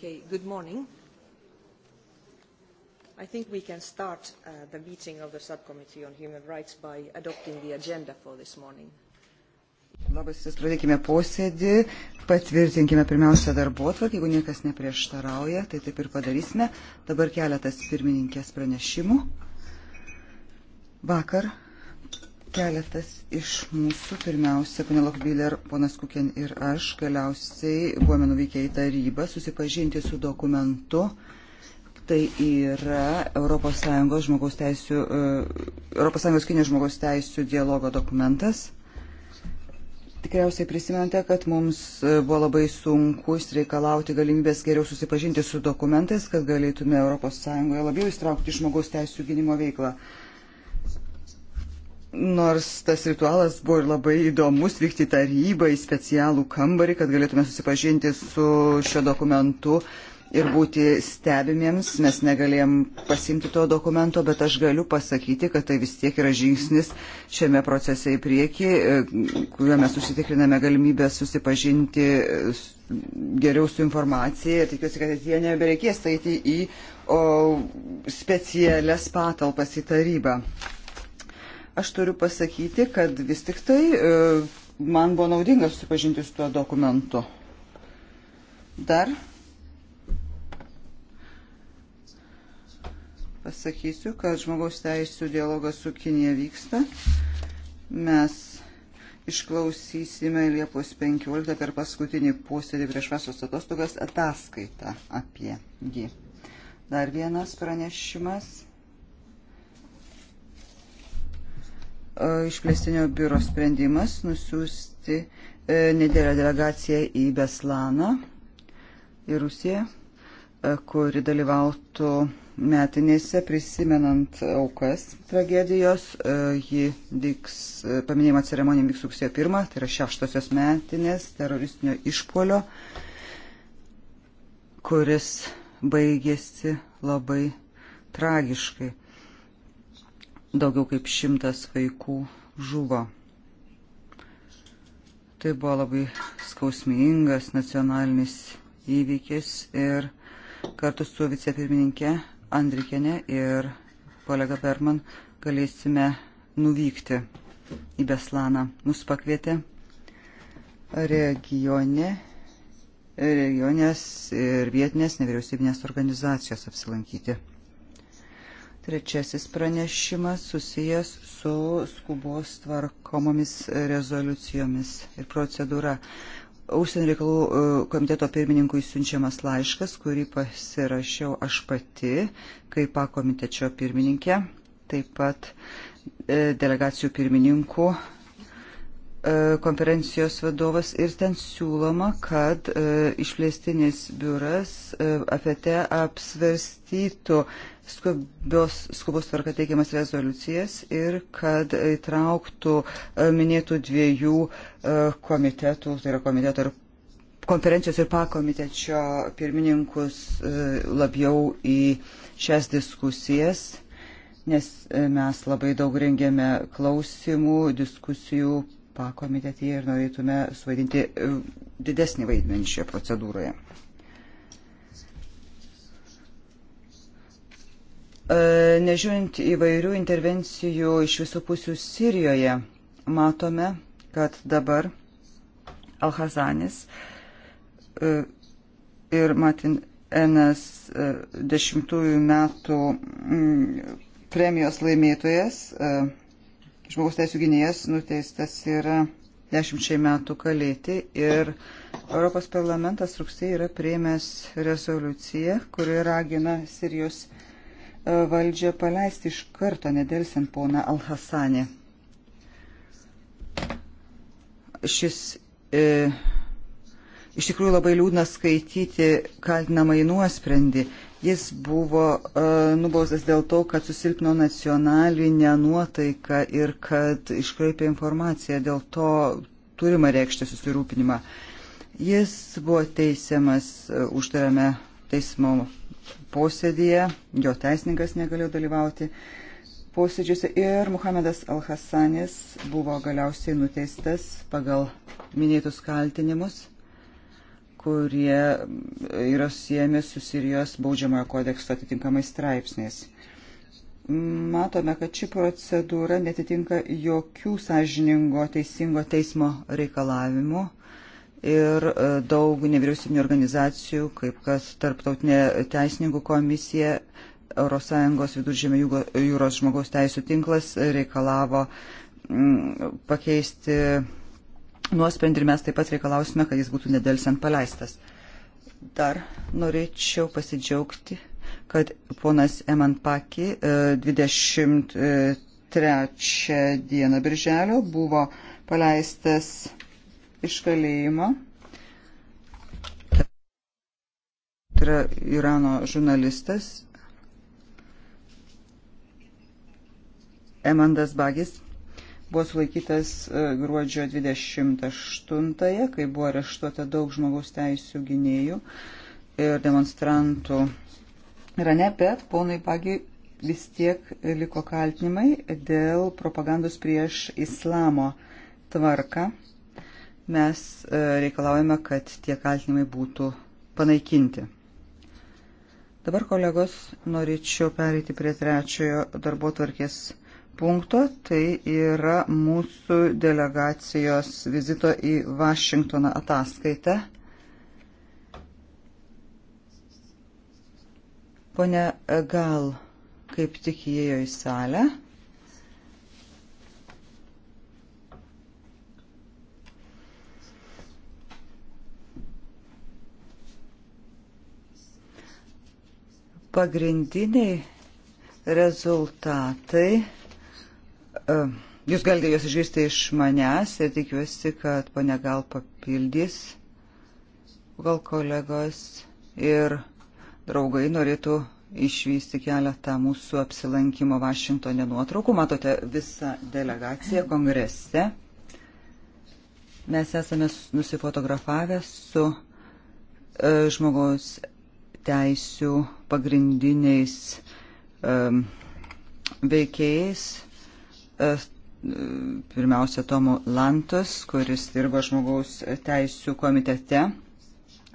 Okay, good morning. I think we can start uh, the meeting of the Subcommittee on Human Rights by adopting the agenda for this morning. Labas, jūs pradėkime posėdį, patvirtinkime pirmiausia darbo atvarkį, jeigu niekas neprieštarauja, tai taip ir padarysime. Dabar keletas pirmininkės pranešimų. Vakar Keletas iš mūsų, pirmiausia, ponė Lokbiler, ponas Kukien ir aš, galiausiai buvome nuvykę į tarybą susipažinti su dokumentu. Tai yra ES žmogaus teisų, ES Kinijos žmogaus teisų dialogo dokumentas. Tikriausiai prisimenate, kad mums e, buvo labai sunku reikalauti galimybės geriau susipažinti su dokumentais, kad galėtume ES labiau įstraukti žmogaus teisų gynimo veiklą. Nors tas ritualas buvo ir labai įdomus vykti tarybą į specialų kambarį, kad galėtume susipažinti su šio dokumentu ir būti stebimiems, mes negalėjom pasimti to dokumento, bet aš galiu pasakyti, kad tai vis tiek yra žingsnis šiame procese į priekį, kuriuo mes užsitikriname galimybę susipažinti geriau su informacija ir tikiuosi, kad jie nebereikės eiti į o, specialias patalpas į tarybą. Aš turiu pasakyti, kad vis tik tai e, man buvo naudinga susipažinti su tuo dokumentu. Dar pasakysiu, kad žmogaus teisų dialogas su Kinėje vyksta. Mes išklausysime Liepos 15 per paskutinį posėdį prieš vasaros atostogas ataskaitą apie jį. Dar vienas pranešimas. išplėstinio biuro sprendimas nusiųsti e, nedėlę delegaciją į Beslaną, į Rusiją, e, kuri dalyvautų metinėse prisimenant aukas tragedijos. E, ji vyks, paminėjimo ceremonija vyks rugsėjo 1, tai yra šeštosios metinės teroristinio išpolio, kuris baigėsi labai tragiškai daugiau kaip šimtas vaikų žuvo. Tai buvo labai skausmingas nacionalinis įvykis ir kartu su vicepirmininkė Andrikėne ir kolega Berman galėsime nuvykti į Beslaną. Mus pakvietė regione, regionės ir vietinės nevyriausybinės organizacijos apsilankyti. Trečiasis pranešimas susijęs su skubos tvarkomomis rezoliucijomis ir procedūra. Užsienio reikalų e, komiteto pirmininkui siunčiamas laiškas, kurį pasirašiau aš pati, kaip pakomitečio pirmininkė, taip pat e, delegacijų pirmininkų e, konferencijos vadovas ir ten siūloma, kad išplėstinis biuras afete apsvarstytų skubios, skubos tvarka teikiamas rezoliucijas ir kad įtrauktų e, minėtų dviejų e, komitetų, tai yra komiteto ir konferencijos ir pakomitečio pirmininkus e, labiau į šias diskusijas, nes mes labai daug rengėme klausimų, diskusijų pakomitetyje ir norėtume suvaidinti didesnį vaidmenį šioje procedūroje. E, nežiūrint įvairių intervencijų iš visų pusių Sirijoje, matome, kad dabar Alhazanis e, ir Matin Enas e, dešimtųjų metų mm, premijos laimėtojas, žmogus teisų gynėjas, nuteistas yra dešimčiai metų kalėti ir Europos parlamentas rugsėjai yra prieimęs rezoliuciją, kuri ragina Sirijos valdžią paleisti iš karto, nedelsiant poną Alhasanį. Šis e, iš tikrųjų labai liūdna skaityti kaltinamąjį nuosprendį. Jis buvo e, nubaustas dėl to, kad susilpno nacionalinę nuotaiką ir kad iškraipė informaciją, dėl to turima reikšti susirūpinimą. Jis buvo teisiamas e, uždarame teismo posėdėje, jo teisininkas negalėjo dalyvauti posėdžiuose ir Muhamedas Al-Hassanis buvo galiausiai nuteistas pagal minėtus kaltinimus, kurie yra siejami su Sirijos baudžiamojo kodekso atitinkamais straipsniais. Matome, kad ši procedūra netitinka jokių sąžiningo teisingo teismo reikalavimų ir e, daug nevyriausybinio organizacijų, kaip kas tarptautinė teisininkų komisija, ES viduržėmio jūros žmogaus teisų tinklas reikalavo mm, pakeisti nuosprendį ir mes taip pat reikalausime, kad jis būtų nedelsiant paleistas. Dar norėčiau pasidžiaugti, kad ponas Emanpaki 23 e, e, dieną birželio buvo paleistas iš kalėjimo. Tai yra Irano žurnalistas Emandas Bagis buvo sulaikytas e, gruodžio 28-ąją, kai buvo areštuota daug žmogaus teisų gynėjų ir demonstrantų Irane, bet ponai Bagi vis tiek liko kaltinimai dėl propagandos prieš islamo tvarką mes e, reikalaujame, kad tie kaltinimai būtų panaikinti. Dabar, kolegos, norėčiau pereiti prie trečiojo darbo tvarkės punkto. Tai yra mūsų delegacijos vizito į Vašingtoną ataskaita. Pone Gal kaip tik įėjo į salę. Pagrindiniai rezultatai. E, jūs galite juos išgirsti iš manęs ir tikiuosi, kad ponia gal papildys, gal kolegos ir draugai norėtų išvysti keletą mūsų apsilankimo Vašingtonė nuotraukų. Matote visą delegaciją kongrese. Mes esame nusifotografavę su e, žmogaus teisių pagrindiniais um, veikėjais. E, pirmiausia, Tomu Lantos, kuris dirba žmogaus teisų komitete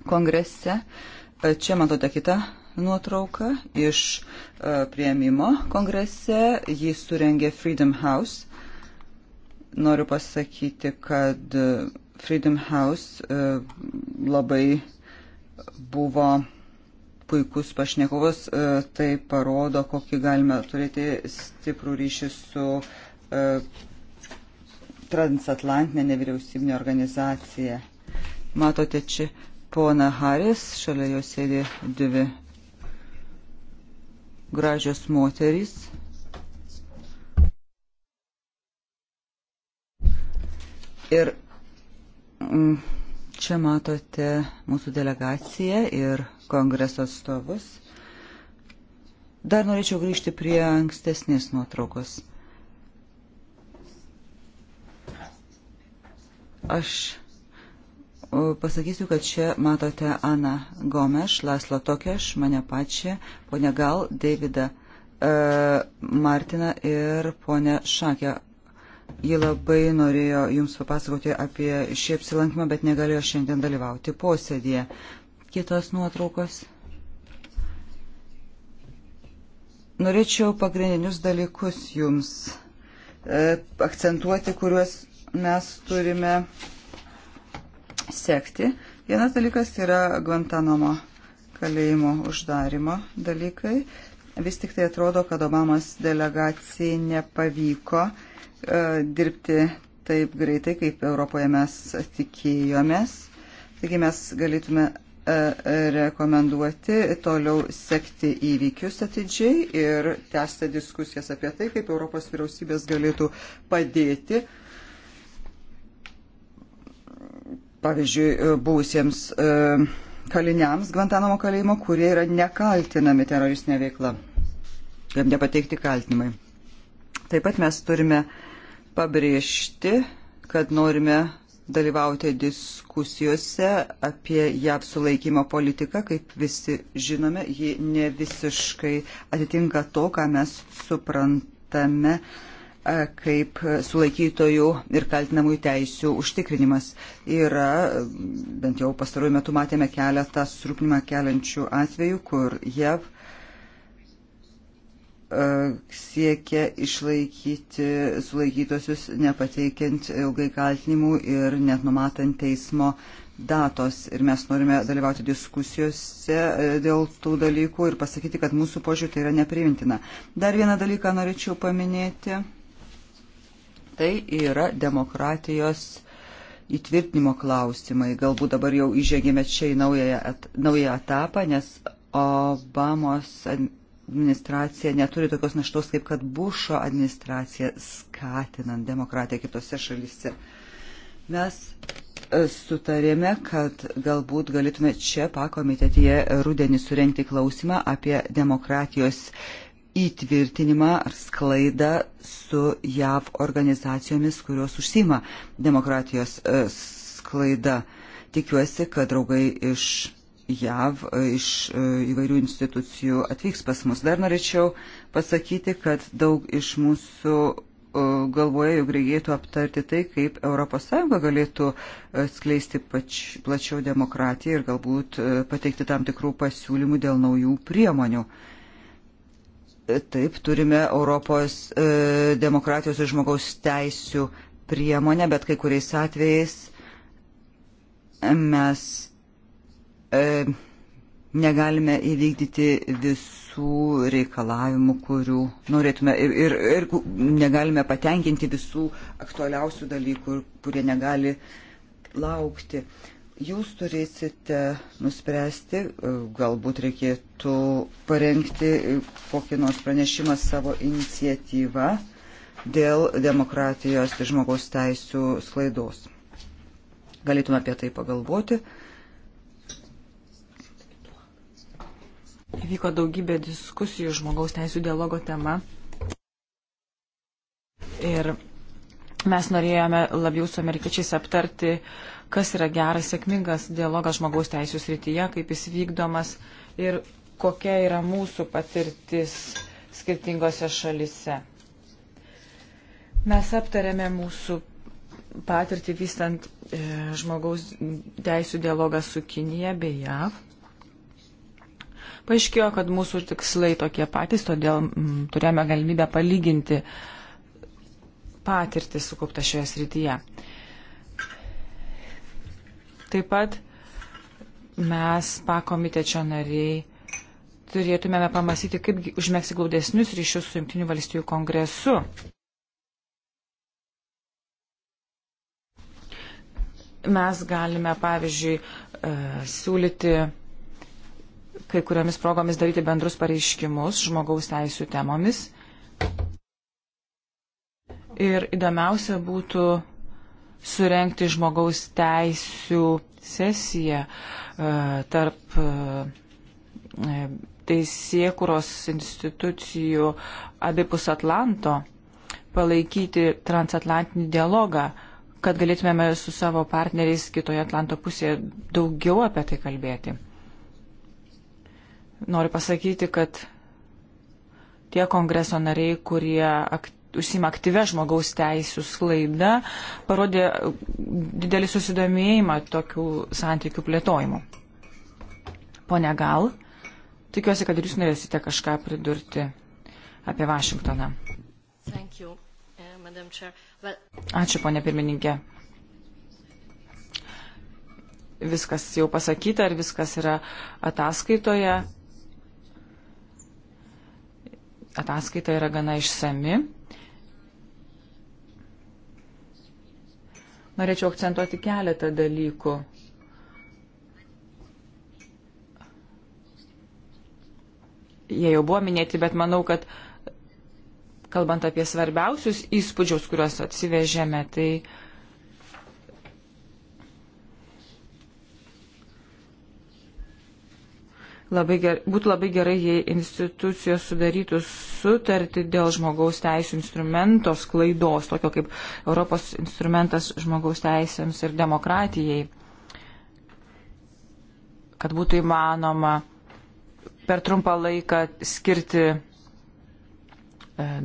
kongrese. E, čia matote kitą nuotrauką iš e, prieimimo kongrese. Jį surengė Freedom House. Noriu pasakyti, kad Freedom House labai buvo puikus pašnekovas, e, tai parodo, kokį galime turėti stiprų ryšį su e, transatlantinė nevyriausybinė organizacija. Matote čia pona Haris, šalia jo sėdi dvi gražios moterys. Ir mm, čia matote mūsų delegaciją ir kongreso atstovus. Dar norėčiau grįžti prie ankstesnės nuotraukos. Aš pasakysiu, kad čia matote Aną Gomeš, Laslo Tokeš, mane pačią, ponę Gal, Davidą e, Martiną ir ponę Šakę. Ji labai norėjo Jums papasakoti apie šį apsilankymą, bet negalėjo šiandien dalyvauti posėdėje kitos nuotraukos. Norėčiau pagrindinius dalykus jums e, akcentuoti, kuriuos mes turime sekti. Vienas dalykas yra Guantanamo kalėjimo uždarimo dalykai. Vis tik tai atrodo, kad Obamos delegacijai nepavyko e, dirbti taip greitai, kaip Europoje mes tikėjomės. Taigi mes galėtume E, rekomenduoti toliau sekti įvykius atidžiai ir tęsti diskusijas apie tai, kaip Europos vyriausybės galėtų padėti, pavyzdžiui, būsiems e, kaliniams Gvantanamo kalėjimo, kurie yra nekaltinami teroristinė veikla. Jam nepateikti kaltinimai. Taip pat mes turime pabrėžti, kad norime dalyvauti diskusijose apie JAV sulaikymo politiką. Kaip visi žinome, ji ne visiškai atitinka to, ką mes suprantame e, kaip sulaikytojų ir kaltinamųjų teisių užtikrinimas. Yra, bent jau pastaruoju metu matėme keletą surūpinimą keliančių atvejų, kur JAV E, siekia išlaikyti sulaikytosius, nepateikiant ilgai kaltinimų ir net numatant teismo datos. Ir mes norime dalyvauti diskusijose e, dėl tų dalykų ir pasakyti, kad mūsų požiūrį tai yra nepriimtina. Dar vieną dalyką norėčiau paminėti. Tai yra demokratijos įtvirtinimo klausimai. Galbūt dabar jau įžengėme čia į naują, et, naują etapą, nes Obamos administracija neturi tokios naštos, kaip kad Bušo administracija skatinant demokratiją kitose šalyse. Mes e, sutarėme, kad galbūt galėtume čia pakomitetyje rudenį surenkti klausimą apie demokratijos įtvirtinimą ar sklaidą su JAV organizacijomis, kurios užsima demokratijos e, sklaida. Tikiuosi, kad draugai iš JAV e, iš e, įvairių institucijų atvyks pas mus. Dar norėčiau pasakyti, kad daug iš mūsų e, galvoja, jog reikėtų aptarti tai, kaip ES galėtų skleisti pač, plačiau demokratiją ir galbūt pateikti tam tikrų pasiūlymų dėl naujų priemonių. Taip, turime Europos e, demokratijos ir žmogaus teisių priemonę, bet kai kuriais atvejais mes e, negalime įvykdyti visų reikalavimų, kurių norėtume ir, ir, ir negalime patenkinti visų aktualiausių dalykų, kurie negali laukti. Jūs turėsite nuspręsti, e, galbūt reikėtų parengti kokį nors pranešimą savo iniciatyvą dėl demokratijos ir žmogaus teisų sklaidos. Galėtume apie tai pagalvoti. Vyko daugybė diskusijų žmogaus teisų dialogo tema. Ir mes norėjome labiau su amerikiečiais aptarti, kas yra geras, sėkmingas dialogas žmogaus teisų srityje, kaip jis vykdomas ir kokia yra mūsų patirtis skirtingose šalise. Mes aptarėme mūsų patirtį vystant e, žmogaus teisų dialogą su Kinija bei JAV. Paaiškėjo, kad mūsų tikslai tokie patys, todėl m, mm, turėjome galimybę palyginti patirtį sukauptą šioje srityje. Taip pat mes, pakomitečio nariai, turėtumėme pamastyti, kaip užmėgsi glaudesnius ryšius su Junktinių valstybių kongresu. Mes galime, pavyzdžiui, e, siūlyti kai kuriomis progomis daryti bendrus pareiškimus žmogaus teisų temomis. Ir įdomiausia būtų surenkti žmogaus teisų sesiją e, tarp e, teisėkuros institucijų abipus Atlanto, palaikyti transatlantinį dialogą, kad galėtumėme su savo partneriais kitoje Atlanto pusėje daugiau apie tai kalbėti. Noriu pasakyti, kad tie kongreso nariai, kurie aktyviai užsima aktyvę žmogaus teisų sklaidą, parodė didelį susidomėjimą tokių santykių plėtojimu. Pone Gal, tikiuosi, kad ir jūs norėsite kažką pridurti apie Vašingtoną. Eh, Ačiū, ponė pirmininkė. Viskas jau pasakyta ir viskas yra ataskaitoje ataskaita yra gana išsami. Norėčiau akcentuoti keletą dalykų. Jie jau buvo minėti, bet manau, kad kalbant apie svarbiausius įspūdžius, kuriuos atsivežėme, tai uh, labai ger, būtų labai gerai, jei institucijos sudarytų sutartį dėl žmogaus teisų instrumento sklaidos, tokio kaip Europos instrumentas žmogaus teisėms ir demokratijai, kad būtų įmanoma per trumpą laiką skirti e,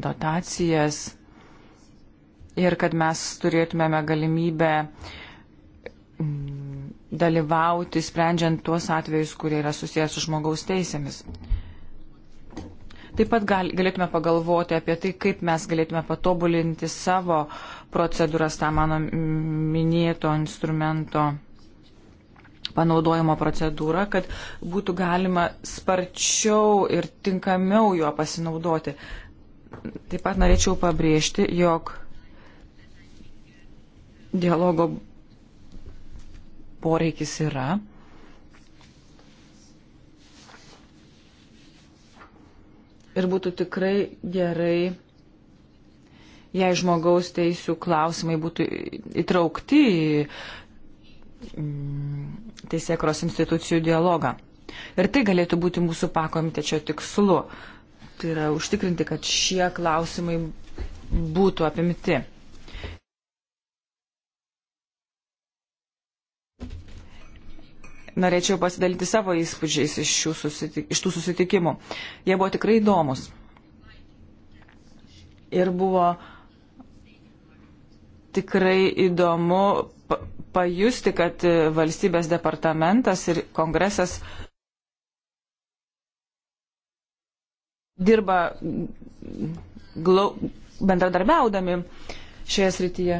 dotacijas ir kad mes turėtumėme galimybę dalyvauti, sprendžiant tuos atvejus, kurie yra susijęs su žmogaus teisėmis. Taip pat gal, galėtume pagalvoti apie tai, kaip mes galėtume patobulinti savo procedūras tą mano minėto instrumento panaudojimo procedūrą, kad būtų galima sparčiau ir tinkamiau juo pasinaudoti. Taip pat norėčiau pabrėžti, jog dialogo poreikis yra. Ir būtų tikrai gerai, jei žmogaus teisų klausimai būtų įtraukti į mm, teisėkros institucijų dialogą. Ir tai galėtų būti mūsų pakomitečio tikslu. Tai yra užtikrinti, kad šie klausimai būtų apimti. norėčiau pasidalyti savo įspūdžiais iš, susitik, iš tų susitikimų. Jie buvo tikrai įdomus. Ir buvo tikrai įdomu pajusti, kad valstybės departamentas ir kongresas dirba glau, bendradarbiaudami šioje srityje.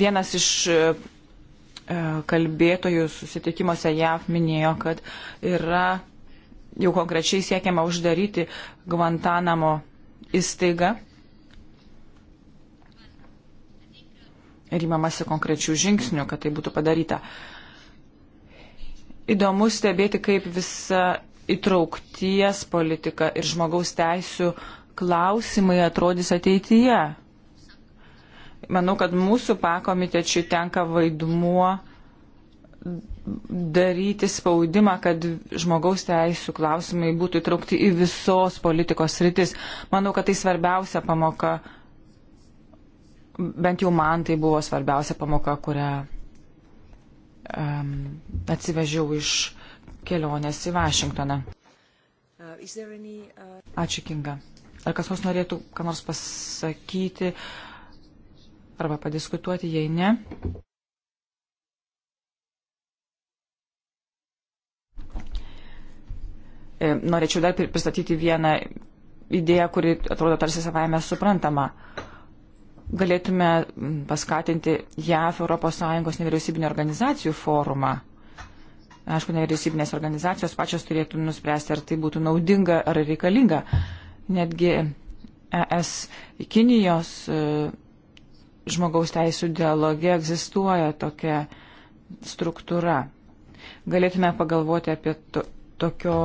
Vienas iš e, e, kalbėtojų susitikimuose JAV minėjo, kad yra jau konkrečiai siekiama uždaryti Guantanamo įstaigą ir įmamasi konkrečių žingsnių, kad tai būtų padaryta. Įdomu stebėti, kaip visa įtraukties politika ir žmogaus teisų klausimai atrodys ateityje manau, kad mūsų pakomitečiui tenka vaidmuo daryti spaudimą, kad žmogaus teisų klausimai būtų įtraukti į visos politikos rytis. Manau, kad tai svarbiausia pamoka, bent jau man tai buvo svarbiausia pamoka, kurią um, atsivežiau iš kelionės į Vašingtoną. Uh, uh, Ačiū, Kinga. Ar kas nors norėtų, ką nors pasakyti? Uh, arba padiskutuoti, jei ne. E, norėčiau dar pristatyti vieną idėją, kuri atrodo tarsi savaime suprantama. Galėtume paskatinti JAF ES nevyriausybinio organizacijų forumą. Aišku, nevyriausybinės organizacijos pačios turėtų nuspręsti, ar tai būtų naudinga ar reikalinga. Netgi ES Kinijos e, žmogaus teisų dialoge egzistuoja tokia struktūra. Galėtume pagalvoti apie to, tokio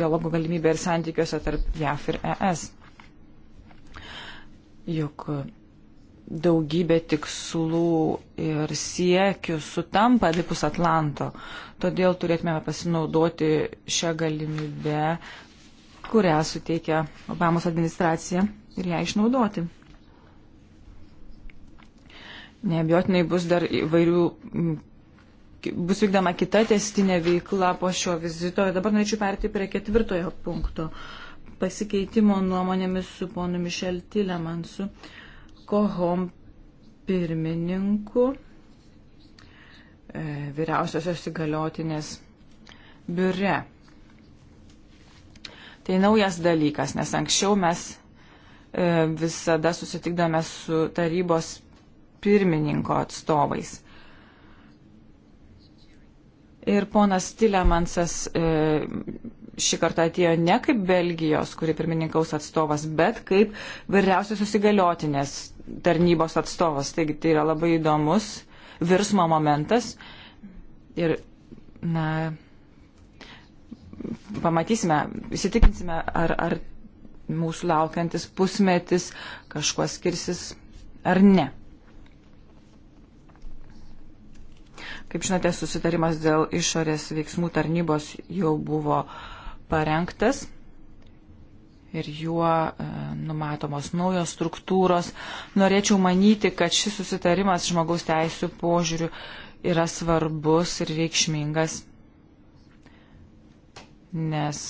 dialogo galimybę ir santykiuose tarp JAF ir ES. Juk daugybė tikslų ir siekių sutampa abipus Atlanto. Todėl turėtume pasinaudoti šią galimybę, kurią suteikia Obamos administracija ir ją išnaudoti. Neabijotinai bus dar įvairių, bus vykdama kita testinė veikla po šio vizito. Dabar norėčiau perti prie ketvirtojo punkto pasikeitimo nuomonėmis su ponu Mišel Tilemansu, kohom pirmininku, e, vyriausiosios įgaliotinės biure. Tai naujas dalykas, nes anksčiau mes e, visada susitikdame su tarybos pirmininko atstovais. Ir ponas Tilemansas e, šį kartą atėjo ne kaip Belgijos, kuri pirmininkaus atstovas, bet kaip vyriausios susigaliotinės tarnybos atstovas. Taigi tai yra labai įdomus virsmo momentas. Ir, na, pamatysime, įsitikinsime, ar, ar mūsų laukiantis pusmetis kažkuo skirsis ar ne. Kaip žinote, susitarimas dėl išorės veiksmų tarnybos jau buvo parengtas ir juo e, numatomos naujos struktūros. Norėčiau manyti, kad šis susitarimas žmogaus teisų požiūrių yra svarbus ir reikšmingas, nes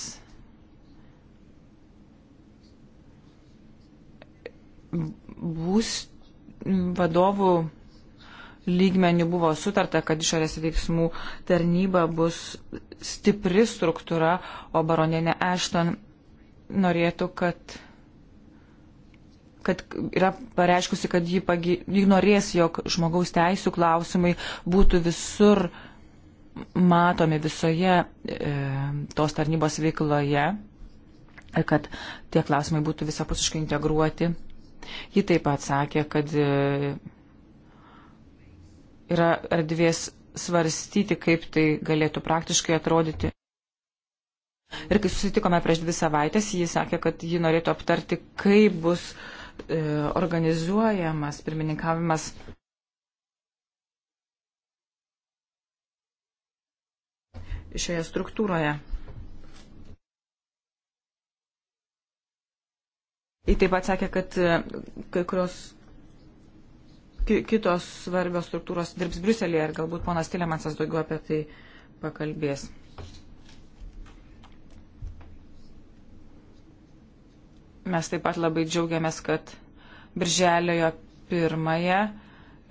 bus vadovų lygmenių buvo sutarta, kad išorės veiksmų tarnyba bus stipri struktūra, o baronienė Ashton norėtų, kad kad yra pareiškusi, kad ji, pagi, ji norės, jog žmogaus teisų klausimai būtų visur matomi visoje e, tos tarnybos veikloje ir kad tie klausimai būtų visapusiškai integruoti. Ji taip pat sakė, kad e, yra erdvės svarstyti, kaip tai galėtų praktiškai atrodyti. Ir kai susitikome prieš dvi savaitės, jis sakė, kad ji norėtų aptarti, kaip bus e, organizuojamas pirmininkavimas. šioje struktūroje. Jis taip pat sakė, kad e, kai kurios kitos svarbios struktūros dirbs Briuselėje ir galbūt ponas Tilemansas daugiau apie tai pakalbės. Mes taip pat labai džiaugiamės, kad Birželio pirmąją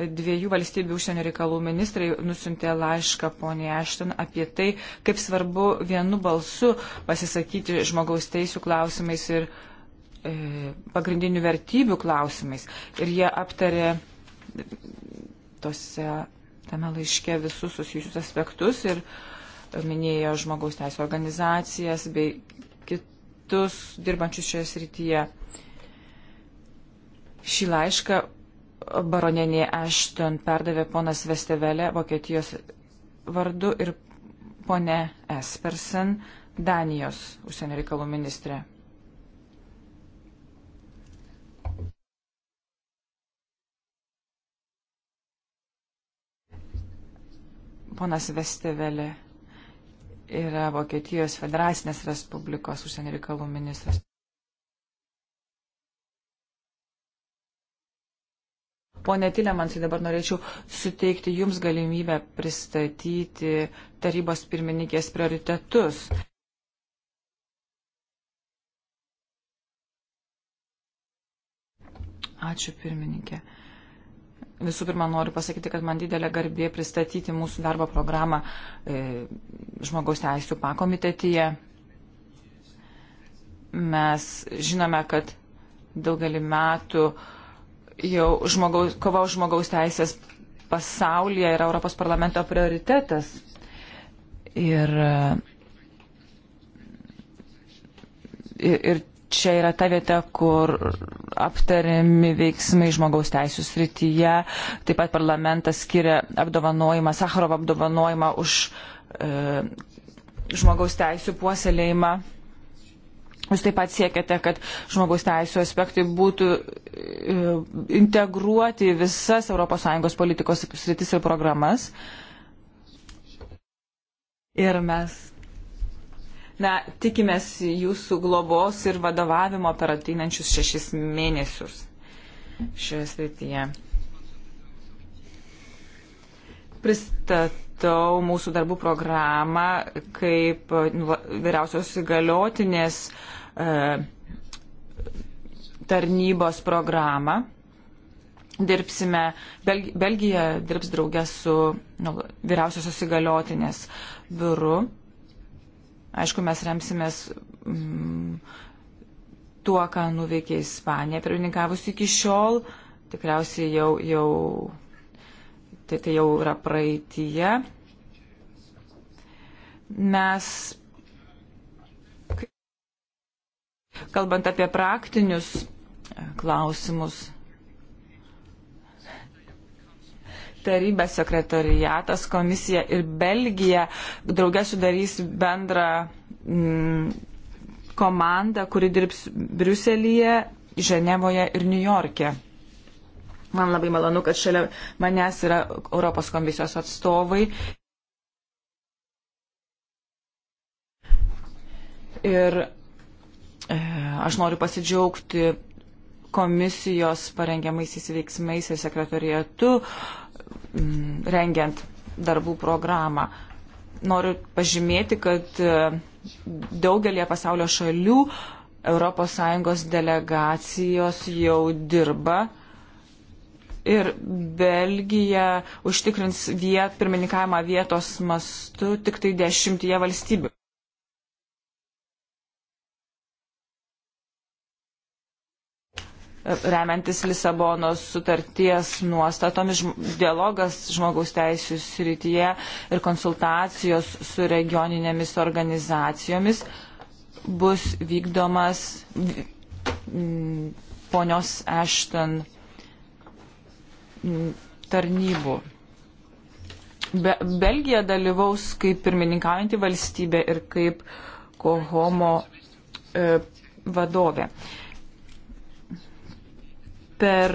dviejų valstybių užsienio reikalų ministrai nusintė laišką poniai Ashton apie tai, kaip svarbu vienu balsu pasisakyti žmogaus teisų klausimais ir e, pagrindinių vertybių klausimais. Ir jie aptarė tose, tame laiške visus susijusius aspektus ir minėjo žmogaus teisų organizacijas bei kitus dirbančius šioje srityje. Šį laišką baronienė Ashton perdavė ponas Vestevelė Vokietijos vardu ir ponė Espersen Danijos užsienio reikalų ministrė. ponas Vestevelė yra Vokietijos Federacinės Respublikos užsienio reikalų ministras. Pone Tilemansai, dabar norėčiau suteikti Jums galimybę pristatyti tarybos pirmininkės prioritetus. Ačiū pirmininkė. Uh, Visų pirma, noriu pasakyti, kad man didelė garbė pristatyti mūsų darbo programą e, žmogaus teisų pakomitetyje. Mes žinome, kad daugelį metų jau žmogaus, kova už žmogaus teisės pasaulyje yra Europos parlamento prioritetas. Ir, e, ir, ir čia yra ta vieta, kur aptariami veiksmai žmogaus teisų srityje. Taip pat parlamentas skiria apdovanojimą, Sakharovo apdovanojimą už e, žmogaus teisų puoselėjimą. Jūs taip pat siekiate, kad žmogaus teisų aspektai būtų e, integruoti visas ES politikos sritis ir programas. Ir mes na, tikimės jūsų globos ir vadovavimo per ateinančius šešis mėnesius šioje srityje. Pristatau mūsų darbų programą kaip vyriausios įgaliotinės e, tarnybos programą. Dirbsime, Belgija dirbs draugę su nu, vyriausiosios įgaliotinės biuru Aišku, mes remsimės mm, tuo, ką nuveikė Ispanija, pirmininkavus iki šiol. Tikriausiai jau, jau, tai, tai jau yra praeitie. Mes, kalbant apie praktinius klausimus, taryba sekretariatas, komisija ir Belgija draugė sudarys bendrą mm, komandą, kuri dirbs Briuselyje, Ženevoje ir Niujorke. Man labai malonu, kad šalia manęs yra Europos komisijos atstovai. Ir e, aš noriu pasidžiaugti komisijos parengiamaisiais veiksmais ir sekretariatu mm, rengiant darbų programą. Noriu pažymėti, kad e, daugelie pasaulio šalių ES delegacijos jau dirba ir Belgija užtikrins viet, pirmininkavimą vietos mastu tik tai dešimtyje valstybių. remiantis Lisabonos sutarties nuostatomis, dialogas žmogaus teisų srityje ir konsultacijos su regioninėmis organizacijomis bus vykdomas ponios Ešton tarnybų. Be, Belgija dalyvaus kaip pirmininkaujanti valstybė ir kaip kohomo e, vadovė. E, per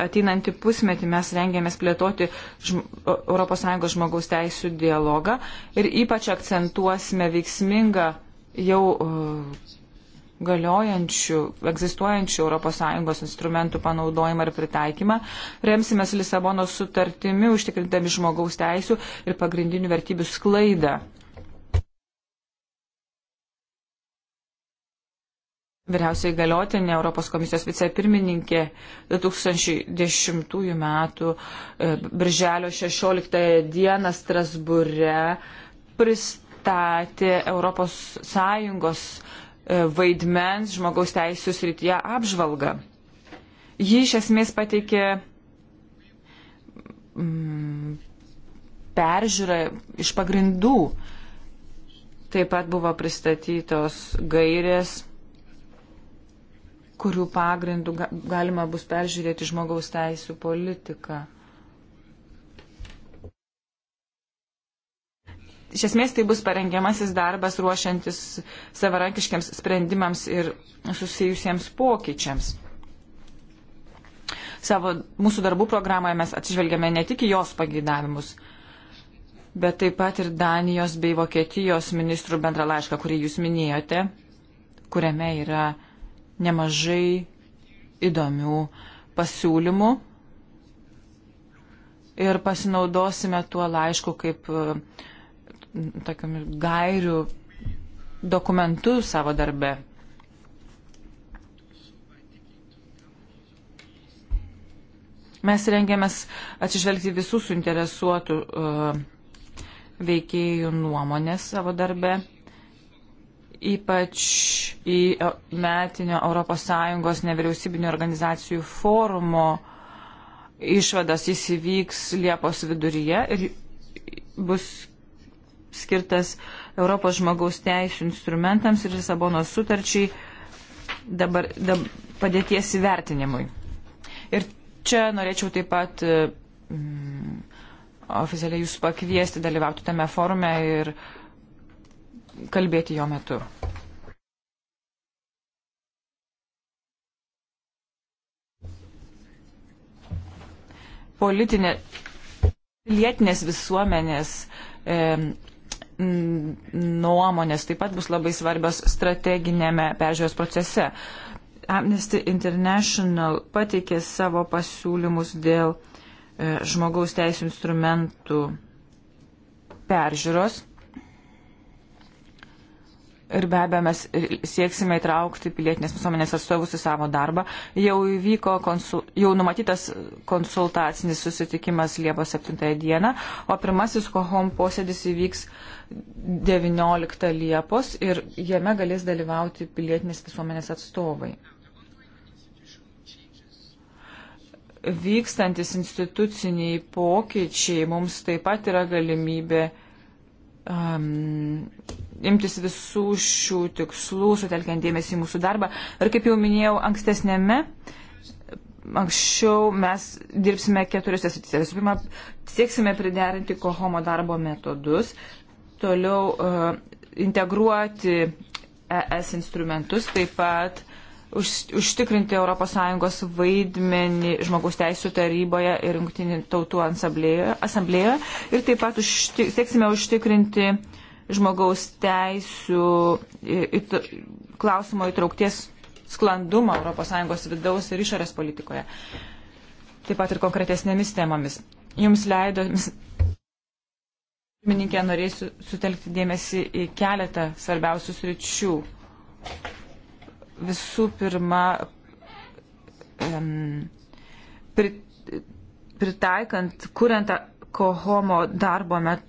ateinantį pusmetį mes rengiamės plėtoti ES žmogaus teisų dialogą ir ypač akcentuosime veiksmingą jau e, galiojančių, egzistuojančių ES instrumentų panaudojimą ir pritaikymą, remsimės Lisabono sutartimi, užtikrintami žmogaus teisų ir pagrindinių vertybių sklaidą Vyriausiai galiotinė Europos komisijos vicepirmininkė 2010 m. E, birželio 16 d. Strasbūre pristatė Europos Sąjungos e, vaidmens žmogaus teisų srityje apžvalgą. Ji iš esmės pateikė mm, peržiūrą iš pagrindų. Taip pat buvo pristatytos gairės kurių pagrindų galima bus peržiūrėti žmogaus teisų politiką. Iš esmės tai bus parengiamasis darbas ruošiantis savarankiškiams sprendimams ir susijusiems pokyčiams. Savo mūsų darbų programoje mes atsižvelgiame ne tik į jos pageidavimus, bet taip pat ir Danijos bei Vokietijos ministrų bendrą laišką, kurį jūs minėjote, kuriame yra uh, nemažai įdomių pasiūlymų ir pasinaudosime tuo laišku kaip e, tokiam gairių dokumentų savo darbe. Mes rengiamės atsižvelgti visų suinteresuotų uh, veikėjų nuomonės savo darbe ypač į metinio ES nevyriausybinio organizacijų forumo išvadas. Jis įvyks Liepos viduryje ir bus skirtas Europos žmogaus teisų instrumentams ir Lisabonos sutarčiai dabar, dabar padėties įvertinimui. Ir čia norėčiau taip pat mm, oficialiai jūs pakviesti dalyvauti tame forume ir uh, kalbėti jo metu. Politinė, lietinės visuomenės e, nuomonės taip pat bus labai svarbios strateginėme peržiūros procese. Amnesty International pateikė savo pasiūlymus dėl e, žmogaus teisų instrumentų peržiūros Ir be abejo, mes sieksime įtraukti pilietinės visuomenės atstovus į savo darbą. Jau įvyko, konsul, jau numatytas konsultacinis susitikimas Liepos 7 dieną, o pirmasis kohom posėdis įvyks 19 Liepos ir jame galės dalyvauti pilietinės visuomenės atstovai. Vykstantis instituciniai pokyčiai mums taip pat yra galimybė um, imtis visų šių tikslų, sutelkiant dėmesį į mūsų darbą. Ir kaip jau minėjau ankstesnėme, anksčiau mes dirbsime keturiose srityse. Visų pirma, sieksime priderinti kohomo darbo metodus, toliau uh, integruoti ES instrumentus, taip pat už, užtikrinti ES vaidmenį žmogaus teisų taryboje ir jungtinių tautų asamblėjoje ir taip pat užti, sieksime užtikrinti žmogaus teisų klausimo įtraukties sklandumą ES vidaus ir išorės politikoje, taip pat ir konkretesnėmis temomis. Jums leido, pirmininkė, norėsiu sutelkti dėmesį į keletą svarbiausių sričių. Visų pirma, pritaikant, kuriant kohomo darbo, met,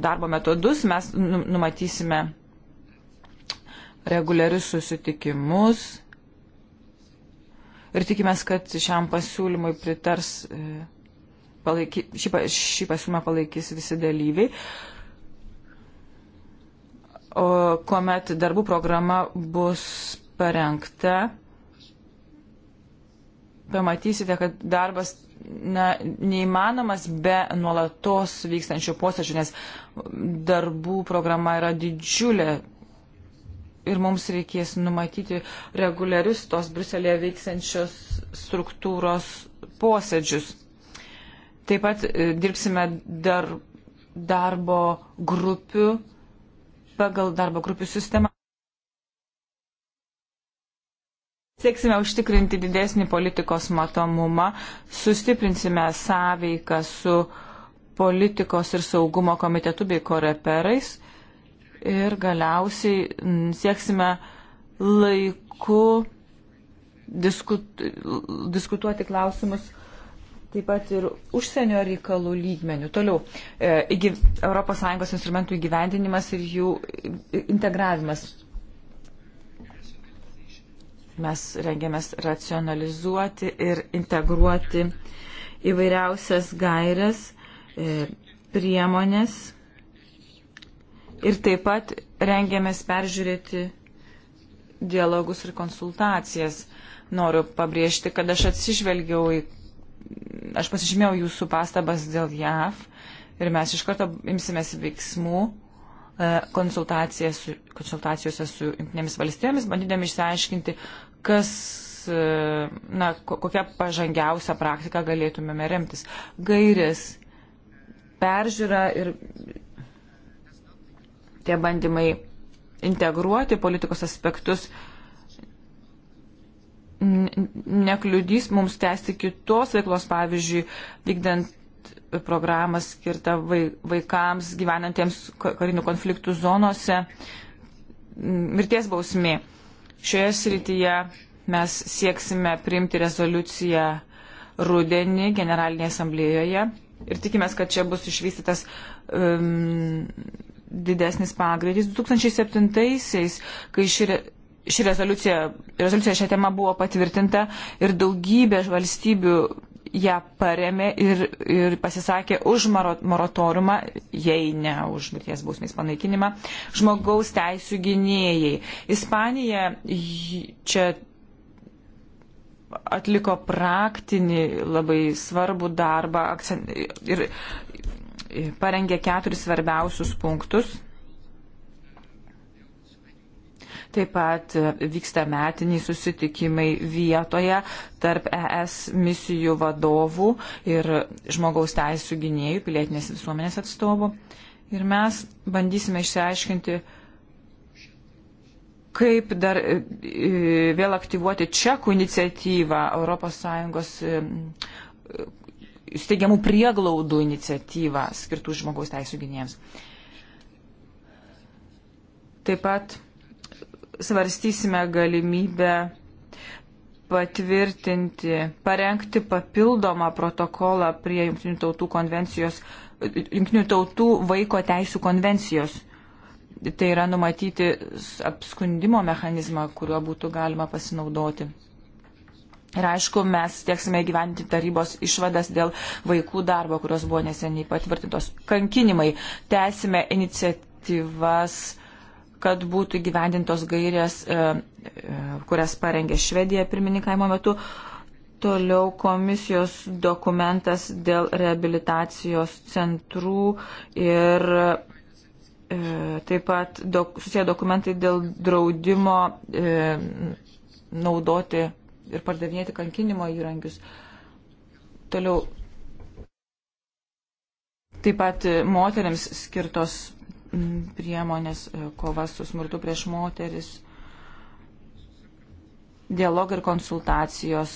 darbo metodus mes nu, numatysime reguliarius susitikimus ir tikimės, kad šiam pasiūlymui pritars, e, palaiky, šį, šį pasiūlymą palaikys visi dalyviai. O kuomet darbų programa bus parengta, pamatysite, kad darbas na, neįmanomas be nuolatos vykstančių posėdžių, nes darbų programa yra didžiulė ir mums reikės numatyti reguliarius tos Bruselėje veiksiančios struktūros posėdžius. Taip pat e, dirbsime dar, darbo grupių pagal darbo grupių sistemą. Sieksime užtikrinti didesnį politikos matomumą, sustiprinsime sąveiką su politikos ir saugumo komitetu bei koreperais ir galiausiai mm, sieksime laiku diskut, diskutuoti klausimus taip pat ir užsienio reikalų lygmenių. Toliau, e, ES instrumentų įgyvendinimas ir jų integravimas Mes rengiamės racionalizuoti ir integruoti įvairiausias gairias, e, priemonės ir taip pat rengiamės peržiūrėti dialogus ir konsultacijas. Noriu pabrėžti, kad aš atsižvelgiau į, aš pasižymėjau jūsų pastabas dėl JAV ir mes iš karto imsimės veiksmų e, konsultacijose su jungtinėmis valstybėmis, bandydami išsiaiškinti, kas, e, na, kokią pažangiausią praktiką galėtumėme remtis. Gairis, peržiūra ir tie bandymai integruoti politikos aspektus nekliudys mums tęsti kitos veiklos, pavyzdžiui, vykdant programą skirtą vaikams gyvenantiems karinių konfliktų zonose, mirties bausmė. Šioje srityje mes sieksime priimti rezoliuciją rudenį Generalinėje asamblėjoje ir tikimės, kad čia bus išvystytas um, didesnis pagreitis. 2007-aisiais, kai ši ši rezoliucija, rezoliucija šią temą buvo patvirtinta ir daugybė valstybių ją paremė ir, ir pasisakė už moratoriumą, jei ne už mirties bausmės panaikinimą, žmogaus teisų gynėjai. Ispanija čia atliko praktinį labai svarbų darbą ir parengė keturis svarbiausius punktus Taip pat e, vyksta metiniai susitikimai vietoje tarp ES misijų vadovų ir žmogaus teisų gynėjų, pilietinės visuomenės atstovų. Ir mes bandysime išsiaiškinti, kaip dar e, e, vėl aktyvuoti čekų iniciatyvą ES steigiamų prieglaudų iniciatyvą skirtų žmogaus teisų gynėjams. Taip pat svarstysime galimybę patvirtinti, parengti papildomą protokolą prie Junktinių tautų konvencijos, Junktinių tautų vaiko teisų konvencijos. Tai yra numatyti apskundimo mechanizmą, kuriuo būtų galima pasinaudoti. Ir aišku, mes tieksime gyventi tarybos išvadas dėl vaikų darbo, kurios buvo neseniai patvirtintos. Kankinimai. Tęsime iniciatyvas kad būtų gyvendintos gairės, e, e, kurias parengė Švedija pirmininkavimo metu. Toliau komisijos dokumentas dėl reabilitacijos centrų ir e, taip pat dok, susiję dokumentai dėl draudimo naudoti ir pardavinėti kankinimo įrankius. Toliau Taip pat moteriams skirtos priemonės, e, kova su smurtu prieš moteris, dialogai ir konsultacijos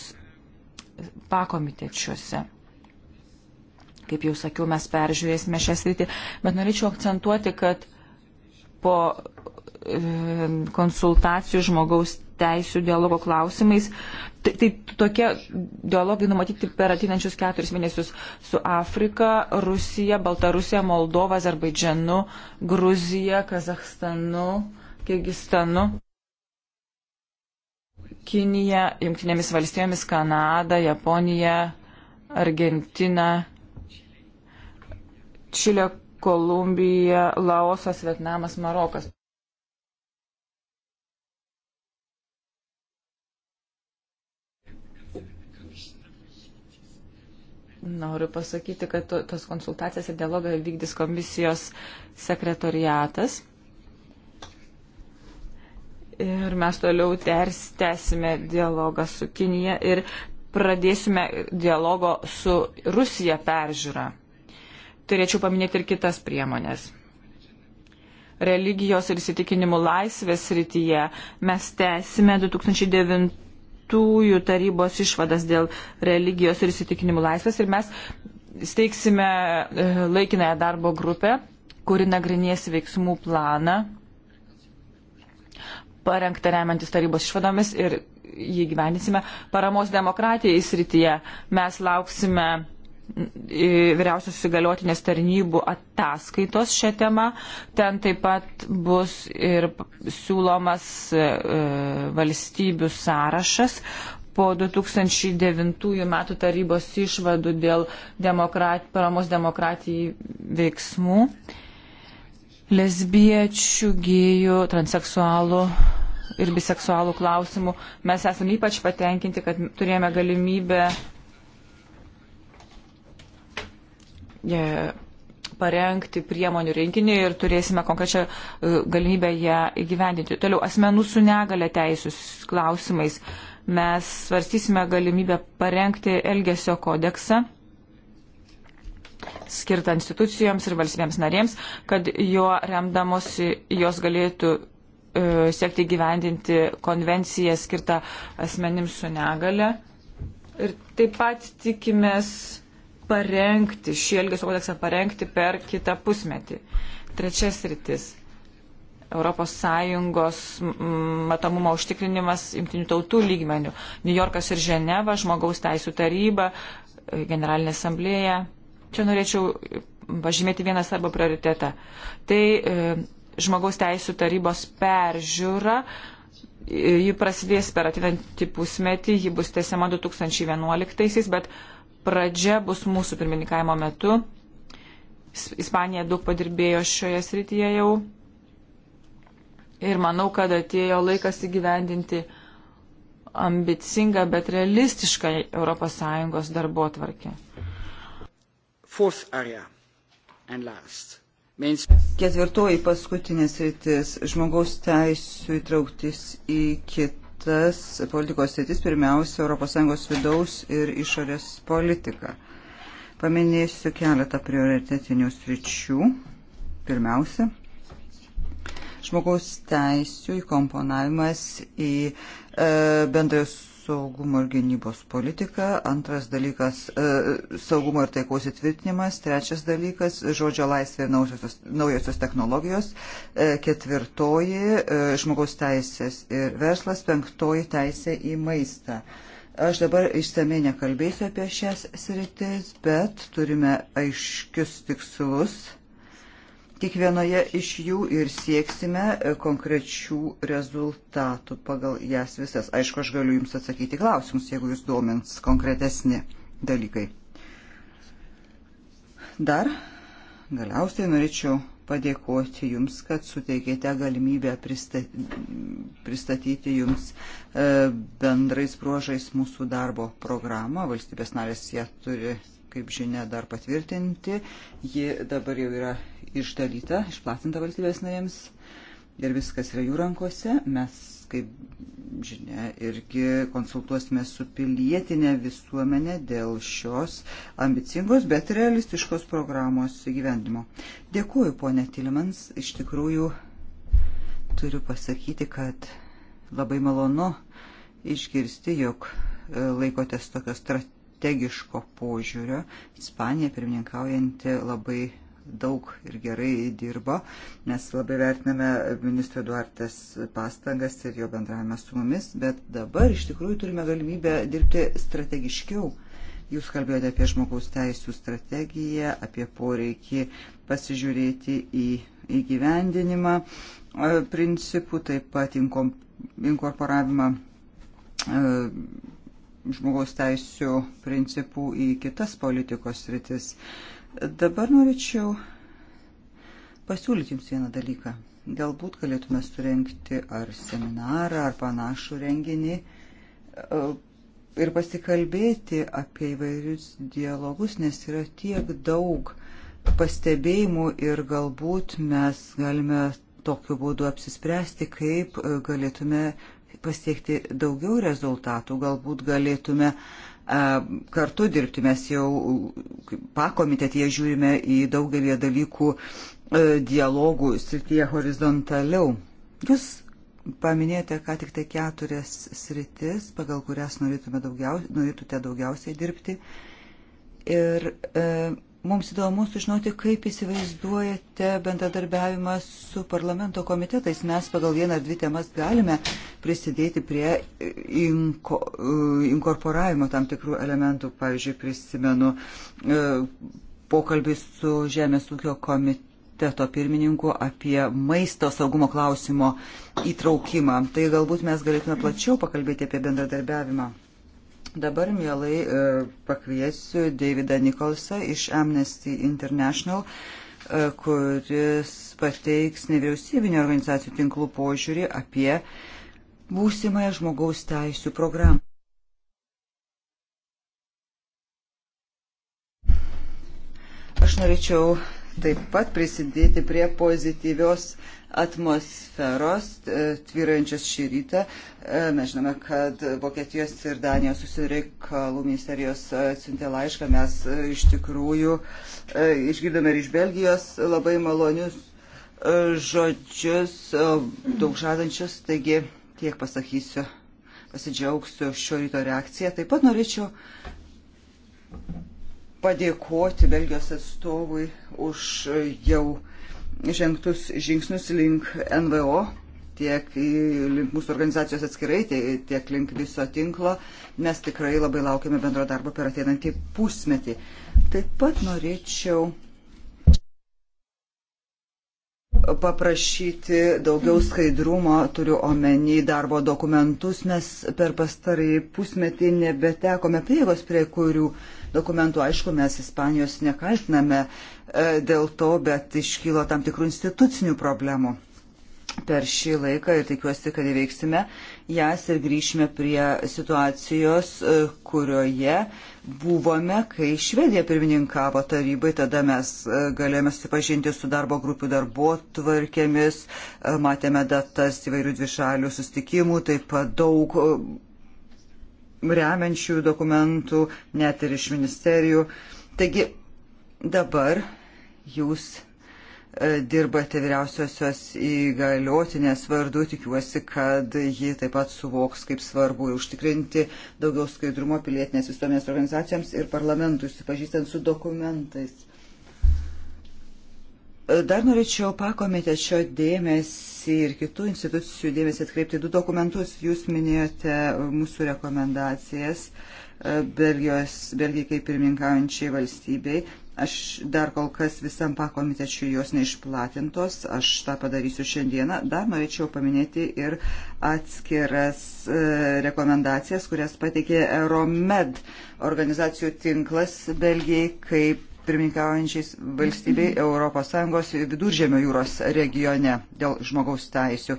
pakomitečiuose. Kaip jau sakiau, mes peržiūrėsime šią sritį, bet norėčiau akcentuoti, kad po e, konsultacijų žmogaus teisų dialogo klausimais. Tai, tai tokie dialogai numatyti per ateinančius keturis mėnesius su Afrika, Rusija, Baltarusija, Moldova, Azerbaidžianu, Gruzija, Kazahstanu, Kirgistanu, Kinija, Junktinėmis valstybėmis, Kanada, Japonija, Argentina, Čilė, Kolumbija, Laosas, Vietnamas, Marokas. Noriu pasakyti, kad to, tos konsultacijas ir dialogą vykdys komisijos sekretoriatas. Ir mes toliau tęsime dialogą su Kinija ir pradėsime dialogo su Rusija peržiūrą. Turėčiau paminėti ir kitas priemonės. Religijos ir įsitikinimų laisvės rytyje mes tęsime 2009 aukštųjų tarybos išvadas dėl religijos ir įsitikinimų laisvės ir mes steigsime e, laikinąją darbo grupę, kuri nagrinės veiksmų planą parengta remiantis tarybos išvadomis ir jį gyvenysime paramos demokratijai srityje. Mes lauksime vyriausios įgaliotinės tarnybų ataskaitos šią temą. Ten taip pat bus ir siūlomas e, valstybių sąrašas po 2009 metų tarybos išvadų dėl demokrat, paramos demokratijai veiksmų. Lesbiečių, gėjų, transseksualų ir biseksualų klausimų. Mes esame ypač patenkinti, kad turėjome galimybę E, parengti priemonių rinkinį ir turėsime konkrečią e, galimybę ją įgyvendinti. Toliau, asmenų su negale teisų klausimais mes svarstysime galimybę parengti Elgesio kodeksą skirtą institucijoms ir valstybėms narėms, kad juo remdamosi jos galėtų e, siekti gyvendinti konvenciją skirtą asmenims su negale. Ir taip pat tikimės parengti, šį Elgesio kodeksą parengti per kitą pusmetį. Trečias rytis. ES matomumo užtikrinimas jungtinių tautų lygmenių. New Yorkas ir Ženeva, žmogaus teisų taryba, generalinė asamblėja. Čia norėčiau pažymėti vieną svarbą prioritetą. Tai e, žmogaus teisų tarybos peržiūra. E, ji prasidės per atinantį pusmetį, ji bus tęsiama 2011, bet pradžia bus mūsų pirmininkavimo metu. Ispanija daug padirbėjo šioje srityje jau. Ir manau, kad atėjo laikas įgyvendinti ambicingą, bet realistišką ES darbo tvarkę. Means... Ketvirtoji paskutinė sritis - žmogaus teisų įtrauktis į kitą tas politikos sėtis pirmiausia ES vidaus ir išorės politika. Paminėsiu keletą prioritetinių sričių. Pirmiausia, žmogaus teisų įkomponavimas į e, bendrojus saugumo ir gynybos politika, antras dalykas e, - saugumo ir taikos įtvirtinimas, trečias dalykas - žodžio laisvė ir naujosios, naujosios technologijos, e, ketvirtoji e, - žmogaus teisės ir verslas, penktoji - teisė į maistą. Aš dabar išsamei nekalbėsiu apie šias sritis, bet turime aiškius tikslus kiekvienoje iš jų ir sieksime e, konkrečių rezultatų pagal jas visas. Aišku, aš galiu Jums atsakyti klausimus, jeigu Jūs domins konkretesni dalykai. Dar galiausiai norėčiau padėkoti Jums, kad suteikėte galimybę pristatyti Jums e, bendrais bruožais mūsų darbo programą. Valstybės narės ją turi kaip žinia, dar patvirtinti. Ji dabar jau yra išdalyta, išplatinta valstybės narėms ir viskas yra jų rankose. Mes, kaip žinia, irgi konsultuosime su pilietinė visuomenė dėl šios ambicingos, bet realistiškos programos įgyvendimo. Dėkuoju, ponė Tilimans, iš tikrųjų turiu pasakyti, kad labai malonu išgirsti, jog e, laikotės tokio strategiško požiūrio. Ispanija pirmininkaujanti labai daug ir gerai dirbo. Mes labai vertiname ministro Duartės pastangas ir jo bendravimą su mumis, bet dabar iš tikrųjų turime galimybę dirbti strategiškiau. Jūs kalbėjote apie žmogaus teisų strategiją, apie poreikį pasižiūrėti į įgyvendinimą e, principų, taip pat inkorporavimą e, žmogaus teisų principų į kitas politikos rytis. Dabar norėčiau pasiūlyti Jums vieną dalyką. Galbūt galėtume surenkti ar seminarą, ar panašų renginį e, ir pasikalbėti apie įvairius dialogus, nes yra tiek daug pastebėjimų ir galbūt mes galime tokiu būdu apsispręsti, kaip e, galėtume pasiekti daugiau rezultatų, galbūt galėtume uh, kartu dirbti. Mes jau pakomitetėje žiūrime į daugelį dalykų e, dialogų srityje horizontaliau. Jūs paminėjote ką tik tai keturias sritis, pagal kurias norėtume daugiausiai, norėtumėte daugiausiai dirbti. Ir e, Mums įdomu sužinoti, kaip įsivaizduojate bendradarbiavimą su parlamento komitetais. Mes pagal vieną ar dvi temas galime prisidėti prie inko, inkorporavimo tam tikrų elementų. Pavyzdžiui, prisimenu e, pokalbį su Žemės ūkio komiteto pirmininku apie maisto saugumo klausimo įtraukimą. Tai galbūt mes galėtume plačiau pakalbėti apie bendradarbiavimą. Dabar mielai e, pakviesiu Davidą Nikolsą iš Amnesty International, e, kuris pateiks nevyriausybinio organizacijų tinklų požiūrį apie būsimąją žmogaus teisų programą. Aš norėčiau taip pat prisidėti prie pozityvios atmosferos e, tvyrančios šį rytą. E, mes žinome, kad Vokietijos ir Danijos susireikalų ministerijos e, atsiuntė laišką. Mes iš tikrųjų išgirdome ir iš Belgijos labai malonius žodžius, daug žadančius. Taigi tiek pasakysiu, pasidžiaugsiu šio ryto reakciją. Taip pat norėčiau padėkoti Belgijos atstovui už jau žengtus žingsnius link NVO, tiek link mūsų organizacijos atskirai, tiek link viso tinklo. Mes tikrai labai laukiame bendro darbo per ateinantį pusmetį. Taip pat norėčiau paprašyti daugiau skaidrumo, turiu omeny darbo dokumentus, nes per pastarąjį pusmetį nebetekome prieigos prie kurių dokumentų. Aišku, mes Ispanijos nekaltiname E, dėl to, bet iškylo tam tikrų institucinių problemų per šį laiką ir tikiuosi, kad įveiksime jas ir grįšime prie situacijos, e, kurioje buvome, kai Švedija pirmininkavo tarybai, tada mes e, galėjome susipažinti su darbo grupių darbo tvarkėmis, matėme datas įvairių dvišalių sustikimų, taip pat daug remiančių dokumentų, net ir iš ministerijų. Taigi dabar jūs e, dirbate vyriausiosios įgaliotinės vardu, tikiuosi, kad ji taip pat suvoks, kaip svarbu užtikrinti daugiau skaidrumo pilietinės visuomenės organizacijoms ir parlamentui, susipažįstant su dokumentais. E, dar norėčiau pakomitečio dėmesį ir kitų institucijų dėmesį atkreipti du dokumentus. Jūs minėjote mūsų rekomendacijas e, Belgijos, Belgijai kaip pirmininkaujančiai valstybei. Aš dar kol kas visam pakomitečiui jos neišplatintos, aš tą padarysiu šiandieną. Dar norėčiau paminėti ir atskiras e, rekomendacijas, kurias pateikė Euromed organizacijų tinklas Belgijai kaip pirmininkaujančiais valstybei ES viduržėmio jūros regione dėl žmogaus teisių.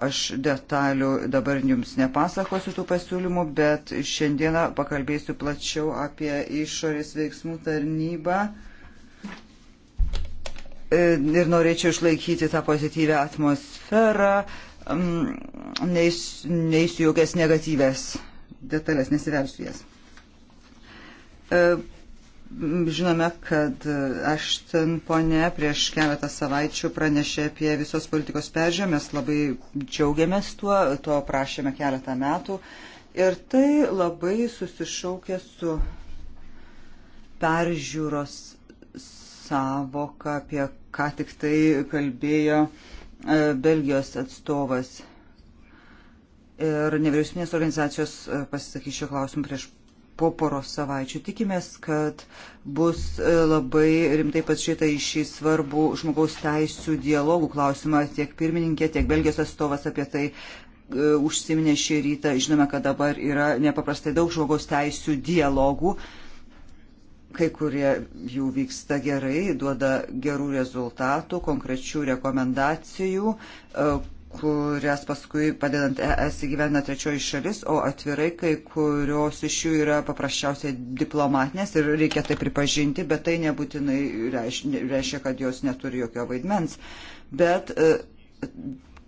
Aš detalių dabar jums nepasakosiu tų pasiūlymų, bet šiandieną pakalbėsiu plačiau apie išorės veiksmų tarnybą. Ir norėčiau išlaikyti tą pozityvę atmosferą, mm, neįs, neįsijūkęs negatyvės detalės, nesivelsiu jas e, Žinome, kad Ašten ponė prieš keletą savaičių pranešė apie visos politikos peržiūrą, mes labai džiaugiamės tuo, to prašėme keletą metų. Ir tai labai susišaukė su peržiūros savoka, apie ką tik tai kalbėjo e, Belgijos atstovas. Ir nevyriausybinės organizacijos e, pasisakys šio klausimu prieš po poros savaičių. Tikimės, kad bus e, labai rimtai pasižiūrėta į šį svarbų žmogaus teisų dialogų klausimą. Tiek pirmininkė, tiek Belgijos atstovas apie tai e, užsiminė šį rytą. Žinome, kad dabar yra nepaprastai daug žmogaus teisų dialogų. Kai kurie jų vyksta gerai, duoda gerų rezultatų, konkrečių rekomendacijų, e, kurias paskui padedant ES įgyvena trečioji šalis, o atvirai kai kurios iš jų yra paprasčiausiai diplomatinės ir reikia tai pripažinti, bet tai nebūtinai reiškia, kad jos neturi jokio vaidmens. Bet e,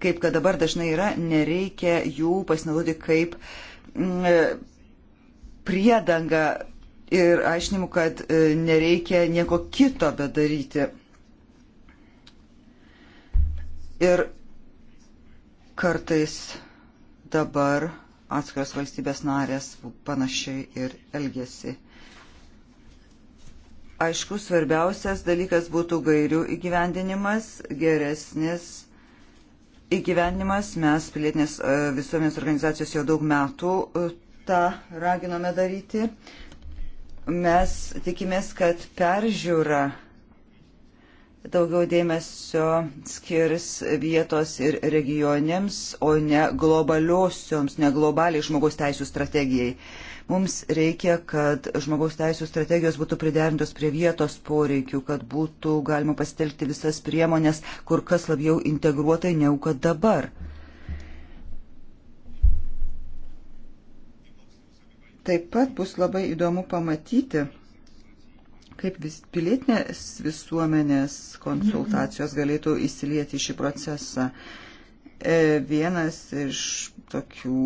kaip kad dabar dažnai yra, nereikia jų pasinaudoti kaip mm, e, priedanga ir aišnimu, kad e, nereikia nieko kito bedaryti. Ir Kartais dabar atskiros valstybės narės panašiai ir elgesi. Aišku, svarbiausias dalykas būtų gairių įgyvendinimas, geresnis įgyvendinimas. Mes pilietinės e, visuomenės organizacijos jau daug metų e, tą raginome daryti. Mes tikimės, kad peržiūra daugiau dėmesio skirs vietos ir regionėms, o ne globaliosioms, ne globaliai žmogaus teisų strategijai. Mums reikia, kad žmogaus teisų strategijos būtų priderintos prie vietos poreikių, kad būtų galima pasitelkti visas priemonės kur kas labiau integruotai negu kad dabar. Taip pat bus labai įdomu pamatyti, Kaip vis, pilietinės visuomenės konsultacijos galėtų įsilieti į šį procesą? E, vienas iš tokių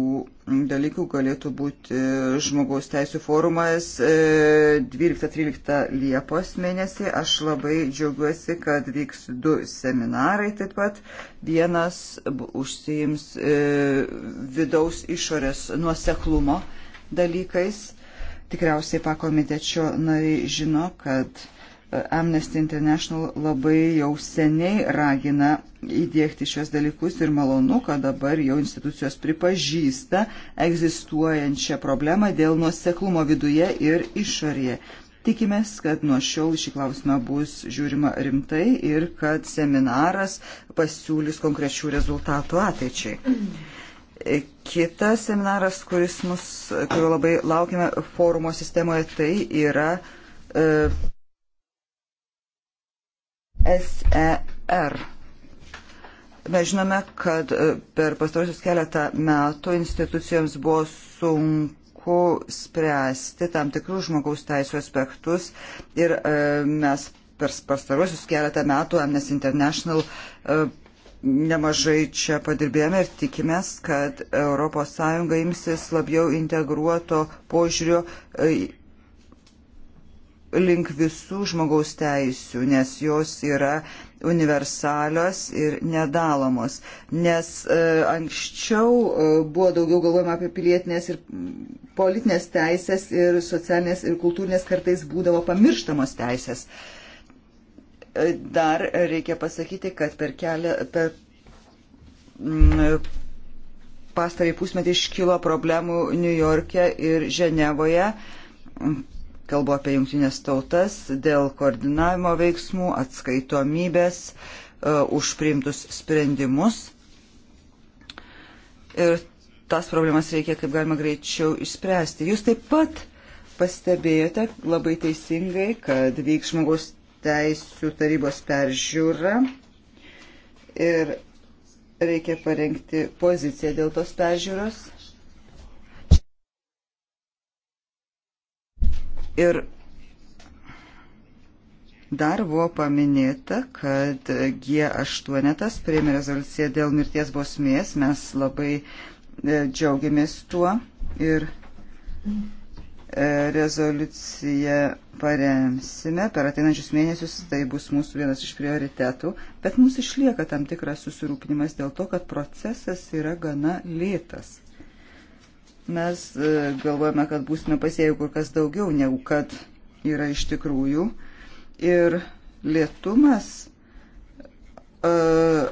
dalykų galėtų būti žmogaus teisų forumas 12-13 e, Liepos mėnesį. Aš labai džiaugiuosi, kad vyks du seminarai taip pat. Vienas užsiims e, vidaus išorės nuoseklumo dalykais Tikriausiai pakomitečio nariai žino, kad e, Amnesty International labai jau seniai ragina įdėkti šios dalykus ir malonu, kad dabar jau institucijos pripažįsta egzistuojančią problemą dėl nuoseklumo viduje ir išorėje. Tikimės, kad nuo šiol šį klausimą bus žiūrima rimtai ir kad seminaras pasiūlys konkrečių rezultatų ateičiai. Kitas seminaras, kuris mus, kurio labai laukime forumo sistemoje, tai yra e, SER. Mes žinome, kad e, per pastarosius keletą metų institucijoms buvo sunku spręsti tam tikrus žmogaus teisų aspektus ir e, mes per pastarosius keletą metų Amnesty International e, nemažai čia padirbėjome ir tikimės, kad ES imsis labiau integruoto požiūrio e, link visų žmogaus teisių, nes jos yra universalios ir nedalomos. Nes e, anksčiau e, buvo daugiau galvojama apie pilietinės ir politinės teisės ir socialinės ir kultūrinės kartais būdavo pamirštamos teisės. E, Dar reikia pasakyti, kad per kelią, per mm, pastarį pusmetį iškilo problemų New York'e ir Ženevoje. Kalbu apie jungtinės tautas dėl koordinavimo veiksmų, atskaitomybės, e, už priimtus sprendimus. Ir tas problemas reikia kaip galima greičiau išspręsti. Jūs taip pat pastebėjote labai teisingai, kad vyks žmogus teisų tarybos peržiūra ir reikia parengti poziciją dėl tos peržiūros. Ir dar buvo paminėta, kad G8 priėmė rezoliuciją dėl mirties bausmės. Mes labai e, džiaugiamės tuo ir rezoliuciją paremsime per ateinančius mėnesius, tai bus mūsų vienas iš prioritetų, bet mums išlieka tam tikras susirūpinimas dėl to, kad procesas yra gana lėtas. Mes e, galvojame, kad būsime pasieję kur kas daugiau negu kad yra iš tikrųjų ir lėtumas E,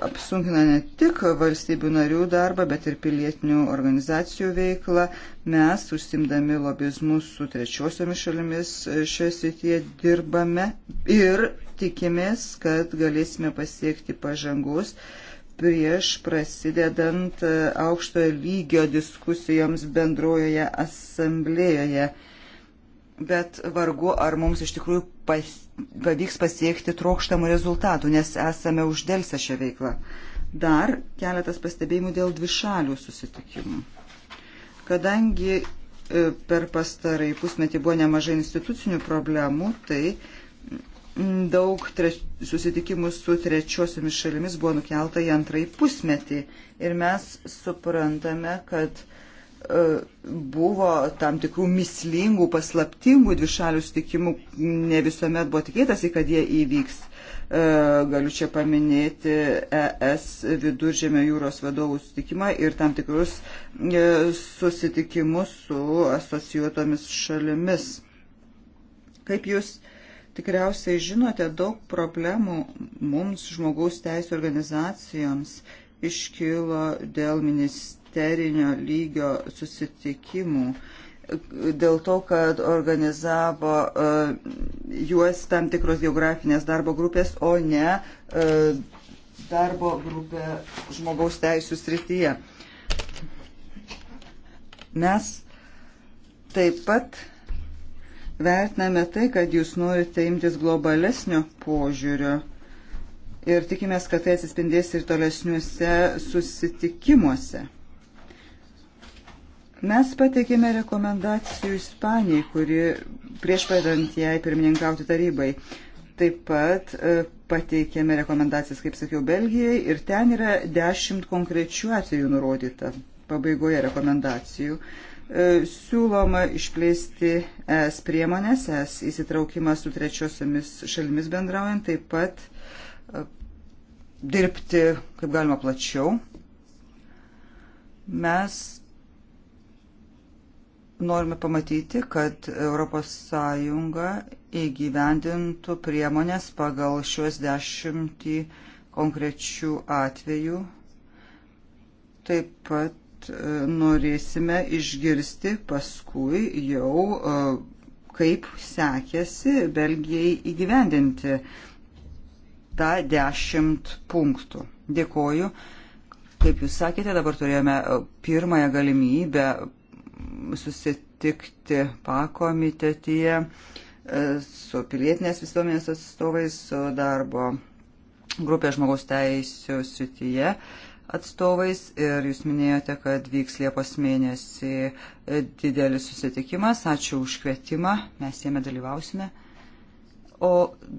apsunkina ne tik valstybių narių darbą, bet ir pilietinių organizacijų veiklą. Mes, užsimdami lobizmų su trečiosiomis šalimis e, šioje srityje, dirbame ir tikimės, kad galėsime pasiekti pažangus prieš prasidedant e, aukštojo lygio diskusijoms bendrojoje asamblėjoje bet vargu ar mums iš tikrųjų pas, pavyks pasiekti trokštamų rezultatų, nes esame uždėlsę šią veiklą. Dar keletas pastebėjimų dėl dvišalių susitikimų. Kadangi e, per pastarai pusmetį buvo nemažai institucinių problemų, tai daug treč... susitikimų su trečiosiomis šalimis buvo nukelta į antrąjį pusmetį. Ir mes suprantame, kad E, buvo tam tikrų mislingų, paslaptingų dvišalių sutikimų, ne visuomet buvo tikėtasi, kad jie įvyks. E, galiu čia paminėti ES viduržėmio jūros vadovų sutikimą ir tam tikrus e, susitikimus su asocijuotomis šalimis. Kaip jūs tikriausiai žinote, daug problemų mums žmogaus teisų organizacijoms iškilo dėl ministerijos ministerinio lygio susitikimų dėl to, kad organizavo e, juos tam tikros geografinės darbo grupės, o ne e, darbo grupė žmogaus teisų srityje. Mes taip pat vertiname tai, kad jūs norite imtis globalesnio požiūrio ir tikimės, kad tai atsispindės ir tolesniuose susitikimuose. Mes pateikėme rekomendacijų Ispanijai, kuri prieš pradant jai pirmininkauti tarybai. Taip pat e, pateikėme rekomendacijas, kaip sakiau, Belgijai ir ten yra dešimt konkrečių atvejų nurodyta pabaigoje rekomendacijų. E, siūloma išplėsti es priemonės, es įsitraukimą su trečiosiamis šalimis bendraujant, taip pat e, dirbti kaip galima plačiau. Mes norime pamatyti, kad ES įgyvendintų priemonės pagal šiuos dešimtį konkrečių atvejų. Taip pat e, norėsime išgirsti paskui jau, e, kaip sekėsi Belgijai įgyvendinti tą dešimt punktų. Dėkoju. Kaip jūs sakėte, dabar turėjome e, pirmąją galimybę susitikti pakomitetyje e, su pilietinės visuomenės atstovais, su darbo grupės žmogaus teisų sityje atstovais ir jūs minėjote, kad vyks Liepos mėnesį e, didelis susitikimas. Ačiū už kvietimą, mes jame dalyvausime. O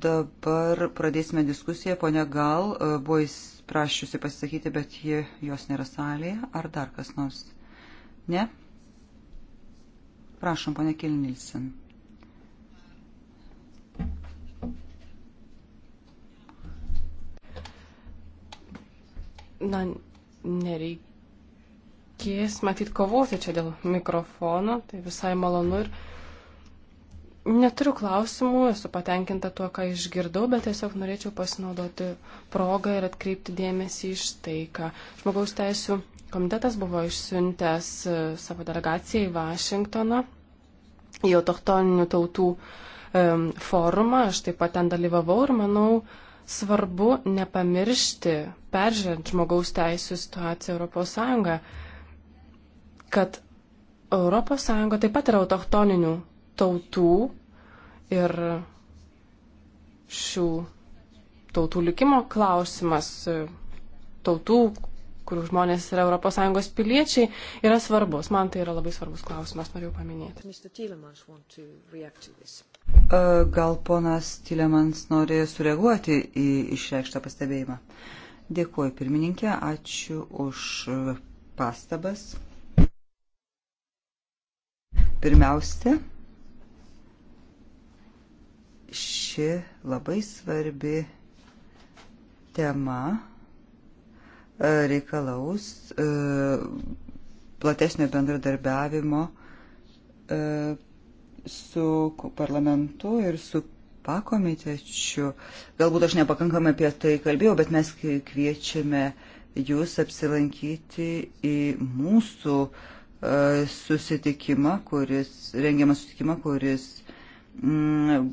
dabar pradėsime diskusiją. Pone Gal e, buvo įprašiusi pasisakyti, bet ji, jos nėra salėje. Ar dar kas nors? Ne? Prašom, ponė Kilnilsen. Na, nereikės matyt kovoti čia dėl mikrofono, tai visai malonu ir neturiu klausimų, esu patenkinta tuo, ką išgirdau, bet tiesiog norėčiau pasinaudoti progą ir atkreipti dėmesį iš tai, ką žmogaus teisų komitetas buvo išsiuntęs e, savo delegaciją į Vašingtoną į autochtoninių tautų forumą, aš taip pat ten dalyvavau ir manau, svarbu nepamiršti, peržiūrint žmogaus teisų situaciją ES, kad ES taip pat yra autochtoninių tautų ir šių tautų likimo klausimas, tautų, kur žmonės yra ES piliečiai, yra svarbus. Man tai yra labai svarbus klausimas, norėjau paminėti. E, gal ponas Tilemans nori sureaguoti į išreikštą pastebėjimą? Dėkuoju pirmininkė, ačiū už pastabas. Pirmiausia, ši labai svarbi tema E, reikalaus e, platesnio bendradarbiavimo e, su parlamentu ir su pakomitečiu. Galbūt aš nepakankamai apie tai kalbėjau, bet mes kviečiame jūs apsilankyti į mūsų susitikimą, kuris, rengiamą susitikimą, kuris mm,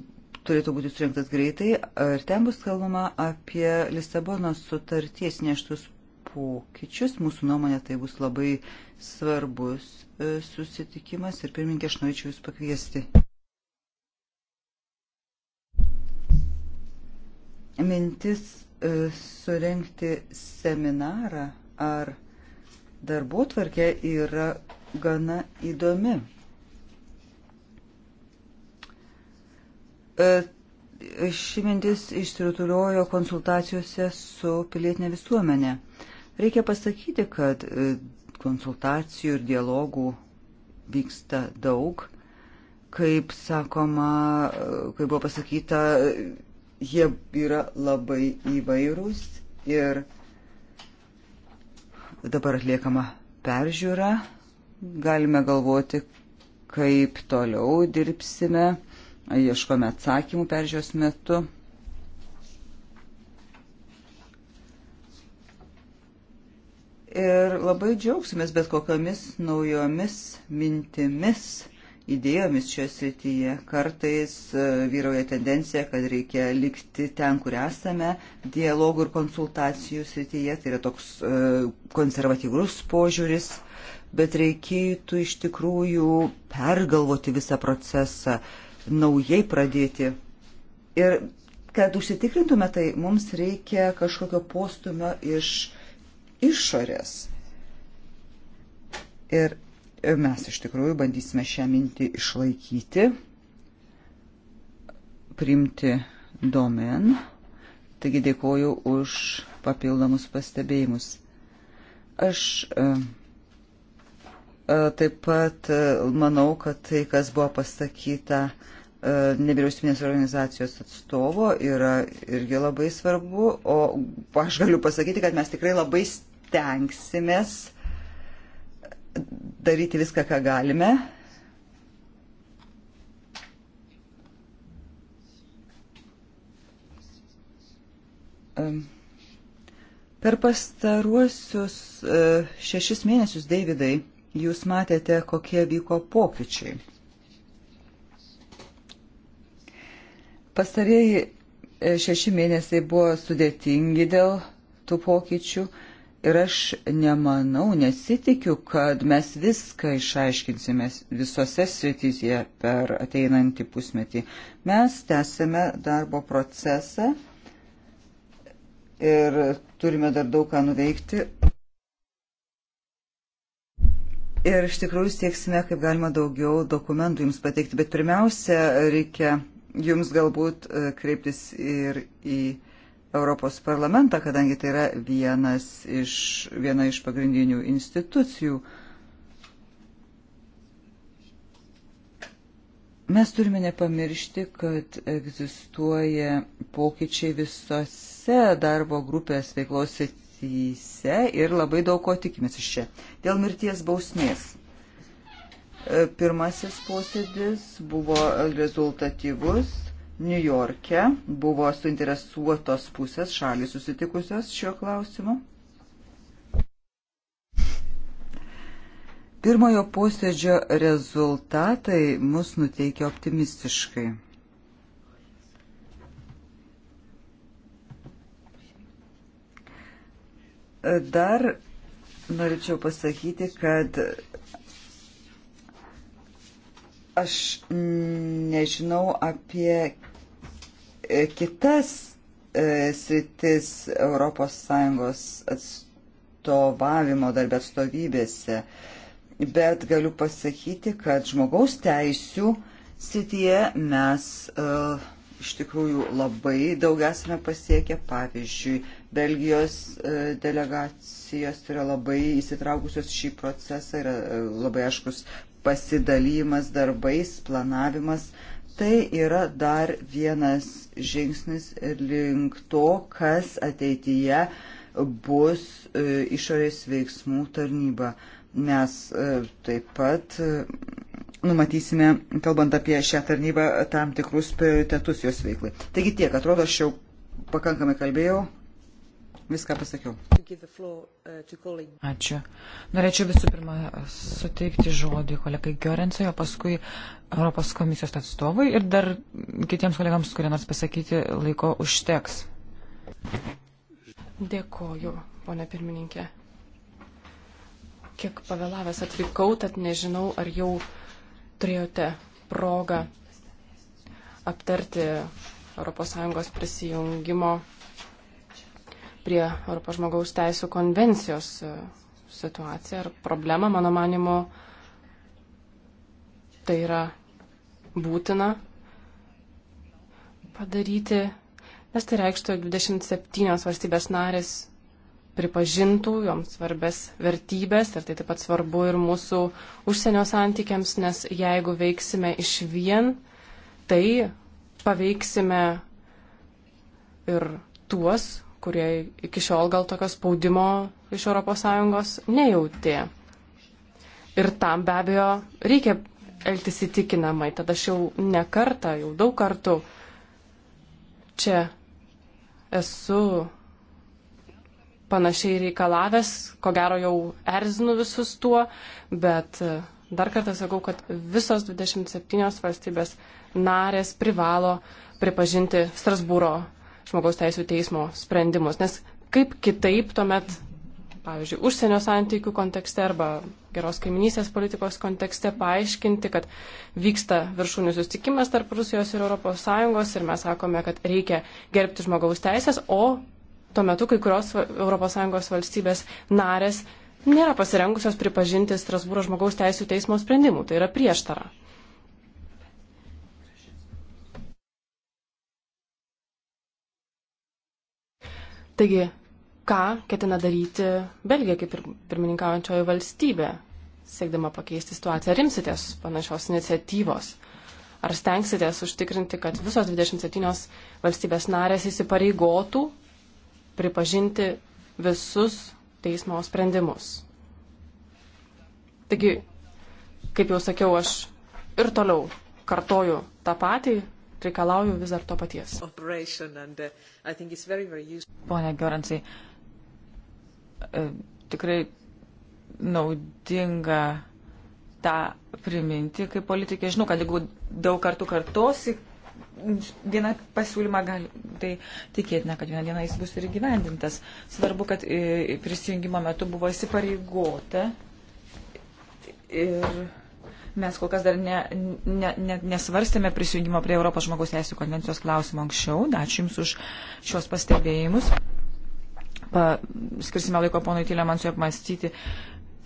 turėtų būti surinktas greitai. Ir ten bus kalbama apie Lisabonos sutarties neštus pokyčius. Mūsų nuomonė tai bus labai svarbus e, susitikimas ir pirmininkė, aš norėčiau Jūs pakviesti. Mintis e, surenkti seminarą ar darbų tvarkė yra gana įdomi. E, ši mintis išsirutuliojo konsultacijose su pilietinė visuomenė. Reikia pasakyti, kad e, konsultacijų ir dialogų vyksta daug. Kaip sakoma, e, kaip buvo pasakyta, jie yra labai įvairūs ir dabar atliekama peržiūra. Galime galvoti, kaip toliau dirbsime. Ieškome atsakymų peržiūros metu. ir labai džiaugsimės bet kokiamis naujomis mintimis, idėjomis šioje srityje. Kartais e, vyrauja tendencija, kad reikia likti ten, kur esame, dialogų ir konsultacijų srityje, tai yra toks e, konservatyvus požiūris. Bet reikėtų iš tikrųjų pergalvoti visą procesą, naujai pradėti. Ir kad užsitikrintume tai, mums reikia kažkokio postumio iš išorės. Ir mes iš tikrųjų bandysime šią mintį išlaikyti, primti domen. Taigi dėkoju už papildomus pastebėjimus. Aš e, e, taip pat e, manau, kad tai, kas buvo pasakyta nevyriausybinės organizacijos atstovo, yra irgi labai svarbu, o aš galiu pasakyti, kad mes tikrai labai stebėjome stengsimės daryti viską, ką galime. Per pastaruosius e, šešis mėnesius, Davidai, jūs matėte, kokie vyko pokyčiai. Pastarėjai e, šeši mėnesiai buvo sudėtingi dėl tų pokyčių. Ir aš nemanau, nesitikiu, kad mes viską išaiškinsime visose srityse per ateinantį pusmetį. Mes tęsime darbo procesą ir turime dar daug ką nuveikti. Ir iš tikrųjų sieksime, kaip galima daugiau dokumentų jums pateikti, bet pirmiausia, reikia jums galbūt e, kreiptis ir į Europos parlamentą, kadangi tai yra vienas iš, viena iš pagrindinių institucijų. Mes turime nepamiršti, kad egzistuoja pokyčiai visose darbo grupės veiklos srityse ir labai daug ko tikimės iš čia. Dėl mirties bausmės. E, pirmasis posėdis buvo rezultatyvus New York'e buvo suinteresuotos pusės šalis susitikusios šiuo klausimu. Pirmojo posėdžio rezultatai mus nuteikia optimistiškai. Dar norėčiau pasakyti, kad Aš nežinau apie e, kitas e, sritis ES atstovavimo darbė atstovybėse, bet galiu pasakyti, kad žmogaus teisių srityje mes uh, iš tikrųjų labai daug esame pasiekę. Pavyzdžiui, Belgijos delegacijos yra labai įsitraukusios šį procesą, yra labai aiškus pasidalymas darbais, planavimas. Tai yra dar vienas žingsnis link to, kas ateityje bus e, išorės veiksmų tarnyba. Mes e, taip pat e, numatysime, kalbant apie šią tarnybą, tam tikrus prioritetus jos veiklai. Taigi tiek, atrodo, aš jau pakankamai kalbėjau, Viską pasakiau. Ačiū. Norėčiau visų pirma suteikti žodį kolegai Giorensui, o paskui Europos komisijos atstovui ir dar kitiems kolegams, kurie nors pasakyti, laiko užteks. Dėkoju, ponė pirmininkė. Kiek pavėlavęs atvykau, tad nežinau, ar jau turėjote progą aptarti ES prisijungimo prie Europos žmogaus teisų konvencijos e, situaciją ir problemą, mano manimo, tai yra būtina padaryti, nes tai reikštų, jog 27 valstybės narės pripažintų joms svarbės vertybės ir tai taip pat svarbu ir mūsų užsienio santykiams, nes jeigu veiksime iš vien, tai paveiksime ir tuos, kurie iki šiol gal tokio spaudimo iš ES nejautė. Ir tam be abejo reikia elgtis įtikinamai. Tad aš jau ne kartą, jau daug kartų čia esu panašiai reikalavęs, ko gero jau erzinu visus tuo, bet dar kartą sakau, kad visos 27 valstybės narės privalo pripažinti Strasbūro žmogaus teisų teismo sprendimus. Nes kaip kitaip tuomet, pavyzdžiui, užsienio santykių kontekste arba geros kaiminystės politikos kontekste paaiškinti, kad vyksta viršūnių sustikimas tarp Rusijos ir ES ir mes sakome, kad reikia gerbti žmogaus teisės, o tuo metu kai kurios ES valstybės narės nėra pasirengusios pripažinti Strasbūro žmogaus teisų teismo sprendimų. Tai yra prieštara. Taigi, ką ketina daryti Belgija kaip ir pirmininkaujančioji valstybė, siekdama pakeisti situaciją? Ar imsitės panašios iniciatyvos? Ar stengsitės užtikrinti, kad visos 27 valstybės narės įsipareigotų pripažinti visus teismo sprendimus? Taigi, kaip jau sakiau, aš ir toliau kartoju tą patį, reikalauju vis dar to paties. Uh, Pone Garansai, e, tikrai naudinga tą priminti kaip politikė. Žinau, kad jeigu daug kartų kartosi vieną pasiūlymą, gali, tai tikėtina, kad vieną dieną jis bus ir gyvendintas. Svarbu, kad e, prisijungimo metu buvo įsipareigota ir Mes kol kas dar ne, ne, ne, nesvarstėme prisijungimo prie Europos žmogaus teisų konvencijos klausimo anksčiau. Ačiū Jums už šios pastebėjimus. Pa, skirsime laiko ponui Tylemansui apmastyti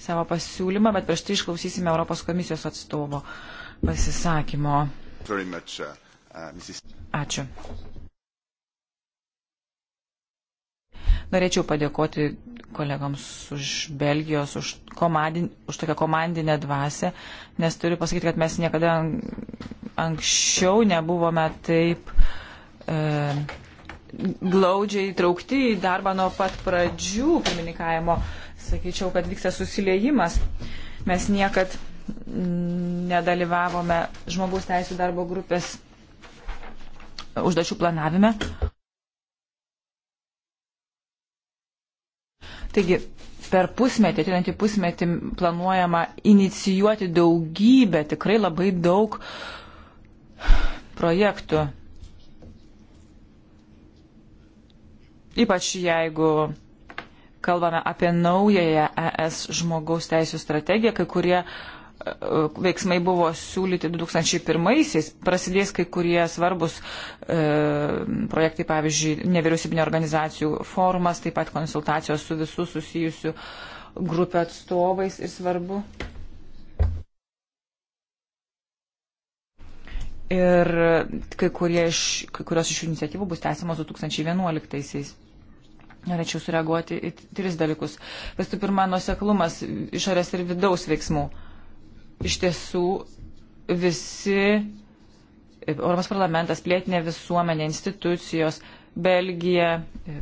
savo pasiūlymą, bet prieš tai išklausysime Europos komisijos atstovo pasisakymo. Uh, uh, ačiū. Norėčiau padėkoti kolegams už Belgijos, už, komandin, už tokią komandinę dvasę, nes turiu pasakyti, kad mes niekada anksčiau nebuvome taip e, glaudžiai traukti į darbą nuo pat pradžių pirmininkavimo. Sakyčiau, kad vyksta susiliejimas. Mes niekad nedalyvavome žmogaus teisų darbo grupės užduočių planavime. Taigi, per pusmetį, atinantį pusmetį planuojama inicijuoti daugybę, tikrai labai daug projektų. Ypač jeigu kalbame apie naująją ES žmogaus teisų strategiją, kai kurie uh, E, veiksmai buvo siūlyti 2001-aisiais, prasidės kai kurie svarbus e, projektai, pavyzdžiui, nevyriausybinio organizacijų forumas, taip pat konsultacijos su visų susijusių grupė atstovais ir svarbu. Ir kai, iš, kai kurios iš iniciatyvų bus tęsiamos 2011-aisiais. Norėčiau sureaguoti į tris dalykus. Visų pirma, nuseklumas išorės ir vidaus veiksmų. E, iš tiesų visi Europos parlamentas, plėtinė visuomenė, institucijos, Belgija,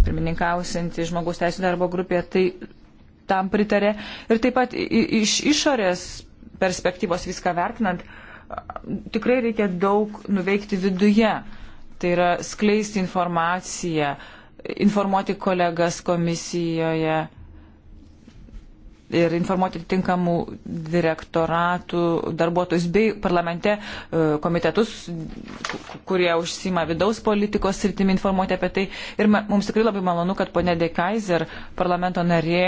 pirmininkausinti žmogaus teisų darbo grupė, tai tam pritarė. Ir taip pat iš išorės perspektyvos viską vertinant, tikrai reikia daug nuveikti viduje. Tai yra skleisti informaciją, informuoti kolegas komisijoje ir informuoti tinkamų direktoratų darbuotojus bei parlamente e, komitetus, kurie užsima vidaus politikos sritimi informuoti apie tai. Ir mums tikrai labai malonu, kad ponė De Kaiser, parlamento narė,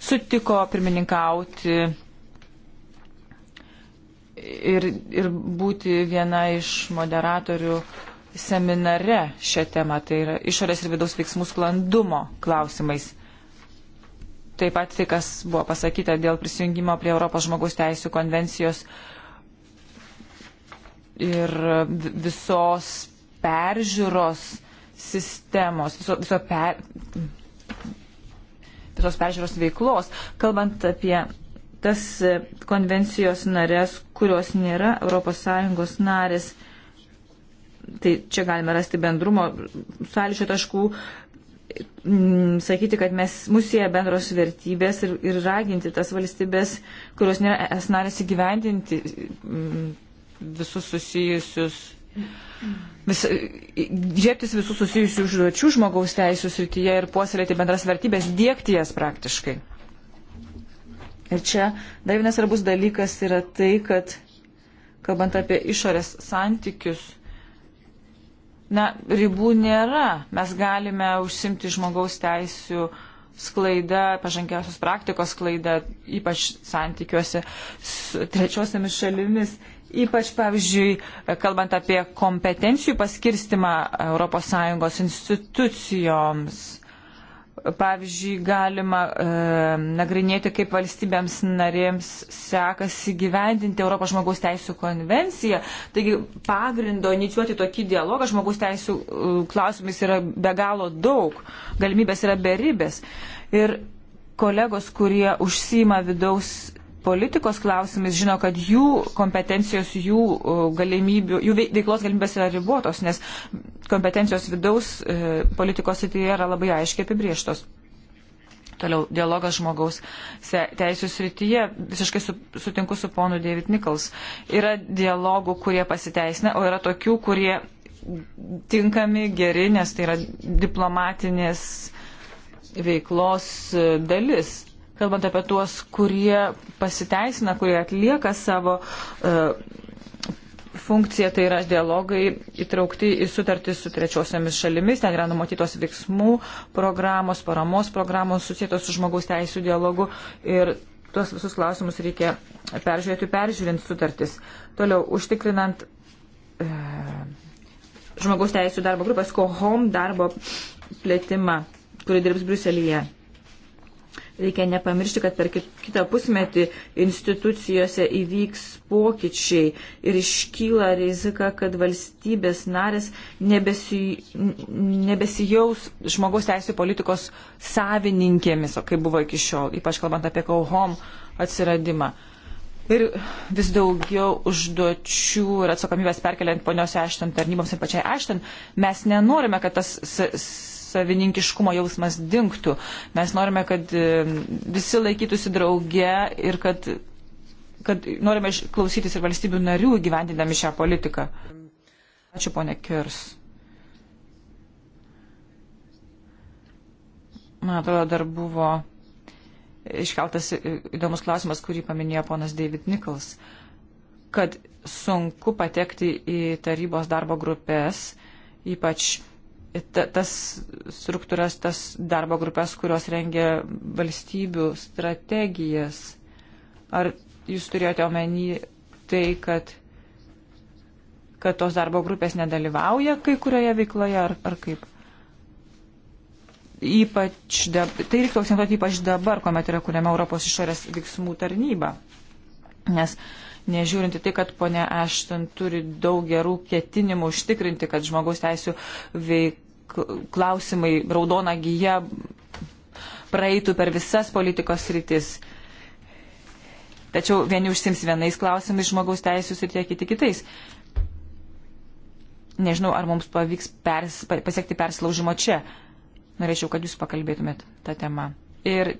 sutiko pirmininkauti ir, ir būti viena iš moderatorių seminare šią temą, tai yra išorės ir vidaus veiksmų sklandumo klausimais taip pat tai, kas buvo pasakyta dėl prisijungimo prie Europos žmogaus teisų konvencijos ir visos peržiūros sistemos, viso, viso per, visos peržiūros veiklos, kalbant apie tas konvencijos narės, kurios nėra ES narės. Tai čia galime rasti bendrumo sąlyčio taškų, Mm, sakyti, kad mes, mūsų jie bendros vertybės ir, ir raginti tas valstybės, kurios nėra esnarės įgyvendinti mm, visus susijusius, vis, žiebtis visų susijusių užduočių žmogaus teisų srityje ir puoselėti bendras vertybės, dėkti jas praktiškai. Ir čia dar vienas svarbus dalykas yra tai, kad kalbant apie išorės santykius, na, ribų nėra. Mes galime užsimti žmogaus teisų sklaida, pažangiausios praktikos sklaida, ypač santykiuose su trečiosiamis šalimis. Ypač, pavyzdžiui, kalbant apie kompetencijų paskirstimą ES institucijoms Pavyzdžiui, galima e, nagrinėti, kaip valstybėms narėms sekasi gyvendinti Europos žmogaus teisų konvenciją. Taigi pagrindo inicijuoti tokį dialogą žmogaus teisų e, klausimais yra be galo daug, galimybės yra beribės. Ir kolegos, kurie užsima vidaus politikos klausimais žino, kad jų kompetencijos, jų e, galimybių, jų veiklos galimybės yra ribotos, nes kompetencijos vidaus e, politikos srityje yra labai aiškiai apibrieštos. Toliau dialogas žmogaus teisų srityje, visiškai su, sutinku su ponu David Nichols, yra dialogų, kurie pasiteisina, o yra tokių, kurie tinkami, geri, nes tai yra diplomatinės veiklos e, dalis kalbant apie tuos, kurie pasiteisina, kurie atlieka savo uh, funkciją, tai yra dialogai įtraukti į sutartį su trečiosiamis šalimis, ten yra numatytos veiksmų programos, paramos programos susijėtos su žmogaus teisų dialogu ir tuos visus klausimus reikia peržiūrėti, peržiūrint sutartis. Toliau, užtikrinant e, žmogaus teisų darbo grupės COHOM darbo plėtimą, kuri dirbs Bruselėje. Reikia nepamiršti, kad per kitą pusmetį institucijose įvyks pokyčiai ir iškyla rizika, kad valstybės narės nebesi, nebesijaus žmogaus teisų politikos savininkėmis, o kaip buvo iki šiol, ypač kalbant apie kauhom atsiradimą. Ir vis daugiau užduočių ir atsakomybės perkeliant ponios Ešton tarnyboms ir pačiai Ešton, mes nenorime, kad tas savininkiškumo jausmas dinktų. Mes norime, kad e, visi laikytųsi drauge ir kad, kad norime klausytis ir valstybių narių gyvendinami šią politiką. Ačiū, ponė Kirs. Man atrodo, dar buvo iškeltas įdomus klausimas, kurį paminėjo ponas David Nichols, kad sunku patekti į tarybos darbo grupės, ypač tas struktūras, tas darbo grupės, kurios rengia valstybių strategijas. Ar jūs turėjote omeny tai, kad, kad tos darbo grupės nedalyvauja kai kurioje veikloje ar, ar kaip? Ypač dabar, tai reikia akcentuoti ypač dabar, kuomet yra kuriama Europos išorės veiksmų tarnyba. Nes uh, nežiūrinti tai, kad ponia Ashton turi daug gerų ketinimų užtikrinti, kad žmogaus teisų veik, klausimai raudona gyja praeitų per visas politikos rytis. Tačiau vieni užsims vienais klausimais žmogaus teisės ir tie kiti kitais. Nežinau, ar mums pavyks pers, pasiekti perslaužimo čia. Norėčiau, kad jūs pakalbėtumėt tą temą. Ir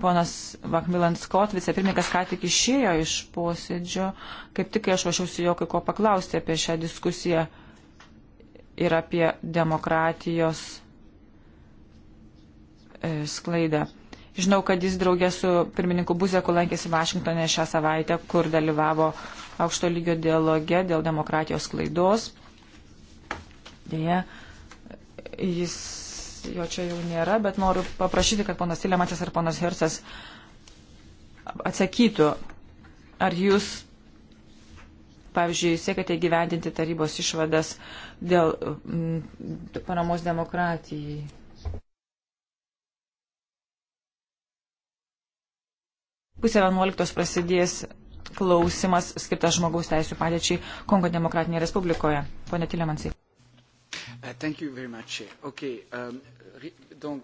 Ponas Vakmilan Scott, vicepirmininkas, ką tik išėjo iš posėdžio, kaip tik aš važiuosiu jo kai ko paklausti apie šią diskusiją ir apie demokratijos e, sklaidą. Žinau, kad jis draugė su pirmininku Buzeku lankėsi Vašingtonė šią savaitę, kur dalyvavo aukšto lygio dialoge dėl demokratijos klaidos. Deja, jis jo čia jau nėra, bet noriu paprašyti, kad ponas Tilematis ir ponas Hersas atsakytų, ar jūs, pavyzdžiui, siekiate gyvendinti tarybos išvadas dėl mm, paramos demokratijai. Pusė vienuoliktos prasidės klausimas skirtas žmogaus teisų padėčiai Kongo demokratinėje respublikoje. Pone Tilemansai. Uh, okay, um, Donc,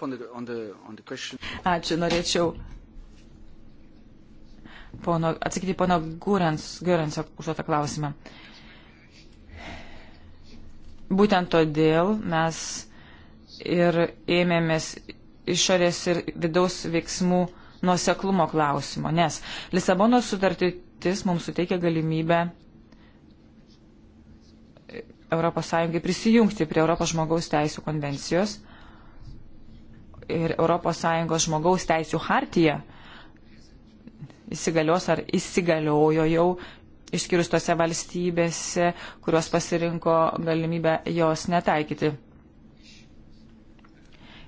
on the, on the, on the Ačiū, norėčiau pono, atsakyti pono Gurens, Gurens užduotą klausimą. Būtent todėl mes ir ėmėmės išorės ir vidaus veiksmų nuoseklumo klausimo, nes Lisabonos sutartytis mums suteikia galimybę ES prisijungti prie Europos žmogaus teisų konvencijos ir ES žmogaus teisų hartija įsigalios ar įsigaliojo jau išskyrus tose valstybėse, kurios pasirinko galimybę jos netaikyti.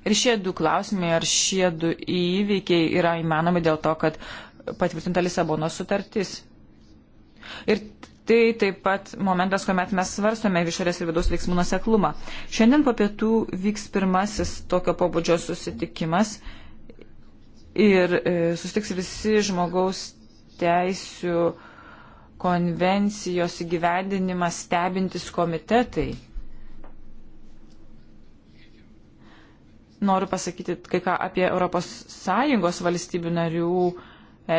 Ir šie du klausimai, ar šie du įvykiai yra įmanomi dėl to, kad patvirtinta Lisabono sutartis. Ir Tai taip pat momentas, kuomet mes svarstome išorės ir vidaus veiksmų nuseklumą. Šiandien po pietų vyks pirmasis tokio pobūdžio susitikimas ir e, susitiks visi žmogaus teisų konvencijos įgyvendinimas stebintis komitetai. Noriu pasakyti kai ką apie ES valstybių narių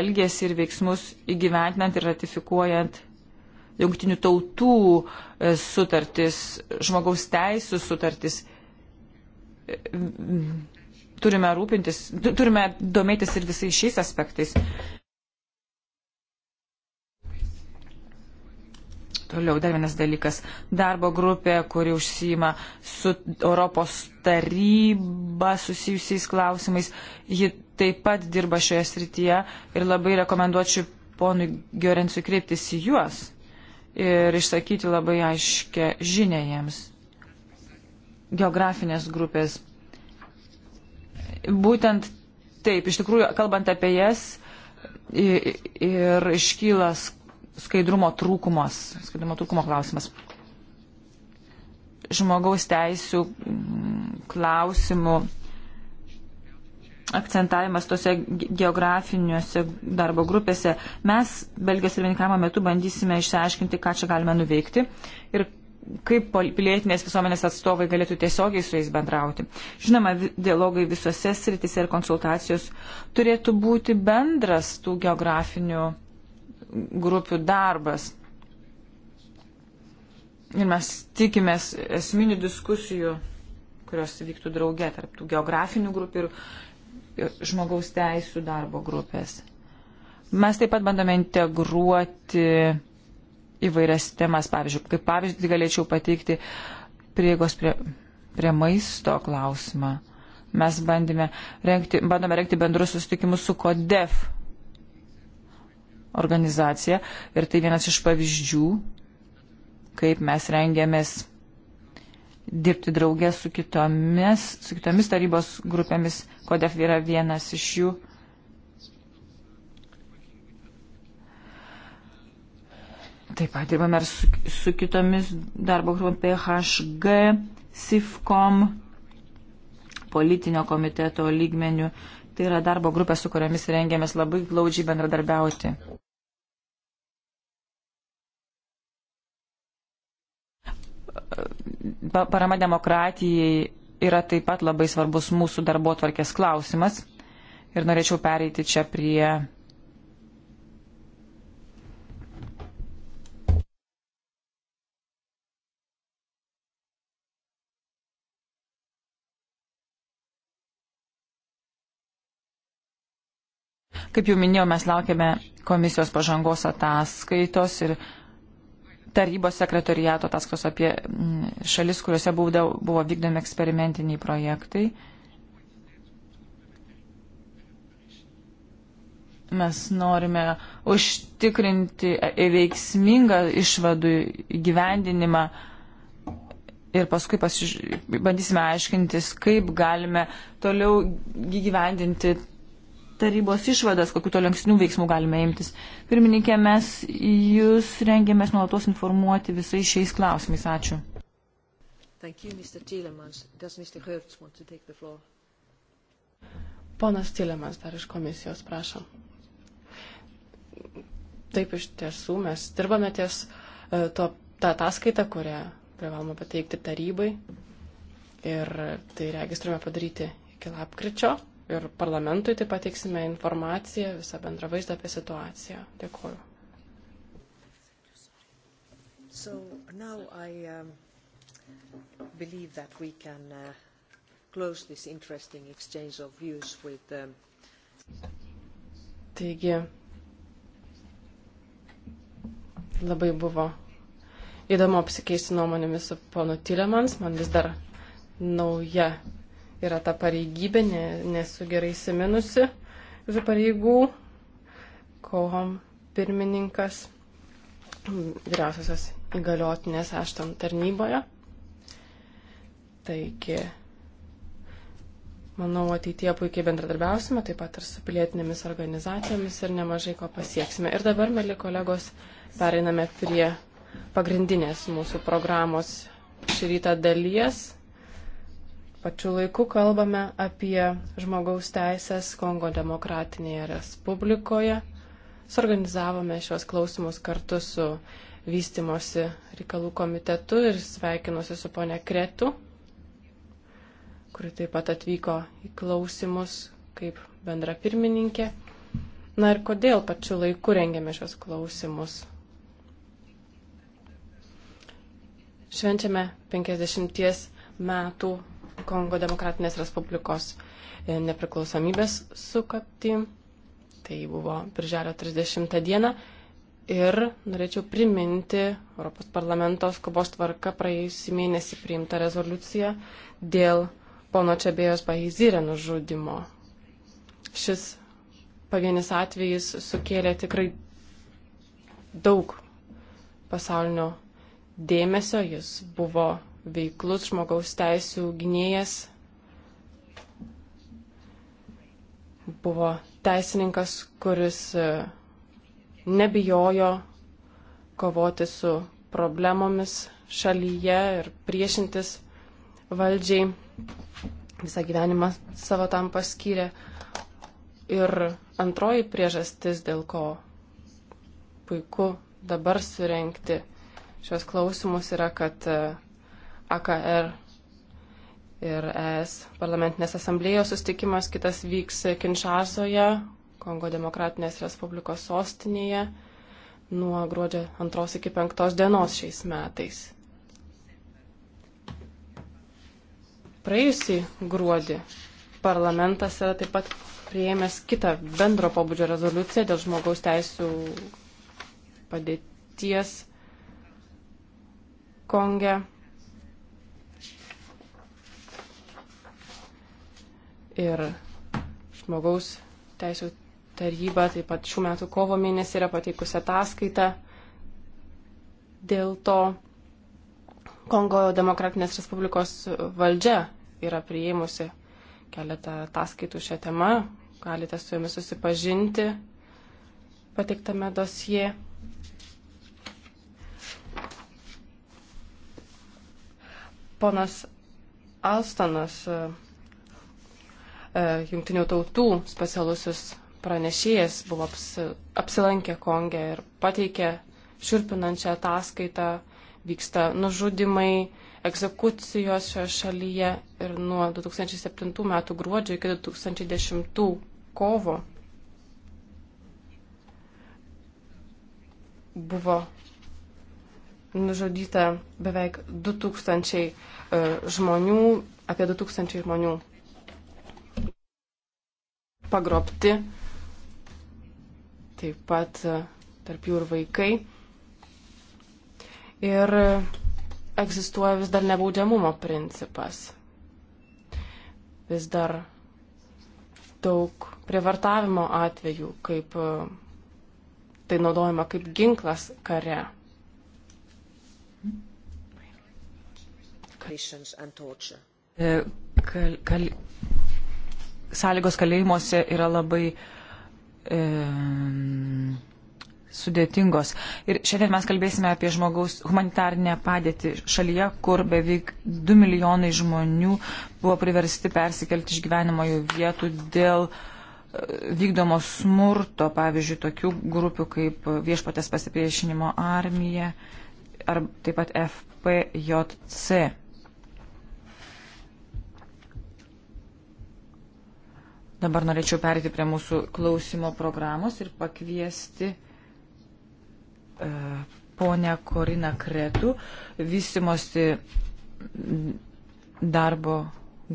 elgesį ir veiksmus įgyvendinant ir ratifikuojant jungtinių tautų e, sutartis, žmogaus teisų sutartis. E, turime rūpintis, turime domėtis ir visais šiais aspektais. Toliau dar vienas dalykas. Darbo grupė, kuri užsima su Europos taryba susijusiais klausimais, ji taip pat dirba šioje srityje ir labai rekomenduočiau ponui Giorensui kreiptis į juos ir išsakyti labai aiškę žinę jiems. Geografinės grupės. Būtent taip, iš tikrųjų, kalbant apie jas, ir iškyla skaidrumo trūkumas, skaidrumo trūkumo klausimas. Žmogaus teisų klausimų akcentavimas tose geografiniuose darbo grupėse. Mes Belgijos ir Vininkamo metu bandysime išsiaiškinti, ką čia galime nuveikti ir kaip pilietinės visuomenės atstovai galėtų tiesiogiai su jais bendrauti. Žinoma, dialogai visose sritise ir konsultacijos turėtų būti bendras tų geografinių grupių darbas. Ir mes tikimės esminių diskusijų, kurios vyktų drauge tarp tų geografinių grupių ir žmogaus teisų darbo grupės. Mes taip pat bandome integruoti įvairias temas, pavyzdžiui, kaip pavyzdį galėčiau pateikti prieigos prie, prie maisto klausimą. Mes bandėme renkti, bandome renkti bendrus susitikimus su CODEF organizacija ir tai vienas iš pavyzdžių, kaip mes rengiamės dirbti draugę su kitomis, su kitomis tarybos grupėmis. Kodef yra vienas iš jų. Taip pat dirbame ir su, su kitomis darbo grupė HG, SIFCOM, politinio komiteto lygmenių. Tai yra darbo grupė, su kuriamis rengiamės labai glaudžiai bendradarbiauti. parama demokratijai yra taip pat labai svarbus mūsų darbo tvarkės klausimas. Ir norėčiau pereiti čia prie. Kaip jau minėjau, mes laukiame komisijos pažangos ataskaitos ir tarybos sekretoriato ataskos apie mm, šalis, kuriuose buvo, buvo vykdomi eksperimentiniai projektai. Mes norime užtikrinti e, e, veiksmingą išvadų gyvendinimą ir paskui pasiž... bandysime aiškintis, kaip galime toliau gyvendinti tarybos išvadas, kokiu to lenksnių veiksmų galime imtis. Pirmininkė, mes jūs rengėmės nuolatos informuoti visais šiais klausimais. Ačiū. You, Ponas Tilemas dar iš komisijos, prašom. Taip iš tiesų mes dirbame ties e, to, tą ataskaitą, kurią privalome pateikti tarybai. Ir tai registruojame padaryti iki lapkričio ir parlamentui taip pateiksime informaciją, visą bendrą vaizdą apie situaciją. Dėkuoju. So now I um, believe that we can uh, close this interesting exchange of views with. Um... Taigi, labai buvo įdomu apsikeisti nuomonėmis su ponu Tilemans, man vis dar nauja yra ta pareigybė, ne, nesu gerai įsiminusi visų pareigų, kohom pirmininkas, vyriausiasis įgaliotinės ašton tarnyboje. Taigi, manau, ateitie puikiai bendradarbiausime, taip pat ir su pilietinėmis organizacijomis ir nemažai ko pasieksime. Ir dabar, mėly kolegos, pereiname prie pagrindinės mūsų programos šį rytą dalies pačiu laiku kalbame apie žmogaus teisės Kongo demokratinėje respublikoje. Sorganizavome šios klausimus kartu su vystimosi reikalų komitetu ir sveikinuosi su ponia Kretu, kuri taip pat atvyko į klausimus kaip bendra pirmininkė. Na ir kodėl pačiu laiku rengėme šios klausimus? Švenčiame 50 metų Kongo Demokratinės Respublikos e, nepriklausomybės sukapti. Tai buvo birželio 30 dieną. Ir norėčiau priminti Europos parlamento skubos tvarka praėjusį mėnesį priimtą rezoliuciją dėl pono Čebėjos Bahizirė nužudimo. Šis pavienis atvejis sukėlė tikrai daug pasaulinio dėmesio, jis buvo veiklus žmogaus teisų gynėjas. Buvo teisininkas, kuris e, nebijojo kovoti su problemomis šalyje ir priešintis valdžiai. Visą gyvenimą savo tam paskyrė. Ir antroji priežastis, dėl ko puiku dabar surenkti šios klausimus, yra, kad uh, AKR ir ES parlamentinės asamblėjos sustikimas, kitas vyks Kinšasoje, Kongo demokratinės Respublikos sostinėje nuo gruodžio 2 iki 5 dienos šiais metais. Praėjusį gruodį parlamentas yra taip pat prieėmęs kitą bendro pobūdžio rezoliuciją dėl žmogaus teisų padėties Konge. ir žmogaus teisų taryba taip pat šių metų kovo mėnesį yra pateikusi ataskaitą dėl to Kongo Demokratinės Respublikos valdžia yra prieimusi keletą ataskaitų šią temą, galite su jomis susipažinti pateiktame dosie. Ponas Alstonas E, jungtinių tautų specialusis pranešėjas buvo apsilankę Konge ir pateikė širpinančią ataskaitą, vyksta nužudimai, egzekucijos šioje šalyje ir nuo 2007 metų gruodžio iki 2010 kovo buvo nužudyta beveik 2000 e, žmonių, apie 2000 žmonių pagrobti, taip pat e, tarp jų ir vaikai. Ir egzistuoja vis dar nebaudžiamumo principas. Vis dar daug prievartavimo atvejų, kaip e, tai naudojama kaip ginklas kare. E, kal, kal, sąlygos kalėjimuose yra labai e, sudėtingos. Ir šiandien mes kalbėsime apie žmogaus humanitarnę padėtį šalyje, kur beveik 2 milijonai žmonių buvo priversti persikelti iš gyvenimojų vietų dėl e, vykdomo smurto, pavyzdžiui, tokių grupių kaip viešpatės pasipriešinimo armija ar taip pat FPJC. Dabar norėčiau perėti prie mūsų klausimo programos ir pakviesti uh, ponę Koriną Kretų, vystimosi darbo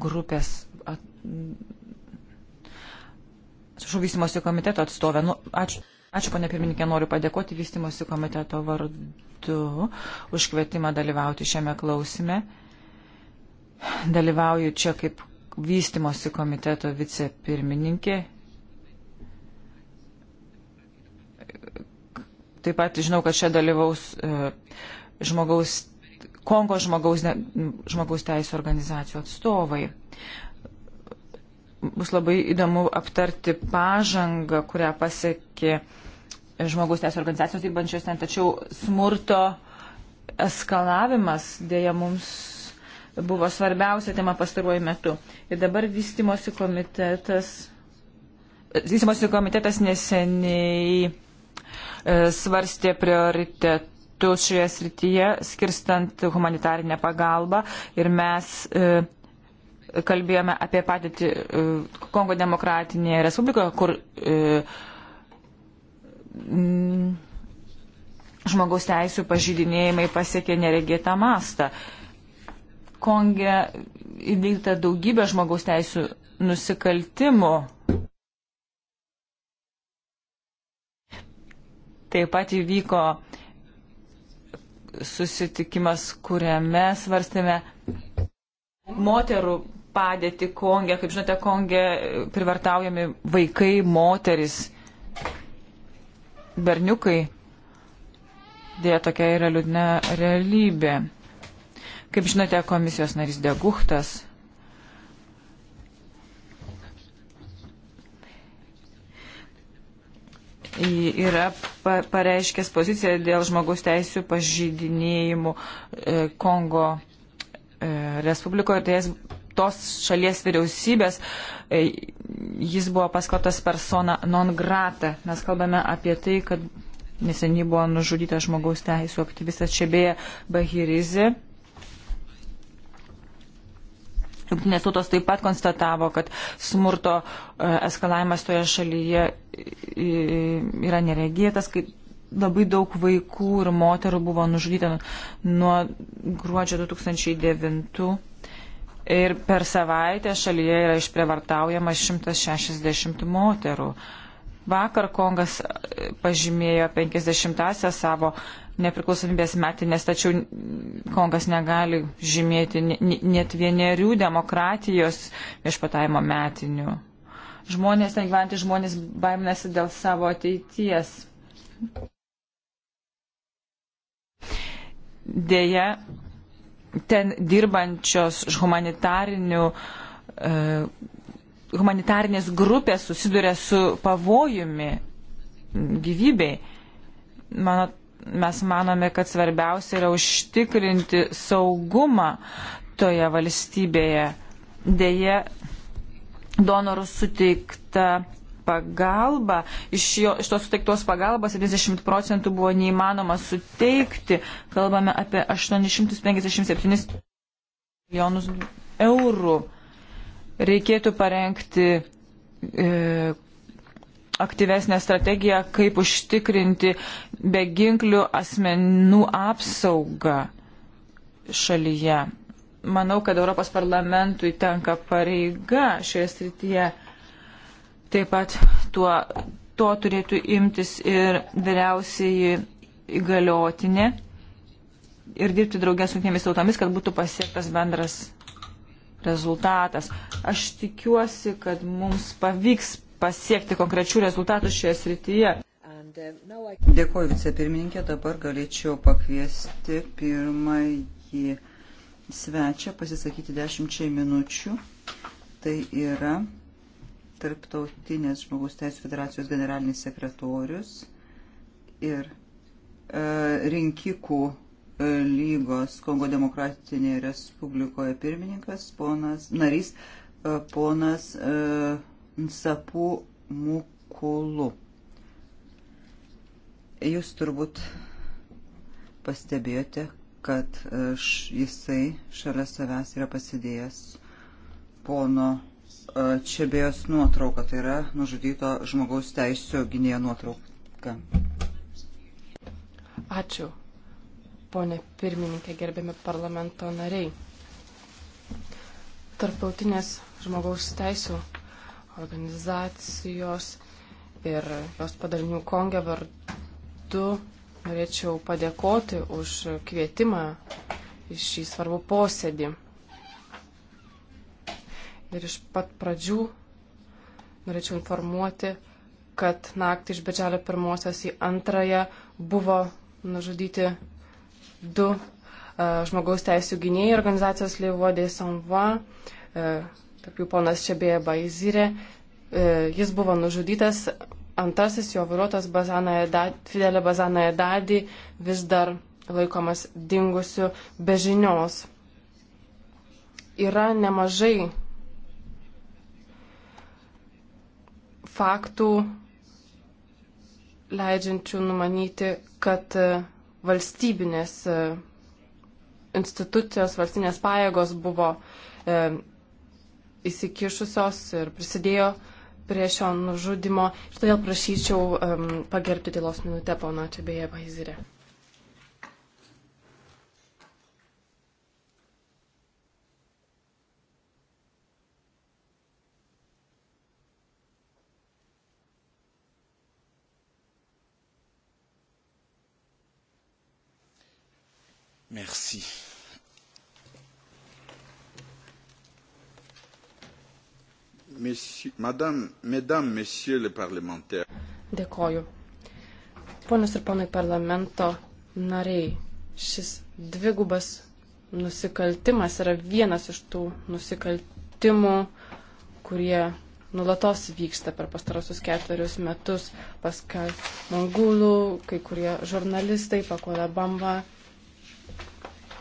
grupės, atsiprašau, vystimosi komiteto atstovę. Nu, ačiū. Ačiū, ponė pirmininkė, noriu padėkoti vystimosi komiteto vardu už kvietimą dalyvauti šiame klausime. Dalyvauju čia kaip vystimosi komiteto vicepirmininkė. Taip pat žinau, kad čia dalyvaus e, žmogaus, Kongo žmogaus, žmogaus teisų organizacijų atstovai. Bus labai įdomu aptarti pažangą, kurią pasiekė žmogaus teisų organizacijos dirbančios ten, tačiau smurto eskalavimas dėja mums buvo svarbiausia tema pastaruoju metu. Ir dabar vystimosi komitetas, vystimosi komitetas neseniai e, svarstė prioritetų projektus šioje srityje, skirstant humanitarinę pagalbą ir mes e, kalbėjome apie patirtį e, Kongo demokratinėje Respublikoje, kur e, m, žmogaus teisų pažydinėjimai pasiekė neregėtą mastą. E, Konge įvykdyta daugybė žmogaus teisų nusikaltimų. Taip pat įvyko susitikimas, kuriame svarstėme moterų padėti Kongė. Kaip žinote, Kongė privartaujami vaikai, moteris, berniukai. Dėja, tokia yra liūdna realybė. Kaip žinote, komisijos narys Deguhtas yra pareiškęs poziciją dėl žmogaus teisų pažydinėjimų e, Kongo e, Respublikoje. Tai tos šalies vyriausybės e, jis buvo paskotas persona non grata. Mes kalbame apie tai, kad neseniai buvo nužudytas žmogaus teisų aktyvistas Čebėje Bahirizi. Junktinės tautos taip pat konstatavo, kad smurto e, eskalavimas toje šalyje e, yra neregėtas, kaip labai daug vaikų ir moterų buvo nužudyta nuo gruodžio 2009 ir per savaitę šalyje yra išprievartaujama 160 moterų. Vakar Kongas e, pažymėjo 50-ąją savo nepriklausomybės metinės, tačiau Kongas negali žymėti net vienerių demokratijos viešpatavimo metinių. Žmonės, ten gyventi žmonės baiminasi dėl savo ateities. Deja, ten dirbančios humanitarinių e, humanitarnės grupės susiduria su pavojumi gyvybei. Mano, mes manome, kad svarbiausia yra užtikrinti saugumą toje valstybėje. Deja, donorų suteikta pagalba, iš, jo, iš tos suteiktos pagalbos 70 procentų buvo neįmanoma suteikti. Kalbame apie 857 milijonus eurų reikėtų parengti e, aktyvesnę strategiją, kaip užtikrinti beginklių asmenų apsaugą šalyje. Manau, kad Europos parlamentui tenka pareiga šioje srityje. Taip pat tuo, to turėtų imtis ir vyriausiai įgaliotinė ir dirbti draugės su jungtinėmis tautomis, kad būtų pasiektas bendras rezultatas. Aš tikiuosi, kad mums pavyks pasiekti konkrečių rezultatų šioje srityje. Uh, Dėkuoju vicepirmininkė, dabar galėčiau pakviesti pirmąjį svečią pasisakyti dešimčiai minučių. Tai yra Tarptautinės žmogus teisų federacijos generalinis sekretorius ir e, rinkikų lygos Kongo demokratinėje Respublikoje pirmininkas, ponas, narys, e, ponas e, Nsapu Mukulu. Jūs turbūt pastebėjote, kad e, jisai šalia savęs yra pasidėjęs pono Čebėjos nuotrauką, tai yra nužudyto žmogaus teisų gynėjo nuotrauką. Ačiū ponė pirmininkė, gerbiami parlamento nariai. Tarptautinės žmogaus teisų organizacijos ir jos padalinių Kongė vardu norėčiau padėkoti už kvietimą į šį svarbų posėdį. Ir iš pat pradžių norėčiau informuoti, kad naktį iš Bedželio pirmosios į antrąją buvo nužudyti du žmogaus teisų gynėjai organizacijos Lievodė Sanva, tarp jų ponas Čebėja Baizirė. Jis buvo nužudytas, antrasis jo vairuotas Fidelė Bazana Edadi vis dar laikomas dingusiu be žinios. Yra nemažai faktų leidžiančių numanyti, kad valstybinės e, institucijos, valstybinės pajėgos buvo e, įsikišusios ir prisidėjo prie šio nužudimo. Ir todėl prašyčiau um, pagerbti tylos minutę pono Čebėje Paizirė. Merci. Mesi, madame, mesdames, messieurs les parlementaires. Dėkoju. Ponios ir ponai parlamento nariai, šis dvigubas nusikaltimas yra vienas iš tų nusikaltimų, kurie nulatos vyksta per pastarosius ketverius metus. Paskai Mongulų, kai kurie žurnalistai, Pakola Bamba,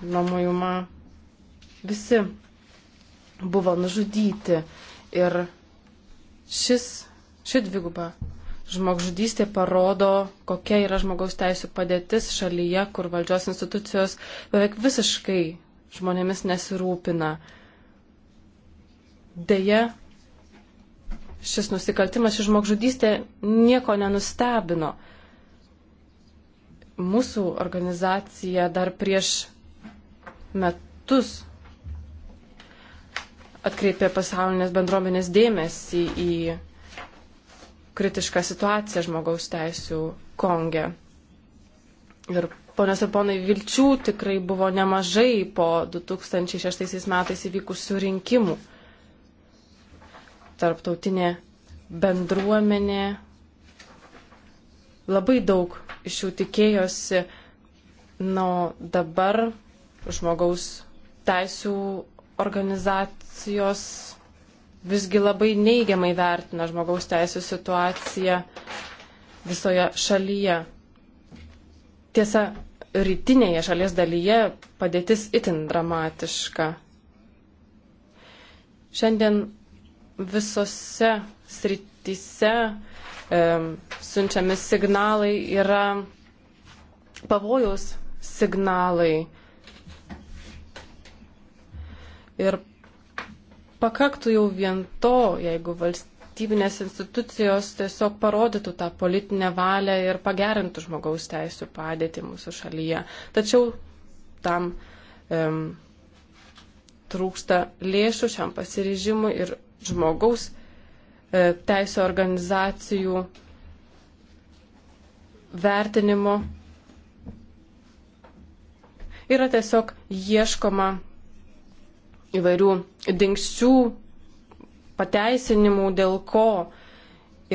nuomojama, visi buvo nužudyti. Ir šis, ši dviguba žmogžudystė parodo, kokia yra žmogaus teisų padėtis šalyje, kur valdžios institucijos beveik visiškai žmonėmis nesirūpina. Deja, šis nusikaltimas, ši žmogžudystė nieko nenustebino. Mūsų organizacija dar prieš metus atkreipė pasaulinės bendruomenės dėmesį į kritišką situaciją žmogaus teisų Konge. Ir ponios ir ponai, vilčių tikrai buvo nemažai po 2006 metais įvykusių rinkimų. Tarptautinė bendruomenė labai daug iš jų tikėjosi. Na, nu, dabar žmogaus teisų organizacijos visgi labai neigiamai vertina žmogaus teisų situaciją visoje šalyje. Tiesa, rytinėje šalies dalyje padėtis itin dramatiška. Šiandien visose srityse e, siunčiami signalai yra pavojaus signalai Ir pakaktų jau vien to, jeigu valstybinės institucijos tiesiog parodytų tą politinę valią ir pagerintų žmogaus teisų padėtį mūsų šalyje. Tačiau tam um, trūksta lėšų šiam pasiryžimui ir žmogaus e, teisų organizacijų vertinimo yra tiesiog ieškoma įvairių dingsčių, pateisinimų, dėl ko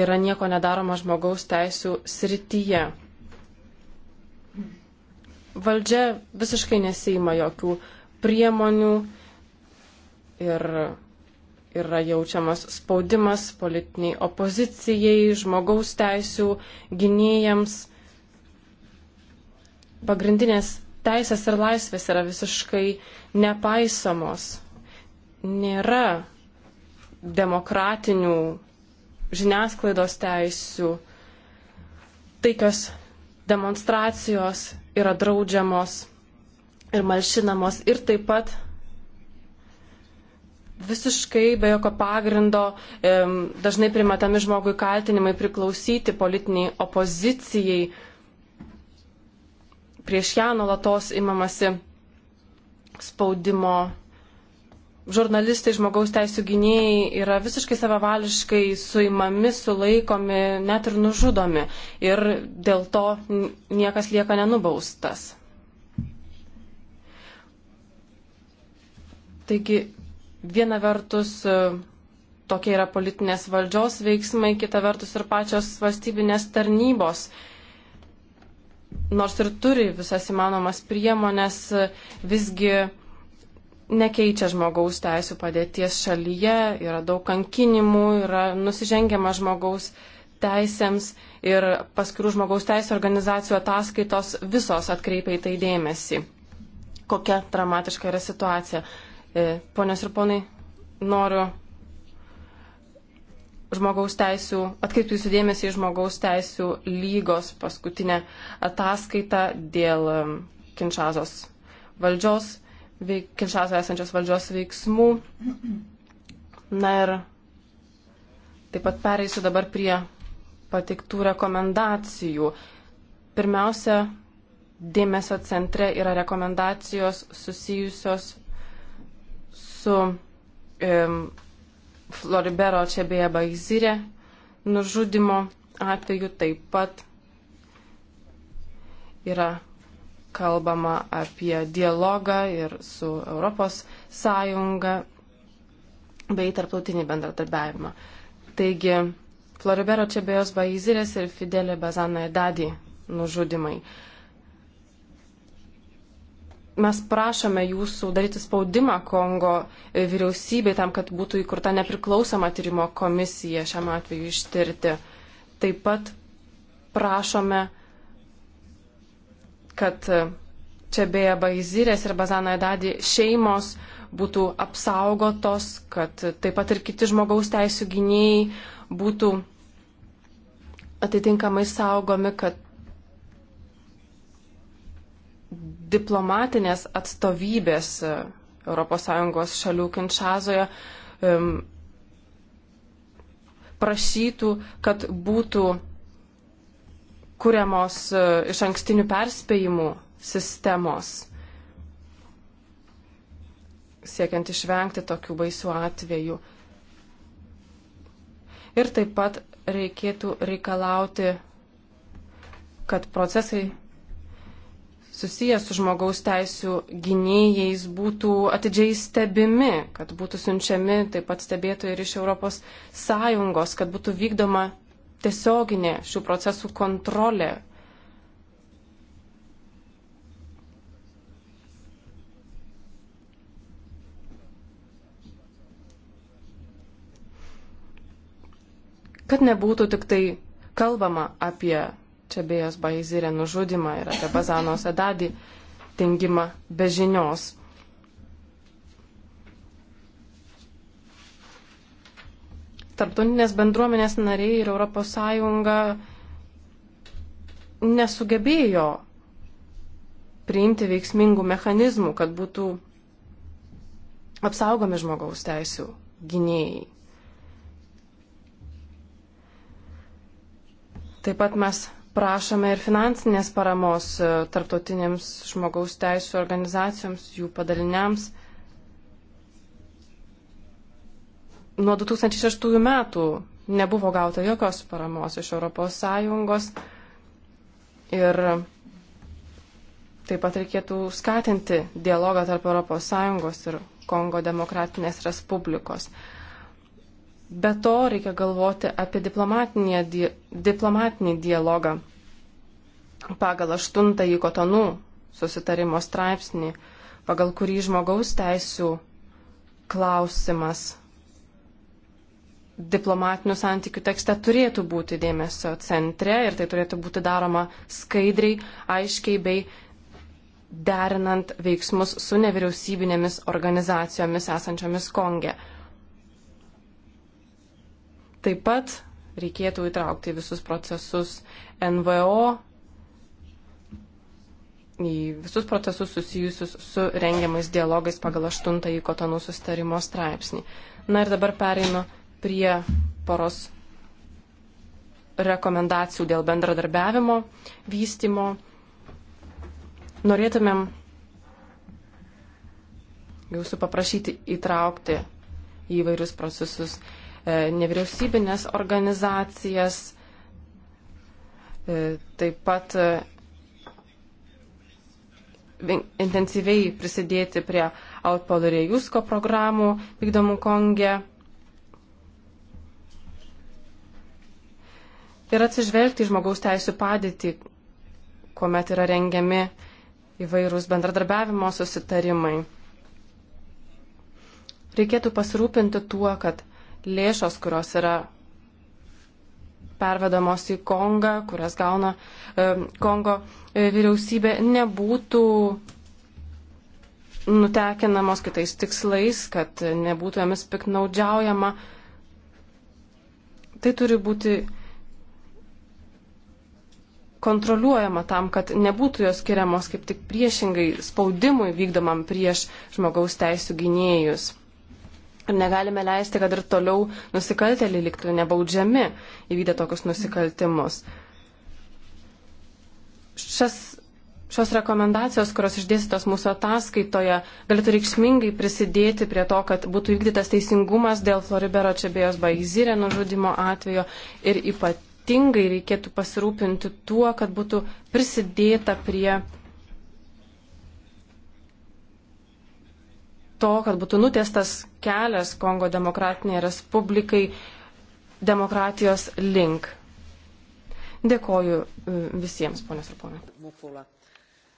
yra nieko nedaroma žmogaus teisų srityje. Valdžia visiškai nesima jokių priemonių ir yra jaučiamas spaudimas politiniai opozicijai, žmogaus teisų gynėjams. Pagrindinės teisės ir laisvės yra visiškai nepaisomos nėra demokratinių žiniasklaidos teisių, taikios demonstracijos yra draudžiamos ir malšinamos ir taip pat visiškai be jokio pagrindo dažnai primatami žmogui kaltinimai priklausyti politiniai opozicijai. Prieš ją nuolatos imamasi spaudimo žurnalistai, žmogaus teisų gynėjai yra visiškai savavališkai suimami, sulaikomi, net ir nužudomi. Ir dėl to niekas lieka nenubaustas. Taigi, viena vertus e, tokie yra politinės valdžios veiksmai, kita vertus ir pačios valstybinės tarnybos nors ir turi visas įmanomas priemonės, visgi nekeičia žmogaus teisų padėties šalyje, yra daug kankinimų, yra nusižengiama žmogaus teisėms ir paskirų žmogaus teisų organizacijų ataskaitos visos atkreipia į tai dėmesį. Kokia dramatiška yra situacija. E, ponios ir ponai, noriu žmogaus teisų, atkreipti jūsų dėmesį į žmogaus teisų lygos paskutinę ataskaitą dėl e, Kinšazos valdžios veik, Kinšasoje esančios valdžios veiksmų. Na ir taip pat pereisiu dabar prie patiktų rekomendacijų. Pirmiausia, dėmesio centre yra rekomendacijos susijusios su um, Floribero Čebėje Baizirė nužudimo atveju taip pat yra kalbama apie dialogą ir su Europos Sąjunga bei tarptautinį bendradarbiavimą. Taigi, Floribero Čebėjos Baizirės ir Fidelė Bazana Edadi nužudimai. Mes prašome jūsų daryti spaudimą Kongo vyriausybei tam, kad būtų įkurta nepriklausoma tyrimo komisija šiam atveju ištirti. Taip pat prašome kad e, čia beje Baizirės ir Bazano Edadi šeimos būtų apsaugotos, kad taip pat ir kiti žmogaus teisų gynėjai būtų atitinkamai saugomi, kad diplomatinės atstovybės ES šalių Kinšazoje prašytų, kad būtų kuriamos e, iš ankstinių perspėjimų sistemos, siekiant išvengti tokių baisių atvejų. Ir taip pat reikėtų reikalauti, kad procesai susijęs su žmogaus teisų gynėjais būtų atidžiai stebimi, kad būtų siunčiami taip pat stebėtojai ir iš ES, kad būtų vykdoma tiesioginė šių procesų kontrolė. Kad nebūtų tik tai kalbama apie Čebėjos Baizirė nužudimą ir apie Bazano Sadadį dingimą be žinios. tarptautinės bendruomenės nariai ir ES nesugebėjo priimti veiksmingų mechanizmų, kad būtų apsaugomi žmogaus teisų gynėjai. Taip pat mes prašome ir finansinės paramos e, tarptautinėms žmogaus teisų organizacijoms, jų padaliniams Nuo 2006 metų nebuvo gauta jokios paramos iš ES ir taip pat reikėtų skatinti dialogą tarp ES ir Kongo Demokratinės Respublikos. Be to reikia galvoti apie di diplomatinį dialogą pagal aštuntąjį kotonų susitarimo straipsnį, pagal kurį žmogaus teisų klausimas diplomatinių santykių tekste turėtų būti dėmesio centre ir tai turėtų būti daroma skaidriai, aiškiai bei derinant veiksmus su nevyriausybinėmis organizacijomis esančiomis Konge. Taip pat reikėtų įtraukti visus procesus NVO, į visus procesus susijusius su rengiamais dialogais pagal 8 kotonų sustarimo straipsnį. Na ir dabar pereinu prie poros rekomendacijų dėl bendradarbiavimo, vystimo. Norėtumėm jūsų paprašyti įtraukti į vairius procesus e, nevyriausybinės organizacijas, e, taip pat e, intensyviai prisidėti prie Outpolder Jusko programų vykdomų Konge ir atsižvelgti į žmogaus teisų padėtį, kuomet yra rengiami įvairūs bendradarbiavimo susitarimai. Reikėtų pasirūpinti tuo, kad lėšos, kurios yra pervedamos į Kongą, kurias gauna e, Kongo e, vyriausybė, nebūtų nutekinamos kitais tikslais, kad nebūtų jomis piknaudžiaujama. Tai turi būti kontroliuojama tam, kad nebūtų jos skiriamos kaip tik priešingai spaudimui vykdomam prieš žmogaus teisų gynėjus. Ir negalime leisti, kad ir toliau nusikaltėliai liktų nebaudžiami įvykdę tokius nusikaltimus. Šias, šios rekomendacijos, kurios išdėstytos mūsų ataskaitoje, galėtų reikšmingai prisidėti prie to, kad būtų įvykdytas teisingumas dėl Floribero Čebėjos Baigzirė nužudimo atvejo ir ypatingai ypatingai reikėtų pasirūpinti tuo, kad būtų prisidėta prie to, kad būtų nutestas kelias Kongo demokratiniai respublikai demokratijos link. Dėkoju e, visiems, ponės ir ponai.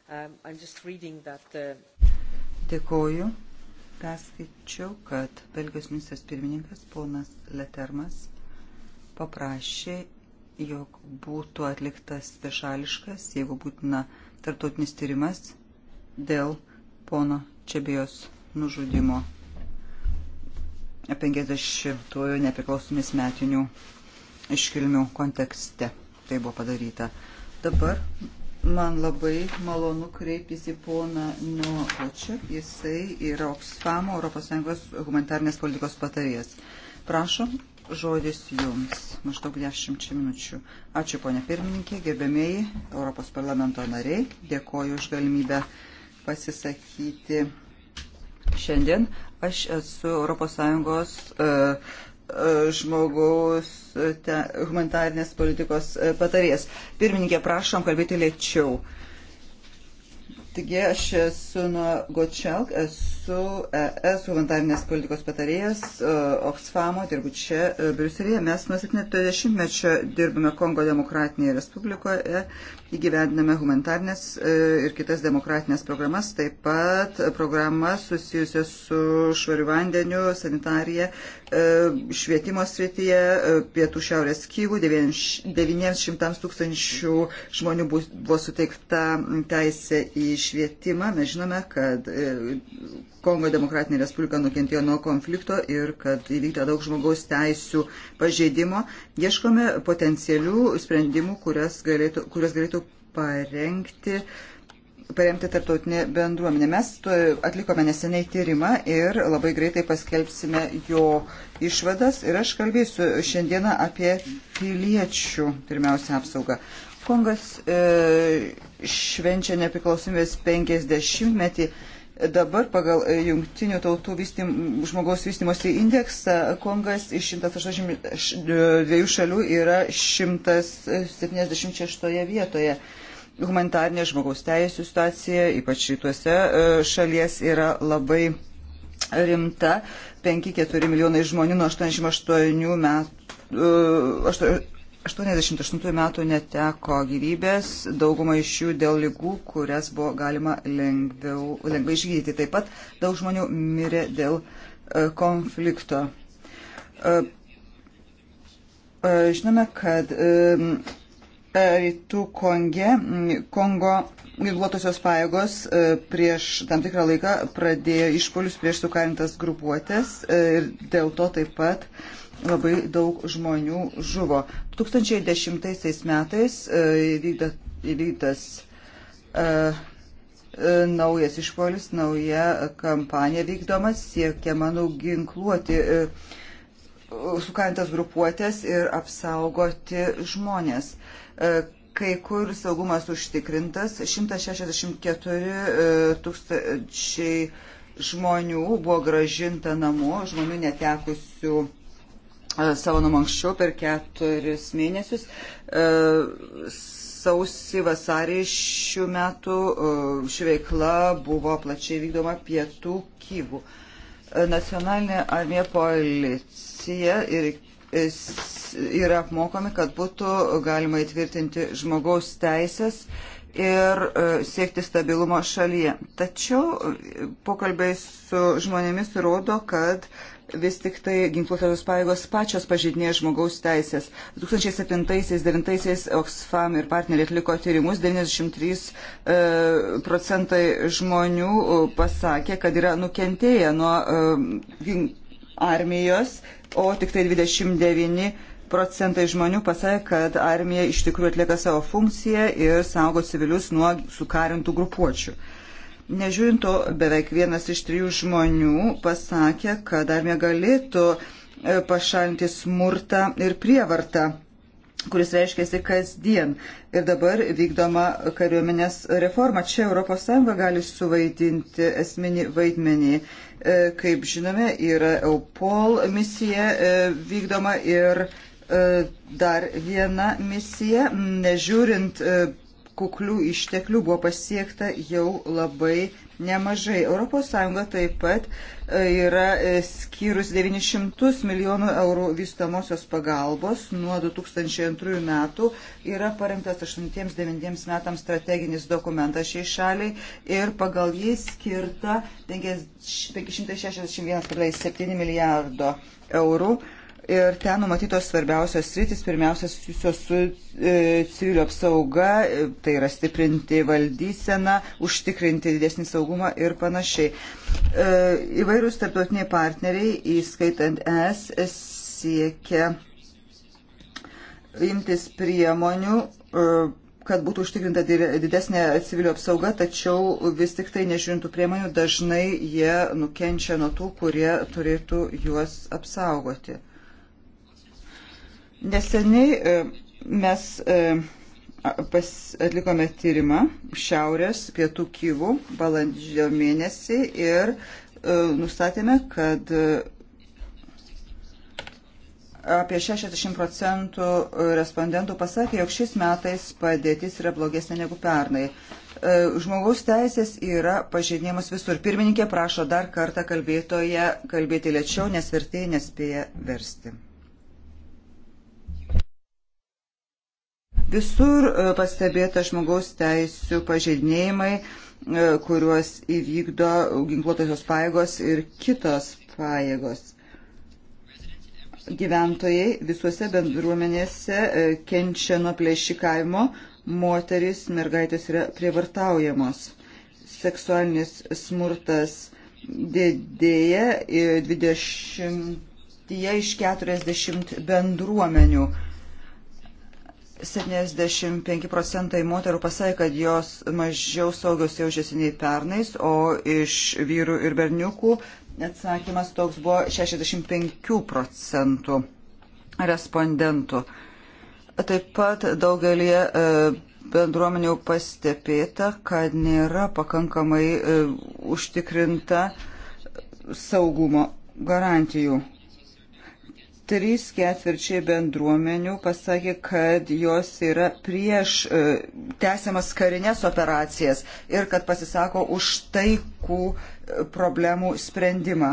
Um, uh, Dėkoju. Perskaičiau, kad Belgijos ministras pirmininkas ponas Letermas paprašė jog būtų atliktas bešališkas, jeigu būtina, tartotinis tyrimas dėl pono Čebėjos nužudimo 50-ųjų nepriklausomės metinių iškilmių kontekste. Tai buvo padaryta. Dabar man labai malonu kreiptis į poną Nuokočiak. Jisai yra Oxfamo ES humanitarnės politikos patarėjas. Prašom, žodis jums, maždaug 10 minučių. Ačiū, ponė pirmininkė, gerbėmiai Europos parlamento nariai, dėkoju už galimybę pasisakyti šiandien. Aš esu ES e, e, žmogaus e, te, humanitarnės politikos patarės. Pirmininkė, prašom kalbėti lėčiau. Taigi aš esu nuo Gočelk, esu esu ES e, humanitarnės politikos patarėjas e, Oxfamo, dirbu čia e, Briuselėje. Mes nuo 70-mečio dirbame Kongo Demokratinėje Respublikoje įgyvendiname humanitarnės e, ir kitas demokratinės programas, taip pat programas susijusias su švariu vandeniu, sanitarija, e, švietimo srityje, e, pietų šiaurės kyvų, 900 tūkstančių žmonių buvo suteikta teisė į švietimą. Mes žinome, kad Kongo Demokratinė Respublika nukentėjo nuo konflikto ir kad įvykta daug žmogaus teisų pažeidimo. Ieškome potencialių sprendimų, kurias galėtų, kurias galėtų parengti paremti tarptautinę bendruomenę. Mes atlikome neseniai tyrimą ir labai greitai paskelbsime jo išvadas. Ir aš kalbėsiu šiandieną apie piliečių pirmiausia apsaugą. Kongas e, švenčia nepriklausomybės 50-metį. Dabar pagal e, jungtinių tautų vystym, žmogaus vystimosi indeksą Kongas iš 182 e, šalių yra 176 vietoje. E, humanitarnė žmogaus teisų situacija, ypač rytuose e, šalies, yra labai rimta. 5-4 milijonai žmonių nuo 88 metų. 88 metų neteko gyvybės, dauguma iš jų dėl lygų, kurias buvo galima lengviau, lengvai išgydyti. Taip pat daug žmonių mirė dėl e, konflikto. E, žinome, kad rytų Konge, Kongo ginkluotosios pajėgos e, prieš tam tikrą laiką pradėjo išpolius prieš sukarintas grupuotės e, ir dėl to taip pat labai daug žmonių žuvo. 2010 metais e, įvykdytas naujas išpolis, nauja kampanija vykdomas, siekiama nuginkluoti sukarintas grupuotės ir apsaugoti žmonės E, kai kur saugumas užtikrintas, 164 e, tūkstančiai žmonių buvo gražinta namo, žmonių netekusių e, savo namankščiau per keturis mėnesius. Sausį vasarį šių metų ši veikla buvo plačiai vykdoma pietų kyvų. Nacionalinė armija policija ir yra apmokami, kad būtų galima įtvirtinti žmogaus teisės ir e, siekti stabilumo šalyje. Tačiau e, pokalbiai su žmonėmis rodo, kad vis tik tai ginkluotosios paėgos pačios pažydinėja žmogaus teisės. 2007-2009 Oxfam ir partneriai atliko tyrimus, 93 e, procentai žmonių pasakė, kad yra nukentėję nuo ginkluotosios armijos, o tik tai 29 procentai žmonių pasakė, kad armija iš tikrųjų atlieka savo funkciją ir saugo civilius nuo sukarintų grupuočių. Nežiūrint to, beveik vienas iš trijų žmonių pasakė, kad armija galėtų e, pašalinti smurtą ir prievartą kuris reiškiasi kasdien. Ir dabar vykdoma kariuomenės reforma. Čia ES gali suvaidinti esminį vaidmenį. Uh, E, kaip žinome, yra EUPOL misija e, vykdoma ir e, dar viena misija. Nežiūrint kuklių išteklių buvo pasiekta jau labai nemažai. ES taip pat e, yra e, skyrus 900 milijonų eurų vystamosios pagalbos nuo 2002 metų. Yra parengtas 8-9 metams strateginis dokumentas šiai šaliai ir pagal jį skirta 561,7 milijardo eurų Ir ten numatytos svarbiausios rytis, pirmiausia, susijusios su e, civilio apsauga, e, tai yra stiprinti valdyseną, užtikrinti didesnį saugumą ir panašiai. E, įvairūs tarptautiniai partneriai, įskaitant ES, siekia imtis priemonių. E, kad būtų užtikrinta didesnė civilio apsauga, tačiau vis tik tai nežiūrintų priemonių dažnai jie nukenčia nuo tų, kurie turėtų juos apsaugoti. Neseniai e, mes e, atlikome tyrimą Šiaurės pietų Kyvų balandžio mėnesį ir e, nustatėme, kad apie 60 procentų respondentų pasakė, jog šiais metais padėtis yra blogesnė negu pernai. Žmogaus teisės yra pažeidinėjimas visur. Pirmininkė prašo dar kartą kalbėtoje kalbėti lėčiau, nes vertėjai nespėja versti. Visur e, pastebėta žmogaus teisų pažeidinėjimai, e, kuriuos įvykdo ginkluotosios paėgos ir kitos paėgos. Gyventojai visuose bendruomenėse e, kenčia nuo plėšikavimo, moteris, mergaitės yra prievartaujamos. Seksualinis smurtas didėja 20 iš 40 bendruomenių 75 procentai moterų pasakė, kad jos mažiau saugios jaučiasi nei pernais, o iš vyrų ir berniukų atsakymas toks buvo 65 procentų respondentų. Taip pat daugelį e, bendruomenių pastebėta, kad nėra pakankamai e, užtikrinta saugumo garantijų. Trys ketvirčiai bendruomenių pasakė, kad jos yra prieš e, tęsiamas karinės operacijas ir kad pasisako už taikų e, problemų sprendimą.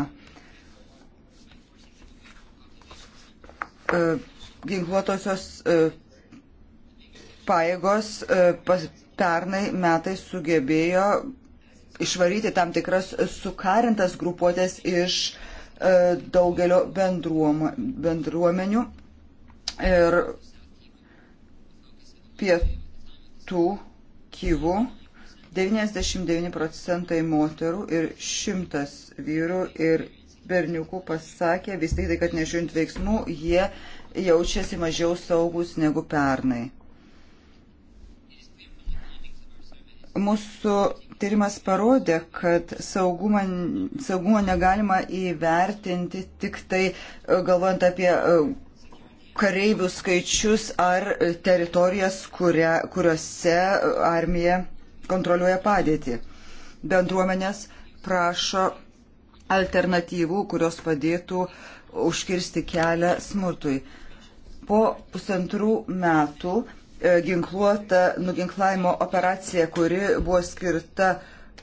E, ginkluotosios e, paėgos e, pas, pernai metais sugebėjo išvaryti tam tikras sukarintas grupuotės iš e, E, daugelio bendruomenių ir pietų kyvų 99 procentai moterų ir 100 vyrų ir berniukų pasakė vis tik tai, kad nežiūrint veiksmų, jie jaučiasi mažiau saugus negu pernai. Mūsų tyrimas parodė, kad saugumo, saugumo negalima įvertinti tik tai e, galvojant apie e, kareivių skaičius ar teritorijas, kuria, kuriuose armija kontroliuoja padėtį. Bendruomenės prašo alternatyvų, kurios padėtų užkirsti kelią smurtui. Po pusantrų metų E, ginkluota nuginklavimo operacija, kuri buvo skirta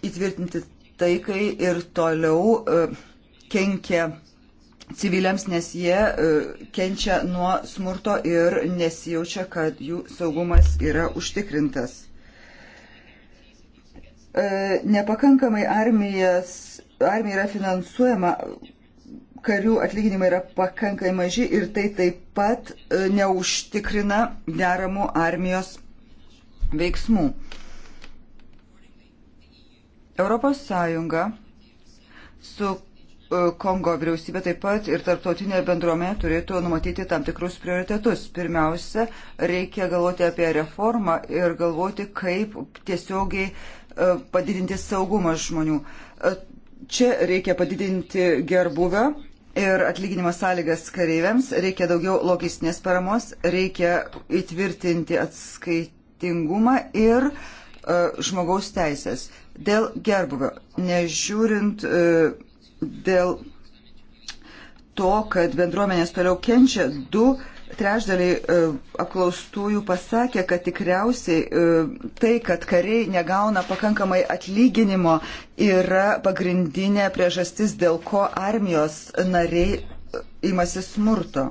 įtvirtinti taikai ir toliau e, kenkia civiliams, nes jie e, kenčia nuo smurto ir nesijaučia, kad jų saugumas yra užtikrintas. Nepakankamai armijas, armija yra finansuojama karių atlyginimai yra pakankamai maži ir tai taip pat e, neužtikrina deramų armijos veiksmų. Europos Sąjunga su e, Kongo vyriausybė taip pat ir tarptautinė bendruomenė turėtų numatyti tam tikrus prioritetus. Pirmiausia, reikia galvoti apie reformą ir galvoti, kaip tiesiogiai e, padidinti saugumą žmonių. Čia reikia padidinti gerbuvę ir atlyginimo sąlygas kareiviams, reikia daugiau logistinės paramos, reikia įtvirtinti atskaitingumą ir e, žmogaus teisės. Dėl gerbuvio, nežiūrint e, dėl to, kad bendruomenės toliau kenčia, du e, trešdaliai e, apklaustųjų pasakė, kad tikriausiai e, tai, kad kariai negauna pakankamai atlyginimo, yra pagrindinė priežastis, dėl ko armijos nariai e, imasi smurto.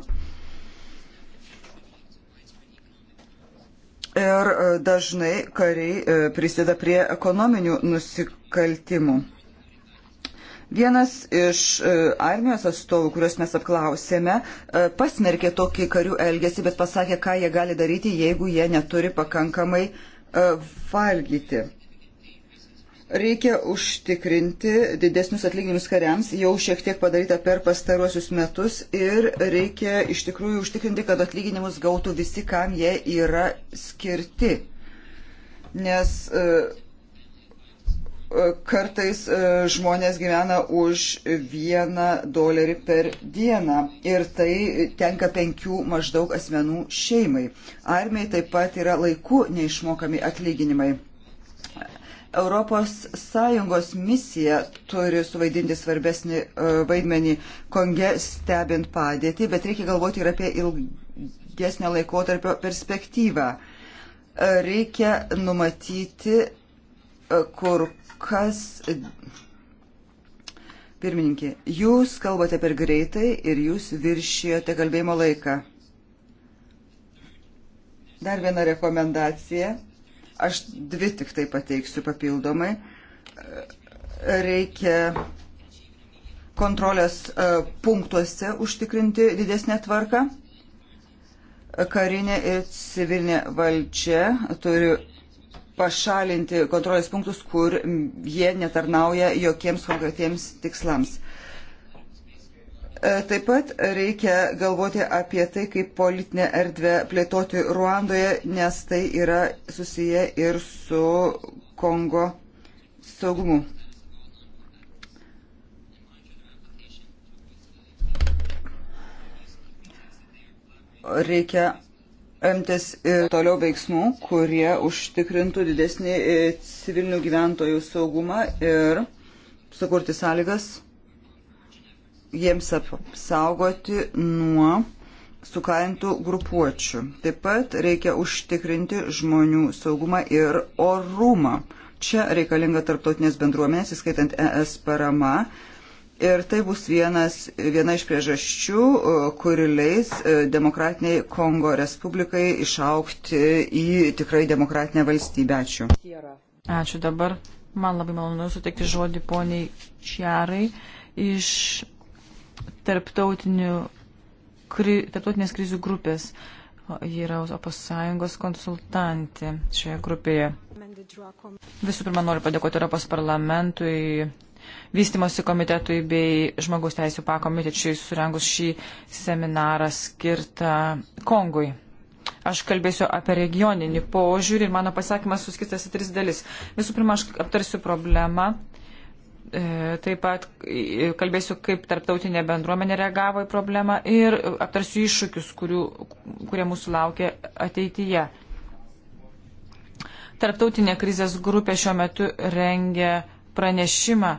Ir dažnai kariai prisideda prie ekonominių nusikaltimų. Vienas iš e, armijos atstovų, kuriuos mes apklausėme, e, pasmerkė tokį karių elgesį, bet pasakė, ką jie gali daryti, jeigu jie neturi pakankamai e, valgyti. Reikia užtikrinti didesnius atlyginimus kariams, jau šiek tiek padaryta per pastaruosius metus ir reikia iš tikrųjų užtikrinti, kad atlyginimus gautų visi, kam jie yra skirti. Nes uh, E, kartais e, žmonės gyvena už vieną dolerį per dieną ir tai tenka penkių maždaug asmenų šeimai. Armijai taip pat yra laiku neišmokami atlyginimai. ES misija turi suvaidinti svarbesnį e, vaidmenį Konge stebint padėtį, bet reikia galvoti ir apie ilgesnę laikotarpio perspektyvą. Reikia numatyti kur kas. Pirmininkė, jūs kalbate per greitai ir jūs viršijote kalbėjimo laiką. Dar viena rekomendacija. Aš dvi tik tai pateiksiu papildomai. Reikia kontrolės e, punktuose užtikrinti didesnę tvarką. Karinė ir civilinė valdžia turi pašalinti kontrolės punktus, kur jie netarnauja jokiems konkretiems tikslams. E, taip pat reikia galvoti apie tai, kaip politinę erdvę plėtoti Ruandoje, nes tai yra susiję ir su Kongo saugumu. Reikia imtis ir e, toliau veiksmų, kurie užtikrintų didesnį e, civilinių gyventojų saugumą ir sukurti sąlygas jiems apsaugoti nuo sukaintų grupuočių. Taip pat reikia užtikrinti žmonių saugumą ir orumą. Čia reikalinga tarptautinės bendruomenės, įskaitant ES parama, Ir tai bus vienas, viena iš priežasčių, e, kuri leis e, demokratiniai Kongo Respublikai išaukti į tikrai demokratinę valstybę. Ačiū. Ačiū dabar. Man labai malonu suteikti žodį poniai Čiarai iš kri, tarptautinės krizių grupės. Ji yra Europos Sąjungos konsultantė šioje grupėje. Visų pirma, noriu padėkoti Europos parlamentui vystimosi komitetui bei žmogaus teisų pakomitečiui surengus šį seminarą skirtą Kongui. Aš kalbėsiu apie regioninį požiūrį ir mano pasakymas suskistas į tris dalis. Visų pirma, aš aptarsiu problemą. E, taip pat e, kalbėsiu, kaip tarptautinė bendruomenė reagavo į problemą ir aptarsiu iššūkius, kurių, kurie mūsų laukia ateityje. Tarptautinė krizės grupė šiuo metu rengia pranešimą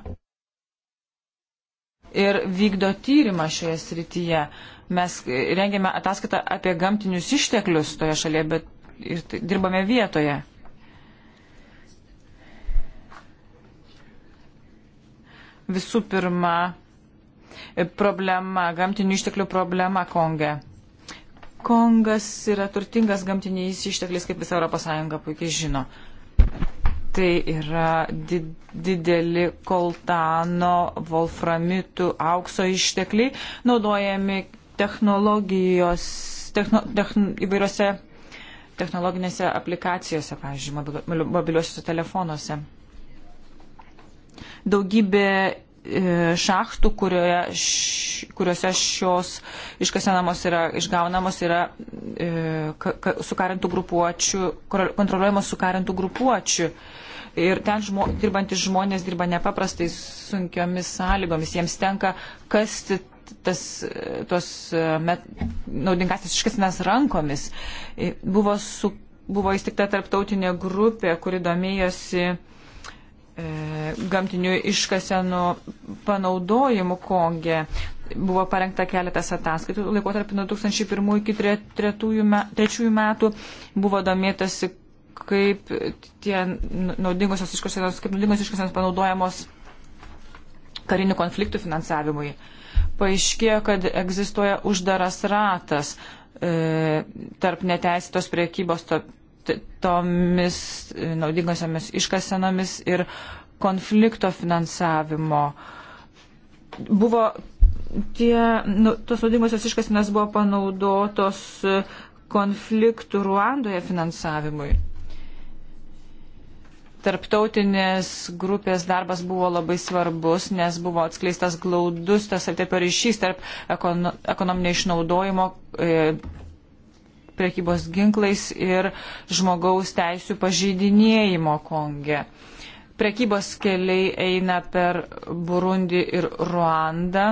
ir vykdo tyrimą šioje srityje. Mes rengiame ataskaitą apie gamtinius išteklius toje šalyje, bet ir dirbame vietoje. Visų pirma, problema, gamtinių išteklių problema Konge. Kongas yra turtingas gamtiniais ištekliais, kaip visa ES puikiai žino. Tai yra dideli koltano, volframitų, aukso ištekliai, naudojami technologijos, techno, techn, įvairiose technologinėse aplikacijose, pavyzdžiui, mobiliuosiuose telefonuose. Daugybė E, šachtų, š, kuriuose šios iškasenamos yra išgaunamos, yra e, sukarintų grupuočių, kontroliuojamos sukarintų grupuočių. Ir ten žmo, dirbantis žmonės dirba nepaprastai sunkiomis sąlygomis. Jiems tenka kasti tas, tos e, met, naudingasis iškasenas rankomis. E, buvo, su, buvo įstikta tarptautinė grupė, kuri domėjosi E, gamtinių iškasenų panaudojimu Konge. Buvo parengta keletas ataskaitų. Laikotarpį nuo 2001 iki 2003 metų buvo domėtasi, kaip tie naudingosios iškasenos, kaip naudingos iškasenos panaudojamos karinių konfliktų finansavimui. Paaiškėjo, kad egzistuoja uždaras ratas e, tarp neteisėtos priekybos, tarp tomis e, naudingosiomis iškasenomis ir konflikto finansavimo. Buvo tie, nu, tos naudingosios iškasenos buvo panaudotos e, konfliktų Ruandoje finansavimui. Tarptautinės grupės darbas buvo labai svarbus, nes buvo atskleistas glaudus tas ir taip ryšys tarp ekono, ekonominio išnaudojimo, e, priekybos ginklais ir žmogaus teisų pažeidinėjimo Konge. Priekybos keliai eina per Burundi ir Ruandą.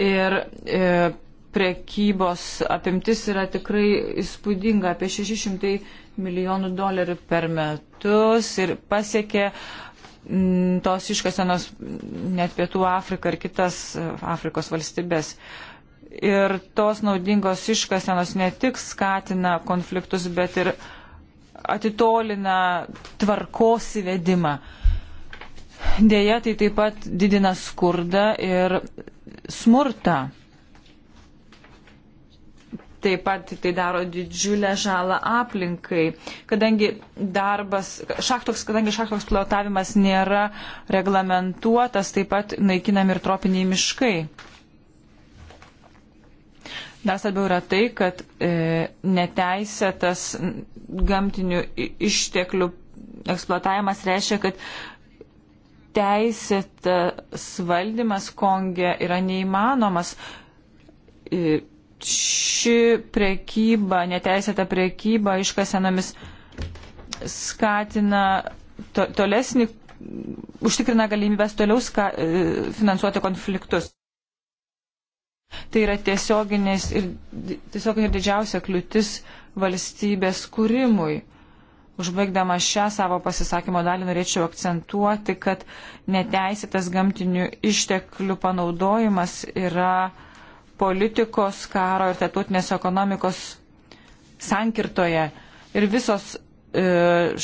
Ir e, prekybos apimtis yra tikrai įspūdinga - apie 600 milijonų dolerių per metus ir pasiekė mm, tos iškasenos net Pietų Afriką ir kitas e, Afrikos valstybės. E, ir tos naudingos iškasenos ne tik skatina konfliktus, bet ir atitolina tvarkos įvedimą. Deja, tai taip pat didina skurdą ir smurtą. Taip pat tai daro didžiulę žalą aplinkai, kadangi darbas, šachtoks, kadangi šachtoks pilotavimas nėra reglamentuotas, taip pat naikinami ir tropiniai miškai. Dar svarbiau yra tai, kad e, neteisėtas gamtinių išteklių eksploatavimas reiškia, kad teisėtas valdymas Konge yra neįmanomas. E, ši prekyba, neteisėta prekyba iškasenomis skatina to, tolesnį, užtikrina galimybės toliau ska, e, finansuoti konfliktus. Tai yra tiesioginės ir, tiesiog ir didžiausia kliūtis valstybės kūrimui. Užbaigdama šią savo pasisakymo dalį norėčiau akcentuoti, kad neteisėtas gamtinių išteklių panaudojimas yra politikos, karo ir tarptautinės ekonomikos sankirtoje. Ir visos e,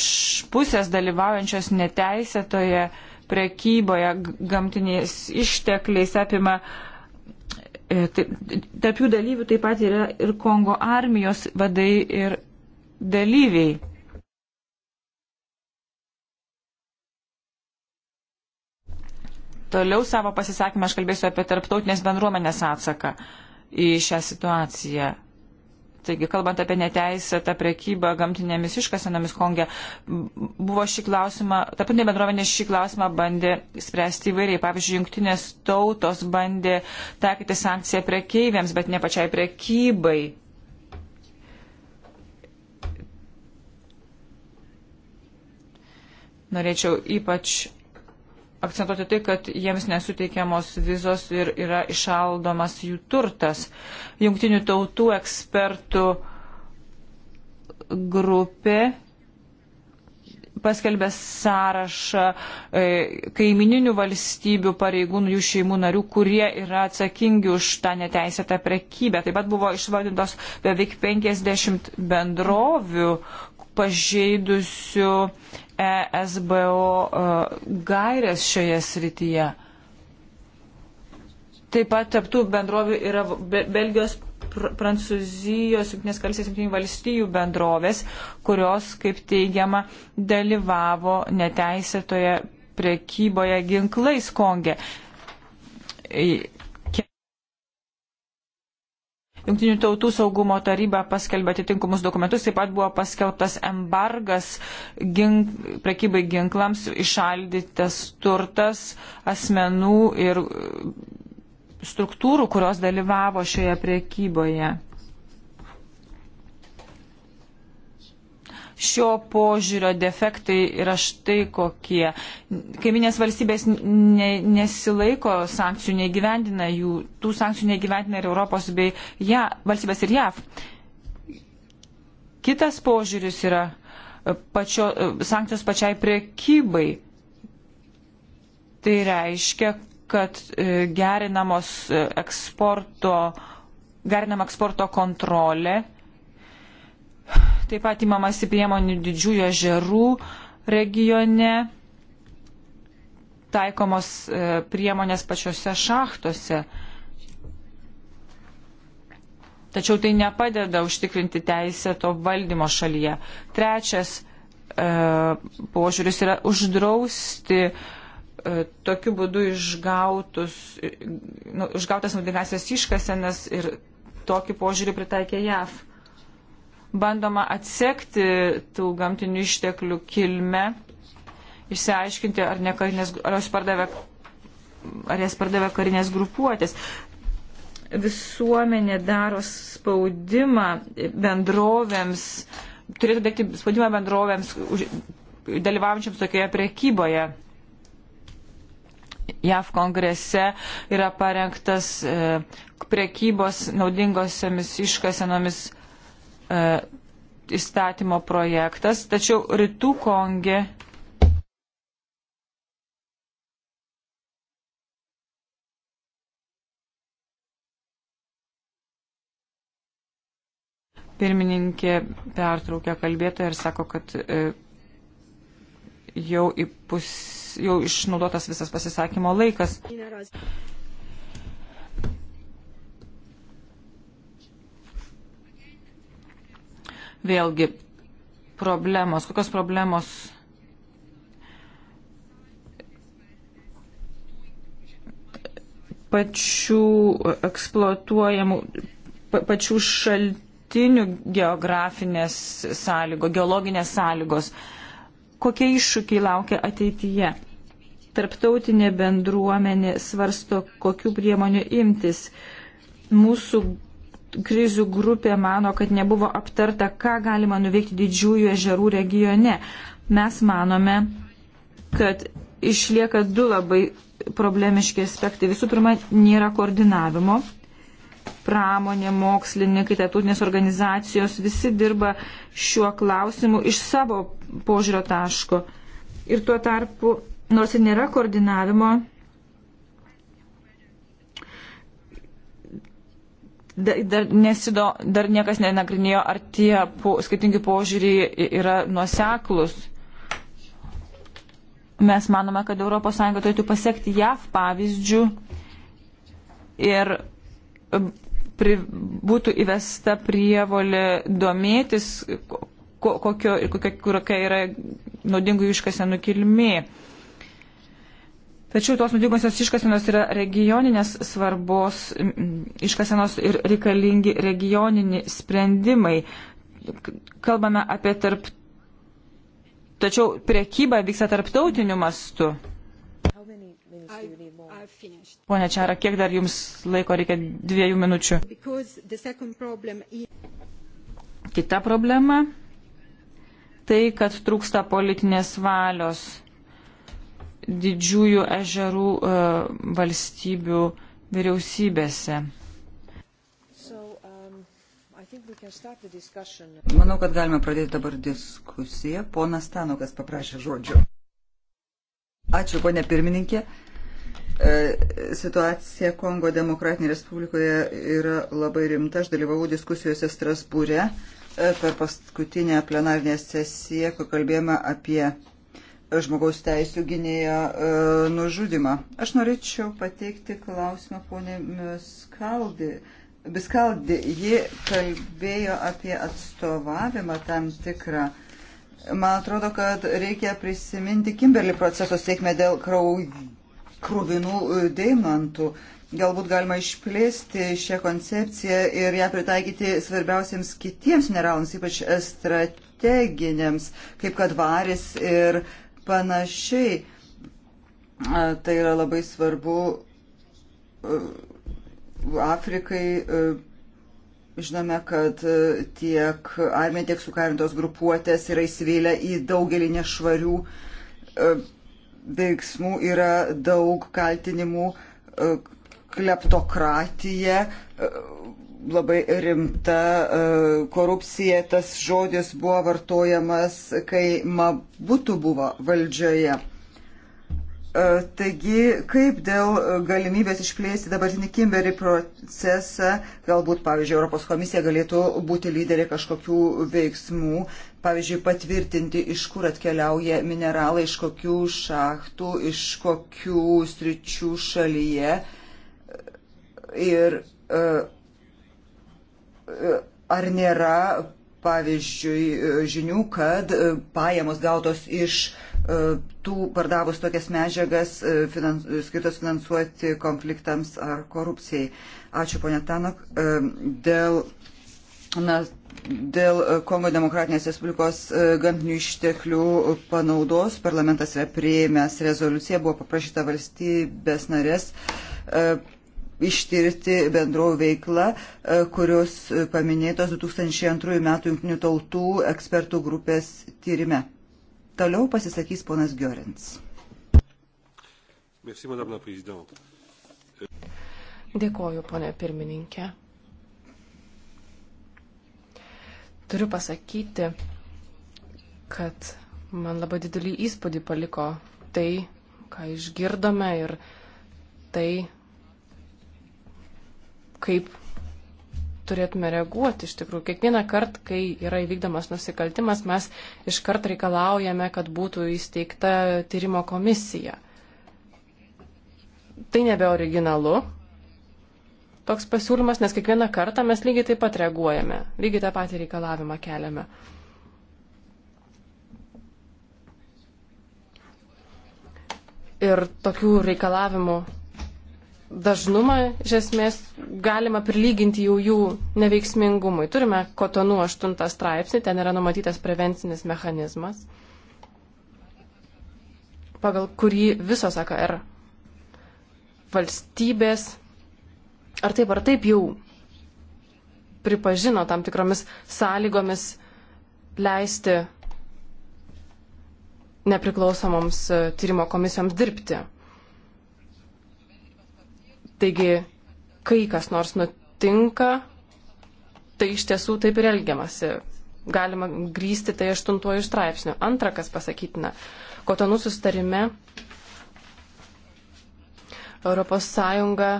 pusės dalyvaujančios neteisėtoje prekyboje gamtiniais ištekliais apima e, E, tai, tarp jų dalyvių taip pat yra ir Kongo armijos vadai ir dalyviai. Toliau savo pasisakymą aš kalbėsiu apie tarptautinės bendruomenės atsaką į šią situaciją. Taigi, kalbant apie neteisėtą prekybą gamtinėmis iškasenomis Kongė, buvo šį klausimą, tarptautinė bendruomenė šį klausimą bandė spręsti įvairiai. Pavyzdžiui, jungtinės tautos bandė taikyti sankciją prekeiviams, bet ne pačiai prekybai. Norėčiau ypač akcentuoti tai, kad jiems nesuteikiamos vizos ir yra išaldomas jų turtas. Jungtinių tautų ekspertų grupė paskelbė sąrašą e, kaimininių valstybių pareigūnų, jų šeimų narių, kurie yra atsakingi už tą neteisėtą prekybę. Taip pat buvo išvardintos beveik 50 bendrovių pažeidusių ESBO e, gairės šioje srityje. Taip pat taptų bendrovių yra Belgijos, Prancūzijos, Junktinės karalystės, Junktinių valstijų bendrovės, kurios, kaip teigiama, dalyvavo neteisėtoje prekyboje ginklais Konge. Junktinių tautų saugumo taryba paskelbė atitinkamus dokumentus, taip pat buvo paskelbtas embargas gink, prekybai ginklams, išaldytas turtas asmenų ir struktūrų, kurios dalyvavo šioje prekyboje. šio požiūrio defektai yra štai kokie. Kaiminės valstybės ne, nesilaiko sankcijų, neįgyvendina jų, tų sankcijų neįgyvendina ir Europos bei ja, valstybės ir JAV. Kitas požiūris yra e, pačio, e, sankcijos pačiai priekybai. Tai reiškia, kad e, gerinamos eksporto, gerinama eksporto kontrolė Taip pat įmamasi priemonių didžiųjų žerų regione, taikomos e, priemonės pačiose šachtose. Tačiau tai nepadeda užtikrinti teisę to valdymo šalyje. Trečias e, požiūris yra uždrausti e, tokiu būdu išgautus, nu, išgautas naudingasias iškasenas ir tokį požiūrį pritaikė JAV bandoma atsekti tų gamtinių išteklių kilmę, išsiaiškinti, ar, ne karinės, ar, jos pardavė, ar jas pardavė karinės grupuotės. Visuomenė daro spaudimą bendrovėms, turėtų dėkti spaudimą bendrovėms dalyvaujančiams tokioje prekyboje. JAV kongrese yra parengtas e, prekybos naudingosiamis iškasenomis e, įstatymo projektas, tačiau rytų Kongė. Pirmininkė pertraukė kalbėtoją ir sako, kad e, jau, pus, jau išnaudotas visas pasisakymo laikas. Vėlgi, problemos, kokios problemos pačių eksploatuojamų, pačių šaltinių geografinės sąlygos, geologinės sąlygos. Kokie iššūkiai laukia ateityje? Tarptautinė bendruomenė svarsto, kokiu priemoniu imtis. Mūsų krizių grupė mano, kad nebuvo aptarta, ką galima nuveikti didžiųjų ežerų regione. Mes manome, kad išlieka du labai problemiški aspektai. Visų pirma, nėra koordinavimo. Pramonė, mokslininkai, tautinės organizacijos, visi dirba šiuo klausimu iš savo požiūrio taško. Ir tuo tarpu, nors ir nėra koordinavimo, dar, nesido, dar niekas nenagrinėjo, ar tie po, skirtingi požiūriai yra nuoseklus. Mes manome, kad ES turėtų pasiekti JAV pavyzdžių ir e, pri, būtų įvesta prievolė domėtis, ko, kokio, kokia, kokia yra naudingų iškasenų kilmė. Tačiau tos nuodingosios iškasenos yra regioninės svarbos iškasenos ir reikalingi regioniniai sprendimai. Kalbame apie tarp. Tačiau priekyba vyksta tarptautiniu mastu. Pone Čiara, kiek dar jums laiko reikia dviejų minučių? Kita problema - tai, kad trūksta politinės valios didžiųjų ežerų e, valstybių vyriausybėse. Um, Manau, kad galime pradėti dabar diskusiją. Ponas Stanukas paprašė žodžio. Ačiū, ponė pirmininkė. E, situacija Kongo Demokratinėje Respublikoje yra labai rimta. Aš dalyvavau diskusijose Strasbūre e, per paskutinę plenarinę sesiją, kur kalbėjome apie žmogaus teisų gynėjo e, nužudimą. Aš norėčiau pateikti klausimą ponė Miskaldi. Biskaldi, ji kalbėjo apie atstovavimą tam tikrą. Man atrodo, kad reikia prisiminti Kimberly proceso sėkmę dėl krau... krūvinų e, deimantų. Galbūt galima išplėsti šią koncepciją ir ją pritaikyti svarbiausiams kitiems mineralams, ypač strateginiams, kaip kad varis ir uh, panašiai. Tai yra labai svarbu Afrikai. Žinome, kad tiek armija, tiek sukarintos grupuotės yra įsivėlę į daugelį nešvarių veiksmų, yra daug kaltinimų kleptokratija, labai rimta e, korupcija. Tas žodis buvo vartojamas, kai Mabutų buvo valdžioje. E, taigi, kaip dėl galimybės išplėsti dabartinį Kimberį procesą, galbūt, pavyzdžiui, Europos komisija galėtų būti lyderė kažkokių veiksmų, pavyzdžiui, patvirtinti, iš kur atkeliauja mineralai, iš kokių šachtų, iš kokių sričių šalyje. Ir uh, ar nėra, pavyzdžiui, žinių, kad e, pajamos gautos iš e, tų pardavus tokias medžiagas e, finans, skirtos finansuoti konfliktams ar korupcijai. Ačiū, ponė Tanok. Dėl, na, dėl Kongo Demokratinės Respublikos gamtinių išteklių panaudos parlamentas yra prieėmęs rezoliuciją, buvo paprašyta valstybės narės ištirti bendrovų veiklą, e, kurios e, paminėtos 2002 metų Junktinių tautų ekspertų grupės tyrime. Toliau pasisakys ponas Giorins. Dėkoju, ponė pirmininkė. Turiu pasakyti, kad man labai didelį įspūdį paliko tai, ką išgirdome ir tai, kaip turėtume reaguoti iš tikrųjų. Kiekvieną kartą, kai yra įvykdomas nusikaltimas, mes iš karto reikalaujame, kad būtų įsteigta tyrimo komisija. Tai nebe originalu toks pasiūlymas, nes kiekvieną kartą mes lygiai taip pat reaguojame, lygiai tą patį reikalavimą keliame. Ir tokių reikalavimų dažnumą iš esmės galima prilyginti jau jų neveiksmingumui. Turime kotonų 8 straipsnį, ten yra numatytas prevencinis mechanizmas, pagal kurį visos AKR valstybės ar taip ar taip jau pripažino tam tikromis sąlygomis leisti nepriklausomoms tyrimo komisijoms dirbti. Taigi, kai kas nors nutinka, tai iš tiesų taip ir elgiamasi. Galima grįsti tai aštuntuoju straipsniu. Antra, kas pasakytina, kotonų sustarime Europos Sąjunga,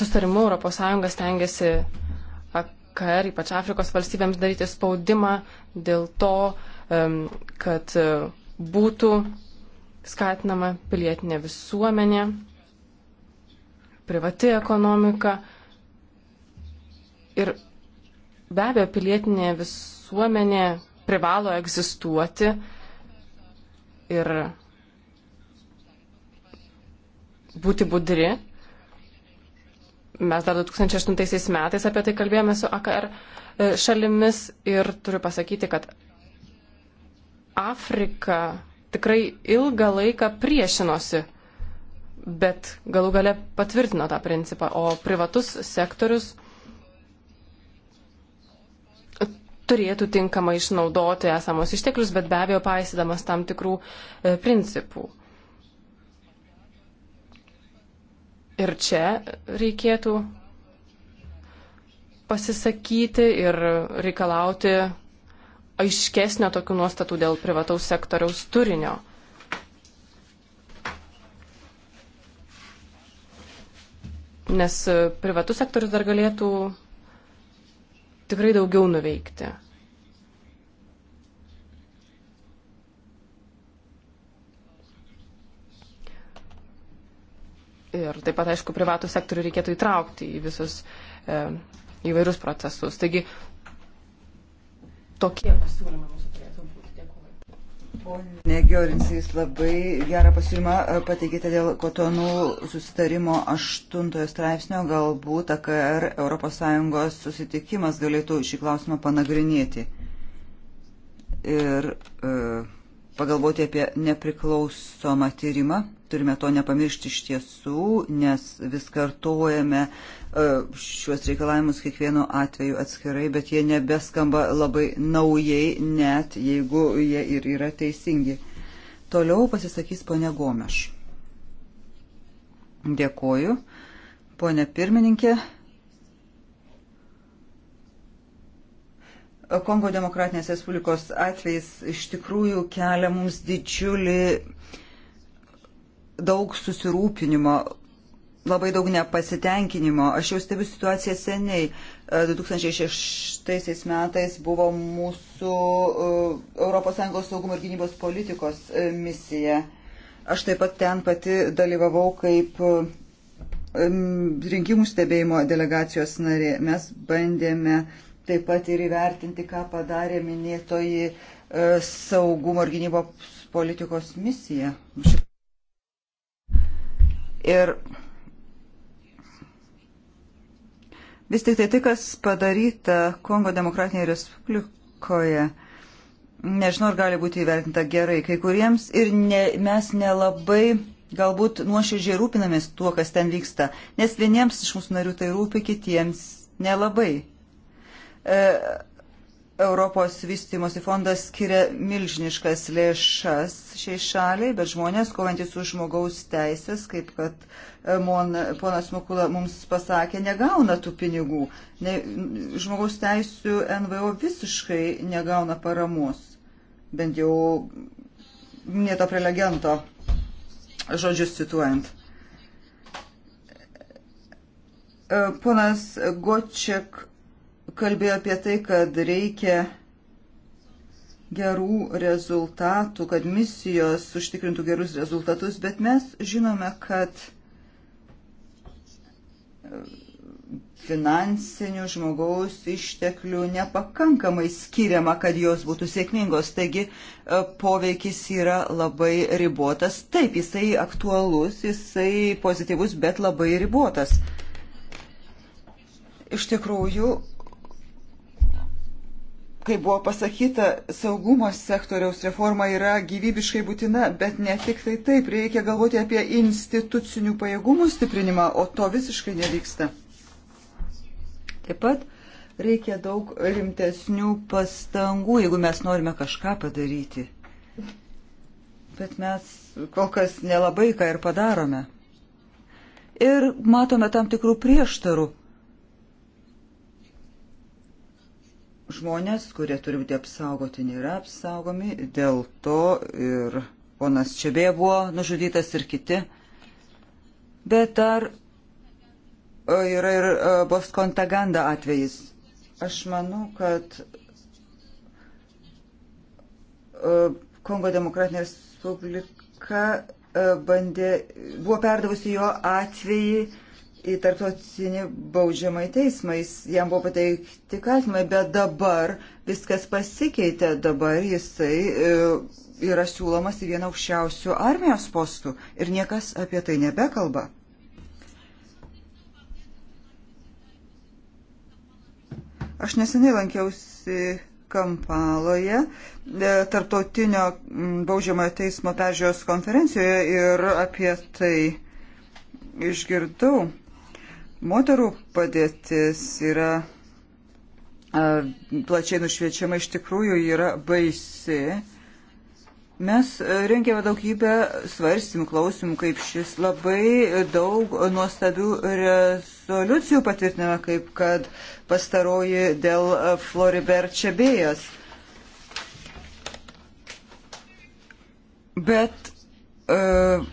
sustarimu Europos Sąjunga stengiasi AKR, ypač Afrikos valstybėms daryti spaudimą dėl to, kad e, būtų skatinama pilietinė visuomenė, privati ekonomika. Ir be abejo, pilietinė visuomenė privalo egzistuoti. Ir būti budri. Mes dar 2008 metais apie tai kalbėjome su AKR e, šalimis ir turiu pasakyti, kad Afrika tikrai ilgą laiką priešinosi bet galų gale patvirtino tą principą, o privatus sektorius turėtų tinkamai išnaudoti esamos išteklius, bet be abejo paaisydamas tam tikrų e, principų. Ir čia reikėtų pasisakyti ir reikalauti aiškesnio tokių nuostatų dėl privataus sektoriaus turinio. nes e, privatus sektorius dar galėtų tikrai daugiau nuveikti. Ir taip pat, aišku, privatų sektorių reikėtų įtraukti į visus e, įvairius procesus. Taigi, tokie pasiūlymai mūsų. Pone Georins, jūs labai gerą pasiūlymą e, pateikite dėl kotonų susitarimo aštuntojo straipsnio. Galbūt AKR ES susitikimas galėtų šį klausimą panagrinėti ir e, pagalvoti apie nepriklausomą tyrimą turime to nepamiršti iš tiesų, nes vis kartojame e, šiuos reikalavimus kiekvienu atveju atskirai, bet jie nebeskamba labai naujai, net jeigu jie ir yra teisingi. Toliau pasisakys ponia Gomeš. Dėkoju. Pone pirmininkė, Kongo Demokratinės Respublikos atvejs iš tikrųjų kelia mums didžiulį daug susirūpinimo, labai daug nepasitenkinimo. Aš jau stebiu situaciją seniai. 2006 e, metais buvo mūsų ES saugumo ir gynybos politikos e, misija. Aš taip pat ten pati dalyvavau kaip e, rinkimų stebėjimo delegacijos narė. Mes bandėme taip pat ir įvertinti, ką padarė minėtoji saugumo ir gynybos politikos misija. Šit Ir vis tik tai tai, kas padaryta Kongo Demokratinėje Respublikoje, nežinau, ar gali būti įvertinta gerai. Kai kuriems ir ne, mes nelabai galbūt nuoširdžiai rūpinamės tuo, kas ten vyksta, nes vieniems iš mūsų narių tai rūpi, kitiems nelabai. E, Europos vystimosi fondas skiria milžiniškas lėšas šiai šaliai, bet žmonės, kovantis už žmogaus teisės, kaip kad e, mon, ponas Mukula mums pasakė, negauna tų pinigų. Ne, žmogaus teisų NVO visiškai negauna paramos, bent jau neto prelegento žodžius cituojant. E, ponas Gočiak kalbėjo apie tai, kad reikia gerų rezultatų, kad misijos užtikrintų gerus rezultatus, bet mes žinome, kad e, finansinių žmogaus išteklių nepakankamai skiriama, kad jos būtų sėkmingos. Taigi e, poveikis yra labai ribotas. Taip, jisai aktualus, jisai pozityvus, bet labai ribotas. Iš tikrųjų, kaip buvo pasakyta, saugumo sektoriaus reforma yra gyvybiškai būtina, bet ne tik tai taip, reikia galvoti apie institucinių pajėgumų stiprinimą, o to visiškai nevyksta. Taip pat reikia daug rimtesnių pastangų, jeigu mes norime kažką padaryti. Bet mes kol kas nelabai ką ir padarome. Ir matome tam tikrų prieštarų žmonės, kurie turi būti apsaugoti, nėra apsaugomi, dėl to ir ponas Čebė buvo nužudytas ir kiti. Bet dar e, yra ir e, Boskontaganda atvejis. Aš manau, kad e, Kongo demokratinė respublika bandė, buvo perdavusi jo atvejį į tarptautinį baudžiamąjį teismą. Jis, jam buvo pateikti kaltinimai, bet dabar viskas pasikeitė. Dabar jisai e, yra siūlomas į vieną aukščiausių armijos postų ir niekas apie tai nebekalba. Aš neseniai lankiausi Kampaloje, e, tarptautinio baudžiamojo teismo peržiūros konferencijoje ir apie tai išgirdau. Moterų padėtis yra plačiai nušviečiama, iš tikrųjų yra baisi. Mes rengėme daugybę svarstymų, klausimų kaip šis, labai daug nuostabių rezoliucijų patvirtiname, kaip kad pastaroji dėl Floribert Čebėjas. Bet uh,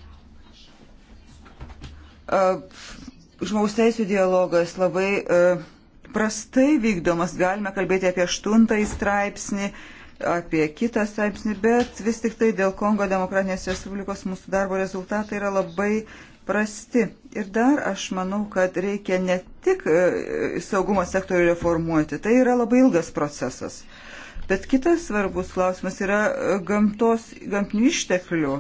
uh, žmogaus teisų dialogas labai e, prastai vykdomas. Galime kalbėti apie aštuntąjį straipsnį, apie kitą straipsnį, bet vis tik tai dėl Kongo demokratinės respublikos mūsų darbo rezultatai yra labai prasti. Ir dar aš manau, kad reikia ne tik e, saugumo sektorių reformuoti, tai yra labai ilgas procesas. Bet kitas svarbus klausimas yra e, gamtos, gamtinių išteklių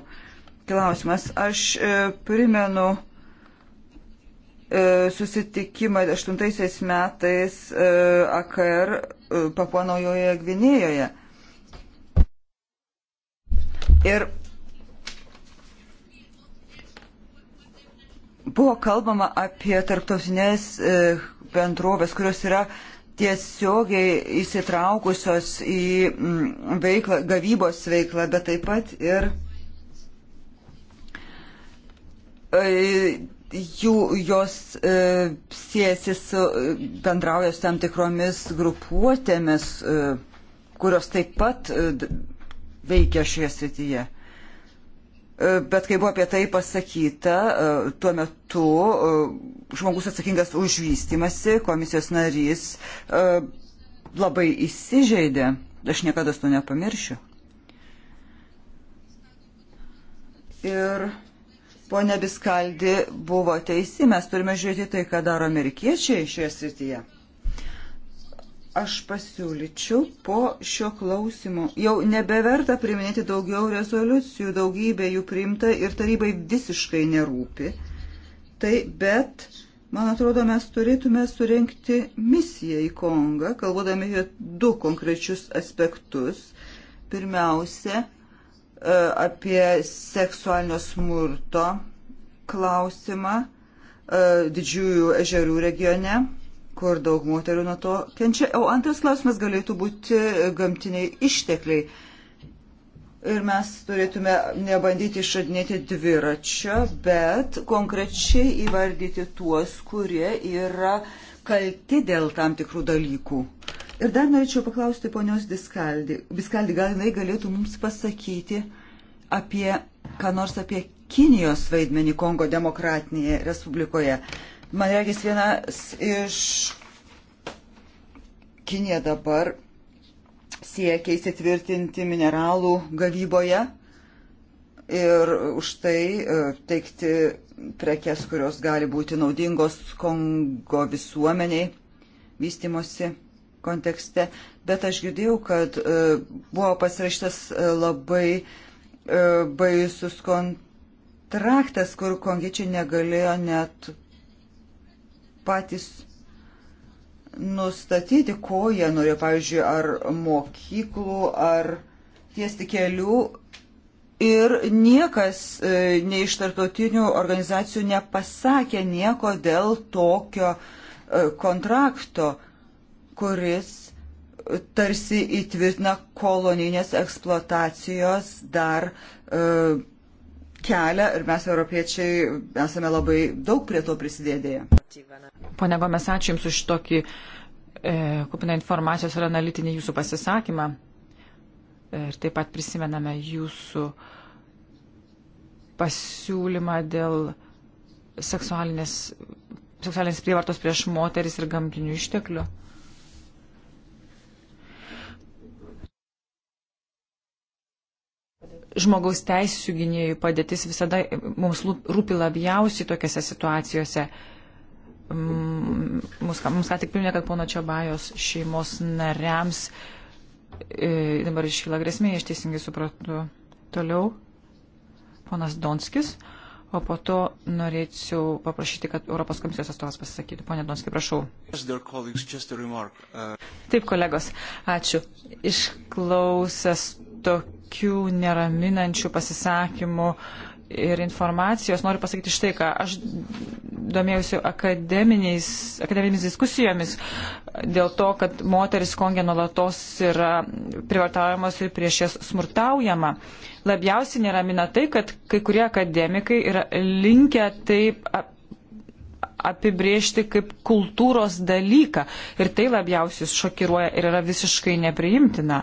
klausimas. Aš e, primenu E, susitikimą 8 metais e, AKR e, Papuanojoje Gvinėjoje. Ir buvo kalbama apie tarptautinės bendrovės, kurios yra tiesiogiai įsitraukusios į mm, veiklą, gavybos veiklą, bet taip pat ir jų, jos e, siejasi su, bendrauja su tam tikromis grupuotėmis, e, kurios taip pat e, veikia šioje srityje. E, bet kai buvo apie tai pasakyta, e, tuo metu e, žmogus atsakingas už vystimasi, komisijos narys, e, labai įsižeidė. Aš niekada to nepamiršiu. Ir Pone Biskaldi buvo teisi, mes turime žiūrėti tai, ką daro amerikiečiai šioje srityje. Aš pasiūlyčiau po šio klausimo. Jau nebeverta priminėti daugiau rezoliucijų, daugybė jų priimta ir tarybai visiškai nerūpi. Tai bet Man atrodo, mes turėtume surenkti misiją į Kongą, kalbodami apie du konkrečius aspektus. Pirmiausia, E, apie seksualinio smurto klausimą e, didžiųjų ežerų regione, kur daug moterų nuo to kenčia. O antras klausimas galėtų būti gamtiniai ištekliai. Ir mes turėtume nebandyti išradinėti dviračio, bet konkrečiai įvardyti tuos, kurie yra kalti dėl tam tikrų dalykų. Uh, Ir dar norėčiau paklausti ponios Diskaldi. Diskaldi, gal jinai galėtų mums pasakyti apie, ką nors apie Kinijos vaidmenį Kongo demokratinėje respublikoje. Man reikės vienas iš Kinija dabar siekia įsitvirtinti mineralų gavyboje ir už tai e, teikti prekes, kurios gali būti naudingos Kongo visuomeniai vystimosi kontekste, bet aš girdėjau, kad e, buvo pasirašytas e, labai e, baisus kontraktas, kur kongiečiai negalėjo net patys nustatyti, ko jie norėjo, pavyzdžiui, ar mokyklų, ar tiesti kelių. Ir niekas e, nei iš tarptautinių organizacijų nepasakė nieko dėl tokio e, kontrakto kuris tarsi įtvirtina kolonijinės eksploatacijos dar e, kelią ir mes, europiečiai, esame labai daug prie to prisidėdėję. Pone Gomes, ačiū Jums už tokį e, kupiną informacijos ir analitinį Jūsų pasisakymą. E, ir taip pat prisimename Jūsų pasiūlymą dėl seksualinės, seksualinės prievartos prieš moteris ir gamtinių išteklių. žmogaus teisų gynėjų padėtis visada mums rūpi labiausiai tokiuose situacijose. Mm, mums, mums ką tik priminė, kad pono Čiabajos šeimos nariams e, dabar iškyla grėsmė, aš teisingai supratau. Toliau ponas Donskis, o po to norėčiau paprašyti, kad Europos komisijos atstovas pasisakytų. Pone Donski, prašau. Uh, Taip, kolegos, ačiū. Išklausęs tokį tokių neraminančių pasisakymų ir informacijos, noriu pasakyti štai ką. Aš domėjausi akademinėmis diskusijomis dėl to, kad moteris Kongė nuolatos yra privartaujamos ir prieš jas smurtaujama. Labiausiai neramina tai, kad kai kurie akademikai yra linkę taip apibriežti kaip kultūros dalyką. Ir tai labiausiai šokiruoja ir yra visiškai nepriimtina.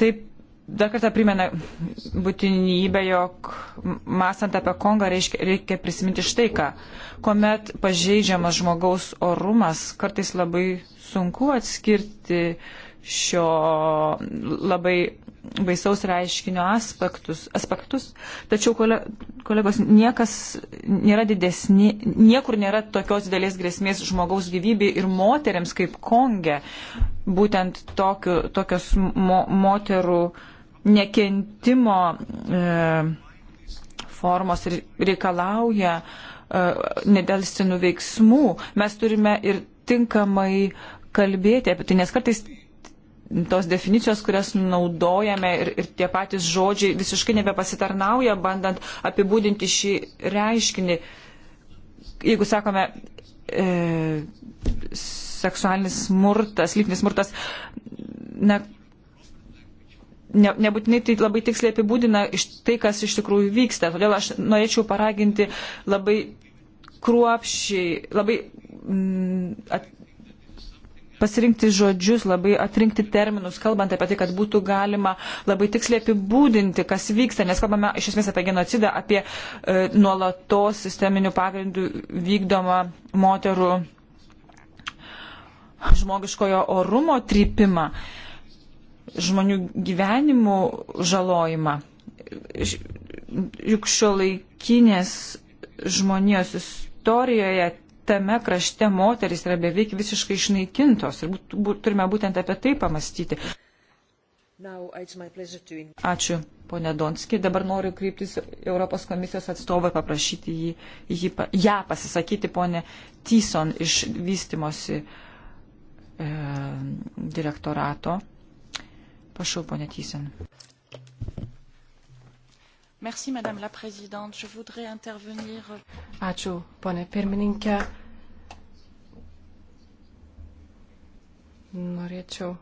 Taip dar kartą primena būtinybę, jog mąstant apie Kongą reiškia, reikia prisiminti štai ką. Komet pažeidžiamas žmogaus orumas, kartais labai sunku atskirti šio labai baisaus reiškinio aspektus. aspektus. Tačiau, kole, kolegos, niekas nėra didesni, niekur nėra tokios didelės grėsmės žmogaus gyvybei ir moteriams kaip Konge. Būtent tokiu, tokios mo, moterų uh, nekentimo e, formos ir reikalauja e, nedelsinų veiksmų. Mes turime ir tinkamai kalbėti apie tai, nes kartais tos definicijos, kurias naudojame ir, ir tie patys žodžiai visiškai nebepasitarnauja, bandant apibūdinti šį reiškinį. Jeigu sakome, e, seksualinis smurtas, lytinis smurtas, na, ne, nebūtinai tai labai tiksliai apibūdina tai, kas iš tikrųjų vyksta. Todėl aš norėčiau paraginti labai kruopšiai, labai mm, at, pasirinkti žodžius, labai atrinkti terminus, kalbant apie tai, kad būtų galima labai tiksliai apibūdinti, kas vyksta, nes kalbame iš esmės apie genocidą, apie e, nuolatos sisteminių pagrindų vykdomą moterų žmogiškojo orumo trypimą. E, žmonių gyvenimų žalojimą. Juk šio laikinės žmonijos istorijoje tame krašte moteris yra beveik visiškai išnaikintos ir būt, būt, turime būtent apie tai pamastyti. Ačiū, ponė Donski. Dabar noriu kreiptis Europos komisijos atstovą ir paprašyti jį, jį, ją pasisakyti, ponė Tyson iš vystimosi e, direktorato. Prašau, ponė Tysen. Merci, madame la présidente. Je voudrais intervenir. Ačiū, ponė pirmininkė. Norėčiau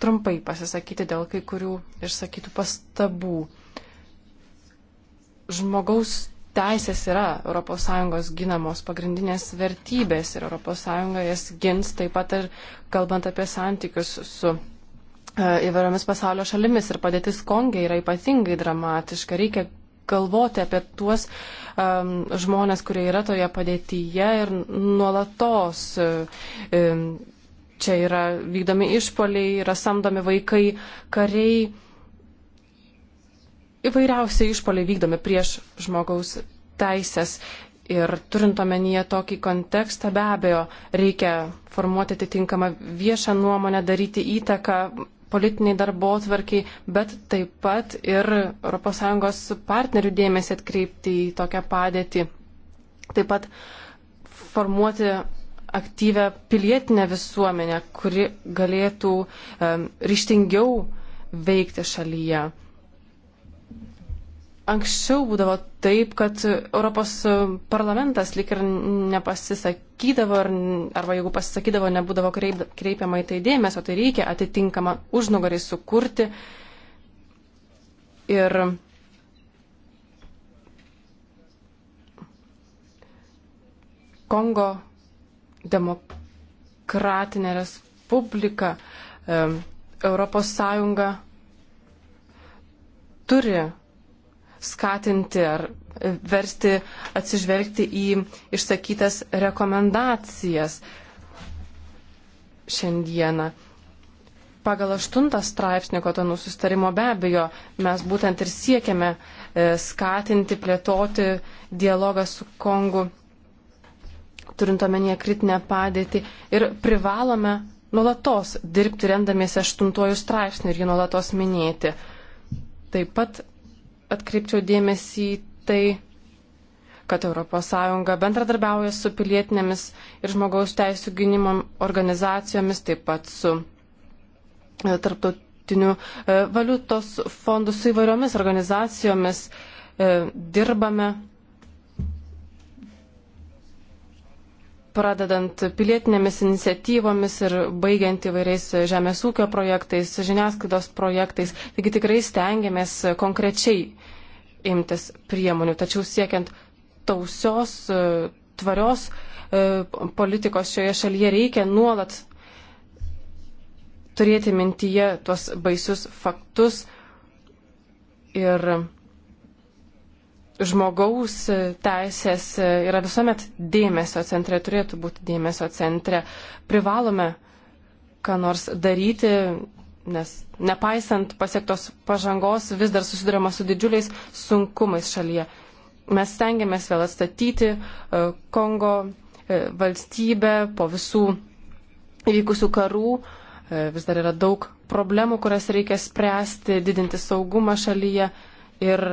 trumpai pasisakyti dėl kai kurių išsakytų pastabų. Žmogaus teisės yra ES ginamos pagrindinės vertybės ir ES jas gins taip pat ir kalbant apie santykius su e, įvairiomis pasaulio šalimis ir padėtis Kongė yra ypatingai dramatiška. Reikia galvoti apie tuos um, žmonės, kurie yra toje padėtyje ir nuolatos um, čia yra vykdomi išpoliai, yra samdomi vaikai, kariai įvairiausiai išpoliai vykdomi prieš žmogaus teisės. Ir turint omenyje tokį kontekstą, be abejo, reikia formuoti atitinkamą viešą nuomonę, daryti įtaką politiniai darbo tvarkiai, bet taip pat ir ES partnerių dėmesį atkreipti į tokią padėtį. Taip pat formuoti aktyvę pilietinę visuomenę, kuri galėtų um, ryštingiau veikti šalyje. Anksčiau būdavo taip, kad Europos parlamentas lik ir nepasisakydavo, ar, arba jeigu pasisakydavo, nebūdavo kreip, kreipiama į tai dėmesio, tai reikia atitinkamą užnugarį sukurti. Ir Kongo demokratinė respublika, Europos Sąjunga turi skatinti ar e, versti atsižvelgti į išsakytas rekomendacijas šiandieną. Pagal aštuntą straipsnį kotonų sustarimo be abejo mes būtent ir siekiame e, skatinti, plėtoti dialogą su Kongu, turint omenyje kritinę padėtį ir privalome nuolatos dirbti remdamiesi aštuntuoju straipsniu ir jį nuolatos minėti. Taip pat atkreipčiau dėmesį į tai, kad ES bendradarbiauja su pilietinėmis ir žmogaus teisų gynimo organizacijomis, taip pat su e, tarptautiniu e, valiutos fondu, su įvairiomis organizacijomis e, dirbame pradedant pilietinėmis iniciatyvomis ir baigiant įvairiais žemės ūkio projektais, žiniasklaidos projektais. Taigi tikrai stengiamės konkrečiai imtis priemonių, tačiau siekiant tausios, tvarios e, politikos šioje šalyje reikia nuolat turėti mintyje tuos baisius faktus ir žmogaus teisės yra visuomet dėmesio centre, turėtų būti dėmesio centre. Privalome ką nors daryti, nes nepaisant pasiektos pažangos vis dar susidurima su didžiuliais sunkumais šalyje. Mes stengiamės vėl atstatyti e, Kongo e, valstybę po visų įvykusių karų. E, vis dar yra daug problemų, kurias reikia spręsti, didinti saugumą šalyje ir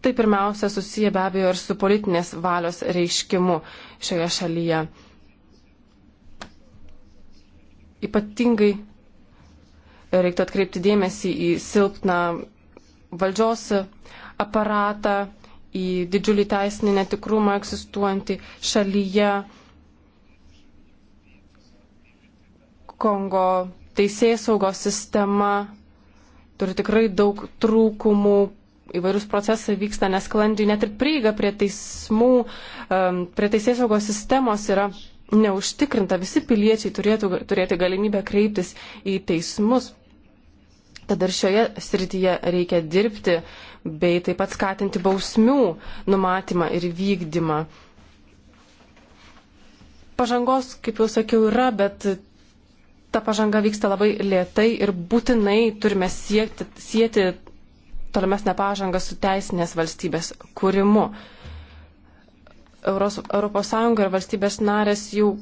Tai pirmiausia susiję be abejo ir su politinės valios reiškimu šioje šalyje. Ypatingai reiktų atkreipti dėmesį į silpną valdžios aparatą, į didžiulį teisinį netikrumą egzistuojantį šalyje. Kongo teisėsaugos sistema turi tikrai daug trūkumų, įvairūs procesai vyksta nesklandžiai, net ir prieiga prie teismų, prie teisėsaugos sistemos yra neužtikrinta. Visi piliečiai turėtų turėti galimybę kreiptis į teismus. Tad ir šioje srityje reikia dirbti bei taip pat skatinti bausmių numatymą ir vykdymą. Pažangos, kaip jau sakiau, yra, bet ta pažanga vyksta labai lėtai ir būtinai turime siekti, sieti tolimesnę pažangą su teisinės valstybės kūrimu. Euros, Europos Sąjunga ir valstybės narės jau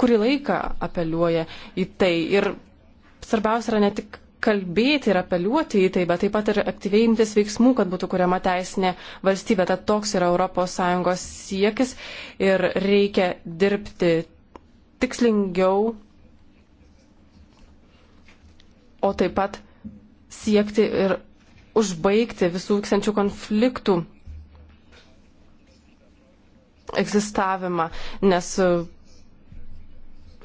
kurį laiką apeliuoja į tai. Ir svarbiausia yra ne tik kalbėti ir apeliuoti į tai, bet taip pat ir aktyviai imtis veiksmų, kad būtų kuriama teisinė valstybė. Tad toks yra ES siekis ir reikia dirbti tikslingiau, o taip pat siekti ir užbaigti visų vykstančių konfliktų egzistavimą, nes e,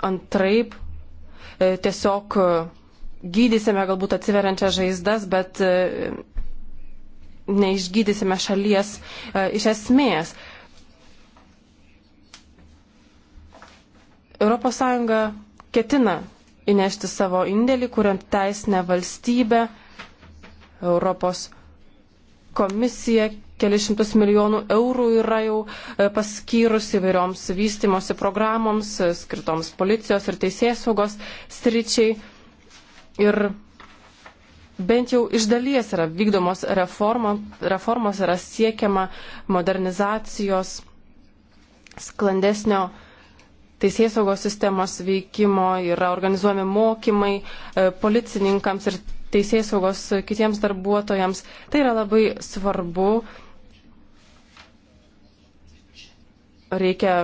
antraip e, tiesiog e, gydysime galbūt atsiveriančias žaizdas, bet neišgydysime šalies iš esmės. ES ketina įnešti savo indėlį, kuriant teisinę valstybę Europos komisija kelišimtus milijonų eurų yra jau e, paskyrus įvairioms vystimosi programoms, e, skirtoms policijos ir teisėsaugos sričiai. Ir bent jau iš dalies yra vykdomos reforma, reformos, yra siekiama modernizacijos, sklandesnio teisėsaugos sistemos veikimo, yra organizuojami mokymai e, policininkams ir teisėjai saugos kitiems darbuotojams. Tai yra labai svarbu. Reikia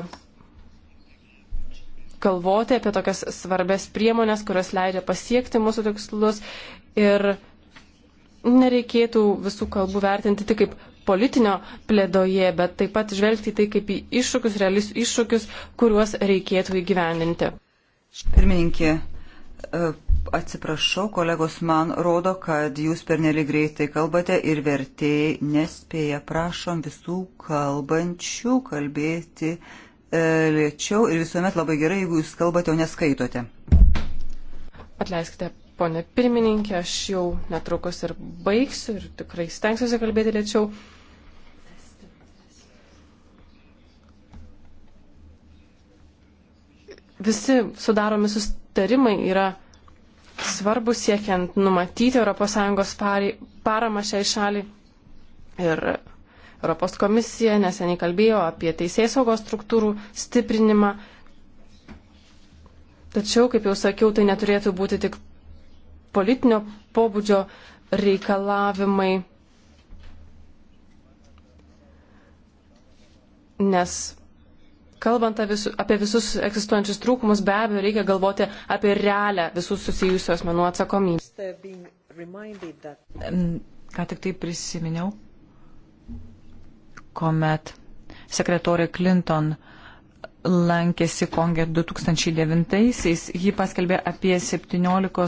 galvoti apie tokias svarbės priemonės, kurios leidžia pasiekti mūsų tikslus ir nereikėtų visų kalbų vertinti tik kaip politinio plėdoje, bet taip pat žvelgti tai kaip į iššūkius, realius iššūkius, kuriuos reikėtų įgyvendinti. Pirmininkė, Atsiprašau, kolegos man rodo, kad jūs pernelyg greitai kalbate ir vertėjai nespėja. Prašom visų kalbančių kalbėti e, lėčiau ir visuomet labai gerai, jeigu jūs kalbate, o neskaitote. Atleiskite, ponė pirmininkė, aš jau netrukus ir baigsiu ir tikrai stengsiuosi kalbėti lėčiau. Visi sudaromi sustarimai yra svarbus siekiant numatyti ES paramą šiai šaliai. Ir Europos komisija neseniai kalbėjo apie teisės saugos struktūrų stiprinimą. Tačiau, kaip jau sakiau, tai neturėtų būti tik politinio pobūdžio reikalavimai, nes Kalbant apie visus egzistuojančius trūkumus, be abejo, reikia galvoti apie realią visų susijusių asmenų atsakomybę. Ką tik tai prisiminiau, kuomet sekretorė Clinton lankėsi Kongė 2009-aisiais, ji paskelbė apie 17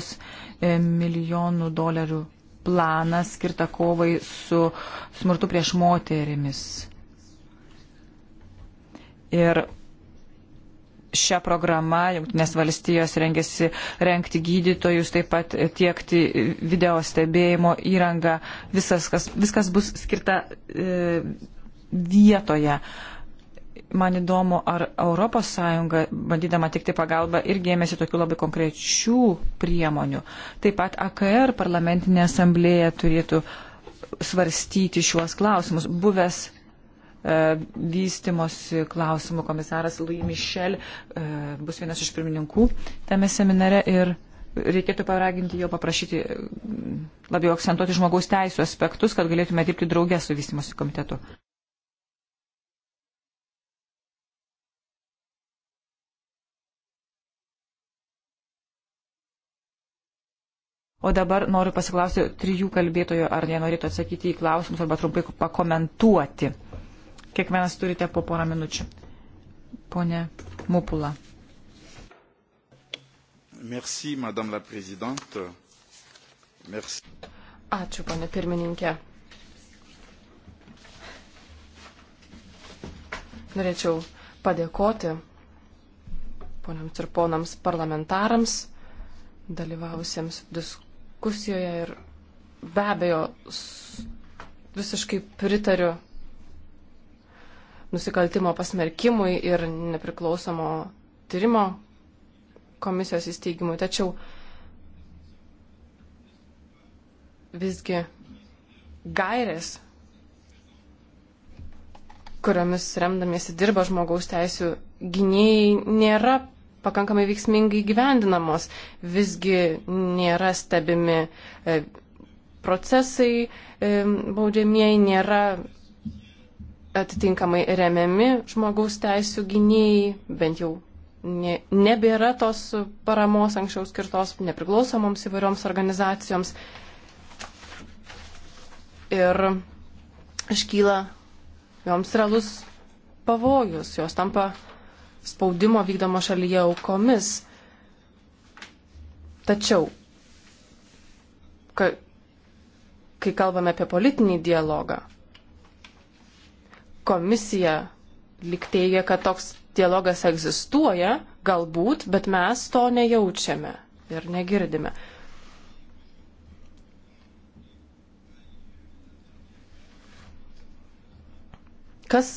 e, milijonų dolerių planą skirtą kovai su smurtu prieš moterimis. Ir šią programą Junktinės valstijos rengiasi renkti gydytojus, taip pat tiekti video stebėjimo įrangą. Visas, kas, viskas bus skirta e, vietoje. Man įdomu, ar ES, bandydama tikti pagalbą, irgi ėmėsi tokių labai konkrečių priemonių. Taip pat AKR parlamentinė asamblėja turėtų svarstyti šiuos klausimus. Buvęs E, vystimosi klausimų komisaras Louis Michel e, bus vienas iš pirmininkų tame seminare ir reikėtų paraginti jo paprašyti e, labiau akcentuoti žmogaus teisų aspektus, kad galėtume dirbti draugę su vystimosi komitetu. O dabar noriu pasiklausti trijų kalbėtojų, ar jie norėtų atsakyti į klausimus arba trumpai pakomentuoti. Kiekvienas turite po porą minučių. Pone Mupula. Merci, Madame la Présidente. Merci. Ačiū, ponė pirmininkė. Norėčiau padėkoti poniams ir ponams parlamentarams, dalyvavusiems diskusijoje ir be abejo visiškai pritariu nusikaltimo pasmerkimui ir nepriklausomo tyrimo komisijos įsteigimui. Tačiau visgi gairės, kuriomis remdamiesi dirba žmogaus teisų gynėjai, nėra pakankamai veiksmingai gyvendinamos. Visgi nėra stebimi e, procesai e, baudžiamieji, nėra atitinkamai remiami žmogaus teisų gynėjai, bent jau ne, nebėra tos paramos anksčiau skirtos nepriklausomoms įvairioms organizacijoms. Ir iškyla joms realus pavojus, jos tampa spaudimo vykdomo šalyje aukomis. Tačiau, kai kalbame apie politinį dialogą, komisija lik teigia, kad toks dialogas egzistuoja, galbūt, bet mes to nejaučiame ir negirdime. Kas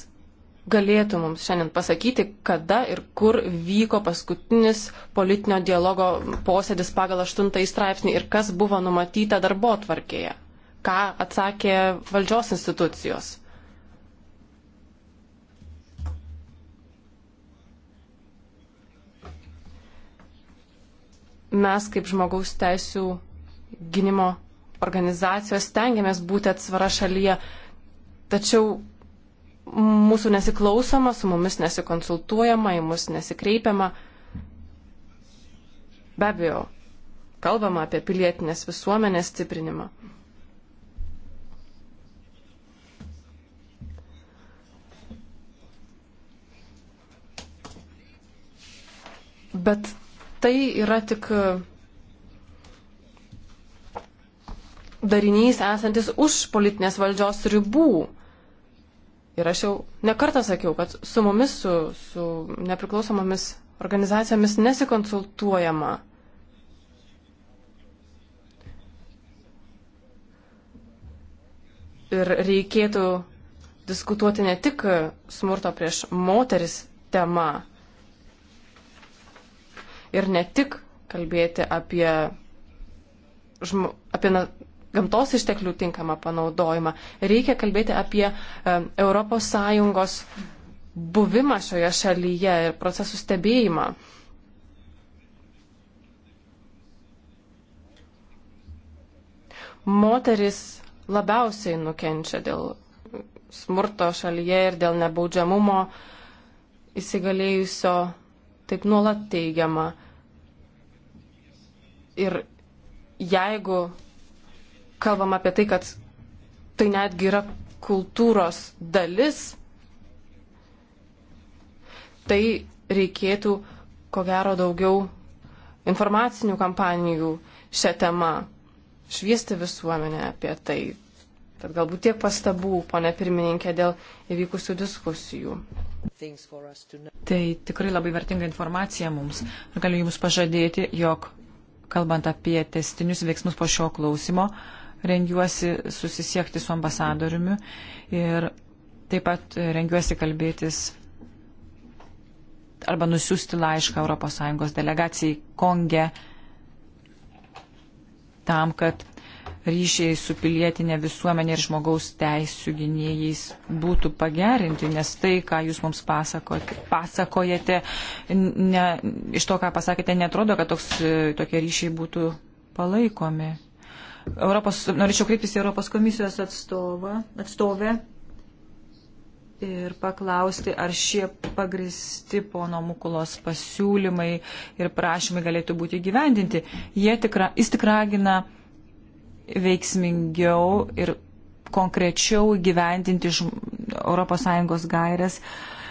galėtų mums šiandien pasakyti, kada ir kur vyko paskutinis politinio dialogo posėdis pagal aštuntąjį straipsnį ir kas buvo numatyta darbo tvarkėje? Ką atsakė valdžios institucijos? mes kaip žmogaus teisų gynimo organizacijos stengiamės būti atsvara šalyje, tačiau mūsų nesiklausoma, su mumis nesikonsultuojama, į mus nesikreipiama. Be abejo, kalbama apie pilietinės visuomenės stiprinimą. Bet tai yra tik darinys esantis už politinės valdžios ribų. Ir aš jau nekartą sakiau, kad su mumis, su, su nepriklausomomis organizacijomis nesikonsultuojama. Ir reikėtų diskutuoti ne tik smurto prieš moteris tema, ir ne tik kalbėti apie, žmo, apie na, gamtos išteklių tinkamą panaudojimą. Reikia kalbėti apie um, e, ES buvimą šioje šalyje ir procesų stebėjimą. Moteris labiausiai nukenčia dėl smurto šalyje ir dėl nebaudžiamumo įsigalėjusio, taip nuolat teigiama. Ir jeigu kalbam apie tai, kad tai netgi yra kultūros dalis, tai reikėtų ko gero daugiau informacinių kampanijų šią temą, šviesti visuomenę apie tai. Tad galbūt tiek pastabų, ponė pirmininkė, dėl įvykusių diskusijų. Tai tikrai labai vertinga informacija mums. Ir galiu Jums pažadėti, jog kalbant apie testinius veiksmus po šio klausimo, rengiuosi susisiekti su ambasadoriumi ir taip pat rengiuosi kalbėtis arba nusiųsti laišką ES delegacijai Konge tam, kad ryšiai su pilietinė visuomenė ir žmogaus teisų gynėjais būtų pagerinti, nes tai, ką jūs mums pasakojate, ne, iš to, ką pasakėte, netrodo, kad toks, e, tokie ryšiai būtų palaikomi. Europos, norėčiau kreiptis į Europos komisijos atstovą, atstovę ir paklausti, ar šie pagristi pono Mukulos pasiūlymai ir prašymai galėtų būti gyvendinti. Jie tikra, jis tik ragina veiksmingiau ir konkrečiau gyvendinti ES gairias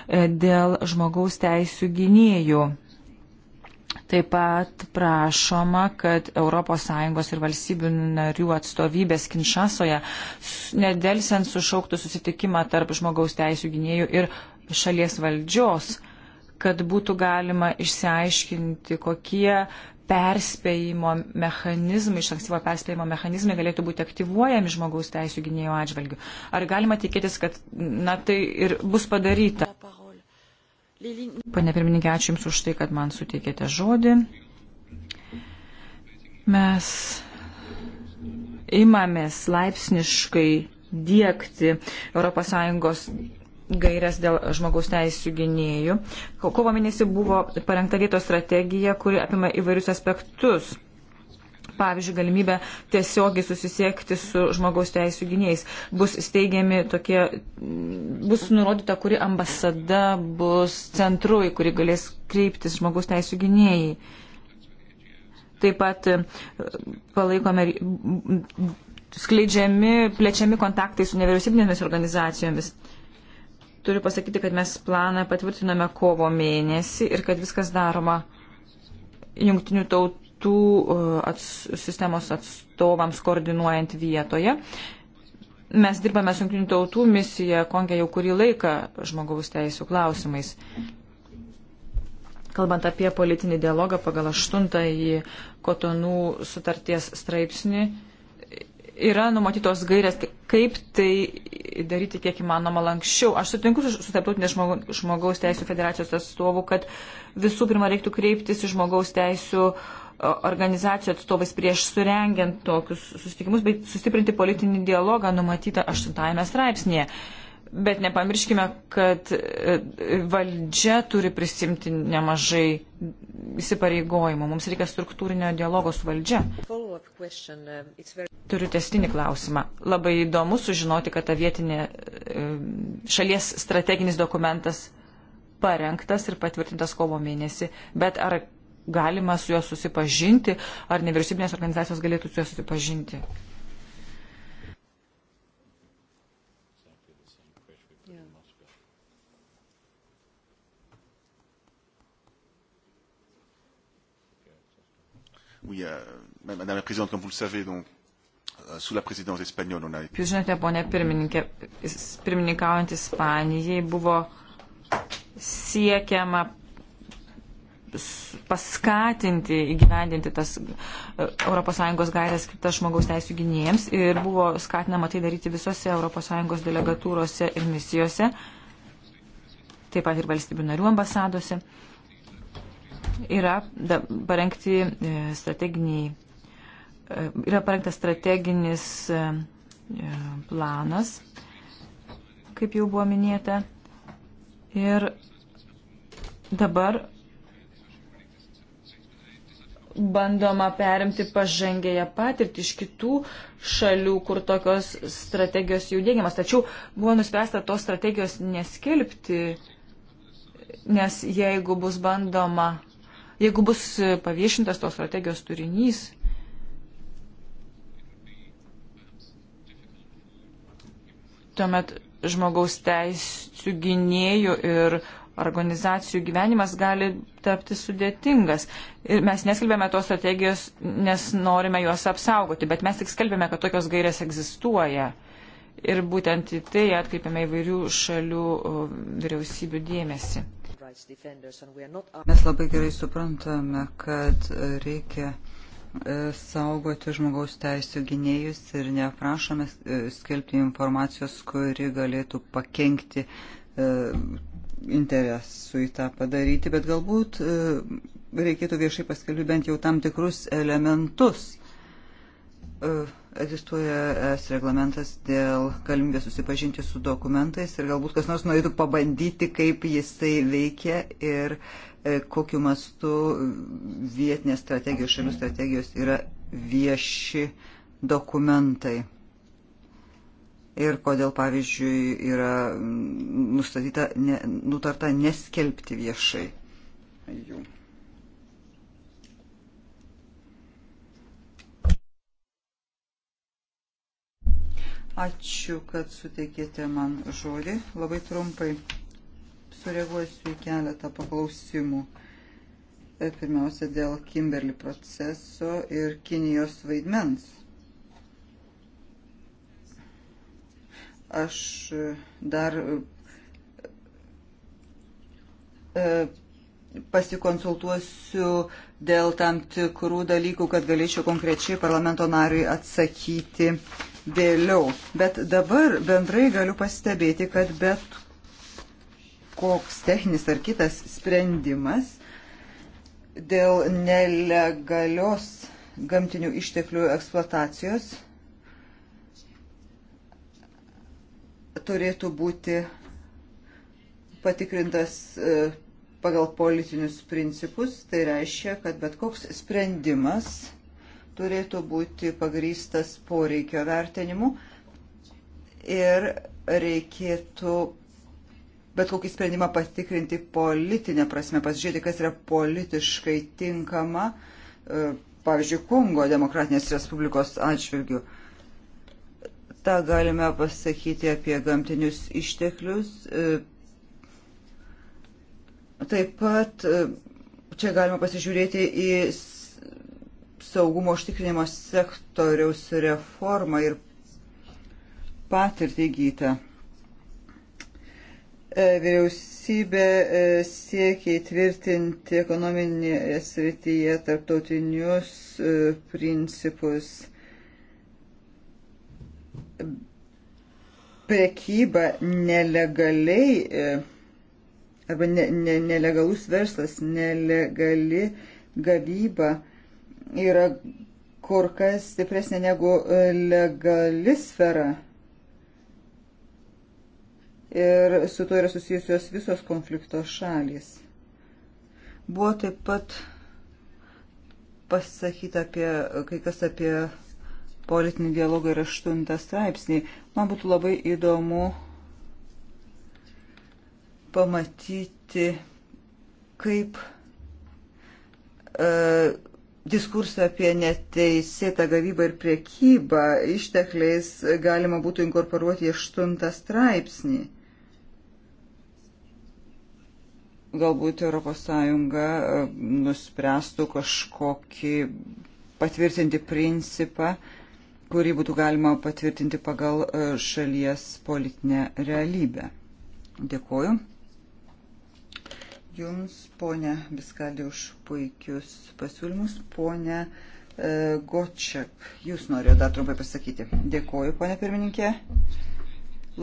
e, dėl žmogaus teisų gynėjų. Taip pat prašoma, kad ES ir valstybių narių atstovybės Kinšasoje nedelsiant sušauktų susitikimą tarp žmogaus teisų gynėjų ir šalies valdžios, kad būtų galima išsiaiškinti, kokie perspėjimo mechanizmai, iš ankstyvo perspėjimo mechanizmai galėtų būti aktyvuojami žmogaus teisų gynėjų atžvalgių. Ar galima tikėtis, kad na, tai ir bus padaryta? Pane pirmininkė, ačiū Jums už tai, kad man suteikėte žodį. Mes imamės laipsniškai dėkti ES gairias dėl žmogaus teisų gynėjų. Kovo mėnesį buvo parengta vietos strategija, kuri apima įvairius aspektus. Pavyzdžiui, galimybę tiesiogiai susisiekti su žmogaus teisų gynėjais. Bus steigiami tokie, bus nurodyta, kuri ambasada bus centru, į kurį galės kreiptis žmogaus teisų gynėjai. Taip pat e, palaikome skleidžiami, plečiami kontaktai su nevyriausybinėmis organizacijomis turiu pasakyti, kad mes planą patvirtiname kovo mėnesį ir kad viskas daroma jungtinių tautų e, ats, sistemos atstovams koordinuojant vietoje. Mes dirbame su jungtinių tautų misija Konge jau kurį laiką žmogaus teisų klausimais. Kalbant apie politinį dialogą pagal aštuntąjį kotonų sutarties straipsnį, yra numatytos gairės, tai kaip tai daryti kiek įmanoma lankščiau. Aš sutinku su, su Tarptautinės žmogaus teisų federacijos atstovu, kad visų pirma reiktų kreiptis į žmogaus teisų organizacijų atstovais prieš surengiant tokius susitikimus, bei sustiprinti politinį dialogą numatytą 8 straipsnėje. Uh, Bet nepamirškime, kad e, valdžia turi prisimti nemažai įsipareigojimų. Mums reikia struktūrinio dialogo su valdžia. Um, Turiu testinį klausimą. Labai įdomu sužinoti, kad ta vietinė e, šalies strateginis dokumentas parengtas ir patvirtintas kovo mėnesį. Bet ar galima su juo susipažinti, ar nevyriausybinės organizacijos galėtų su juo susipažinti? Oui, euh, Madame la Présidente, comme vous le savez, donc, euh, sous la présidence espagnole, on a... Jūs žinote, ponė pirmininkė, pirmininkaujant Ispanijai buvo siekiama paskatinti įgyvendinti tas ES gairias skirtas žmogaus teisų gynėjams ir buvo skatinama tai daryti visose ES delegatūrose ir misijose, taip pat ir valstybių narių ambasadose. Uh, yra parengti e, strateginiai, e, yra parengtas strateginis e, planas, kaip jau buvo minėta. Ir dabar bandoma perimti pažangėją patirtį iš kitų šalių, kur tokios strategijos jau dėgiamas. Tačiau buvo nuspręsta tos strategijos neskelbti, nes jeigu bus bandoma jeigu bus paviešintas tos strategijos turinys, tuomet žmogaus teisų gynėjų ir organizacijų gyvenimas gali tapti sudėtingas. Ir mes neskelbėme tos strategijos, nes norime juos apsaugoti, bet mes tik skelbėme, kad tokios gairės egzistuoja. Ir būtent į tai atkreipiame įvairių šalių vyriausybių dėmesį. Mes labai gerai suprantame, kad reikia e, saugoti žmogaus teisų gynėjus ir neprašome e, skelbti informacijos, kuri galėtų pakengti e, interesui tą padaryti, bet galbūt reikėtų viešai paskelbti bent jau tam tikrus elementus E, egzistuoja es reglamentas dėl galimybės susipažinti su dokumentais ir galbūt kas nors norėtų pabandyti, kaip jisai veikia ir e, kokiu mastu vietinės strategijos, šalių strategijos yra vieši dokumentai. Ir kodėl, pavyzdžiui, yra nustatyta, ne, nutarta neskelbti viešai jų. Ačiū, kad suteikėte man žodį. Labai trumpai sureaguosiu į keletą paklausimų. E, pirmiausia, dėl Kimberly proceso ir Kinijos vaidmens. Aš e, dar e, pasikonsultuosiu dėl tam tikrų dalykų, kad galėčiau konkrečiai parlamento nariui atsakyti vėliau. Bet dabar bendrai galiu pastebėti, kad bet koks techninis ar kitas sprendimas dėl nelegalios gamtinių išteklių eksploatacijos turėtų būti patikrintas e, pagal politinius principus. Tai reiškia, kad bet koks sprendimas turėtų būti pagrystas poreikio vertinimu ir reikėtų bet kokį sprendimą patikrinti politinę prasme, pasižiūrėti, kas yra politiškai tinkama, e, pavyzdžiui, Kongo demokratinės respublikos atžvilgių. Ta galime pasakyti apie gamtinius išteklius. E, taip pat e, čia galima pasižiūrėti į saugumo užtikrinimo sektoriaus reformą ir patirtį įgytą. E, vyriausybė e, siekia įtvirtinti ekonominėje srityje tarptautinius e, principus. Prekyba nelegaliai arba ne, ne, nelegalus verslas, nelegali gavyba yra kur kas stipresnė negu e, legali sfera. Ir su tuo yra susijusios visos konflikto šalys. Buvo taip pat pasakyta apie, kai kas apie politinį dialogą ir aštuntą straipsnį. Man būtų labai įdomu pamatyti, kaip e, diskursą apie neteisėtą gavybą ir priekybą ištekliais galima būtų inkorporuoti į aštuntą straipsnį. Galbūt ES e, nuspręstų kažkokį patvirtinti principą, kurį būtų galima patvirtinti pagal e, šalies politinę realybę. Dėkuoju. Jums, ponė Biskali, už puikius pasiūlymus. Pone e, Gočiak, Jūs norėjote dar trumpai pasakyti. Dėkoju, ponė pirmininkė.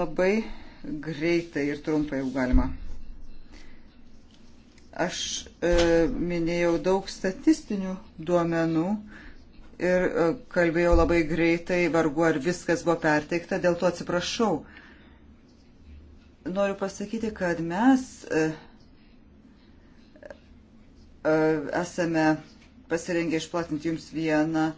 Labai greitai ir trumpai jau galima. Aš e, minėjau daug statistinių duomenų ir e, kalbėjau labai greitai, vargu ar viskas buvo perteikta, dėl to atsiprašau. Noriu pasakyti, kad mes. E, E, esame pasirengę išplatinti jums vieną e,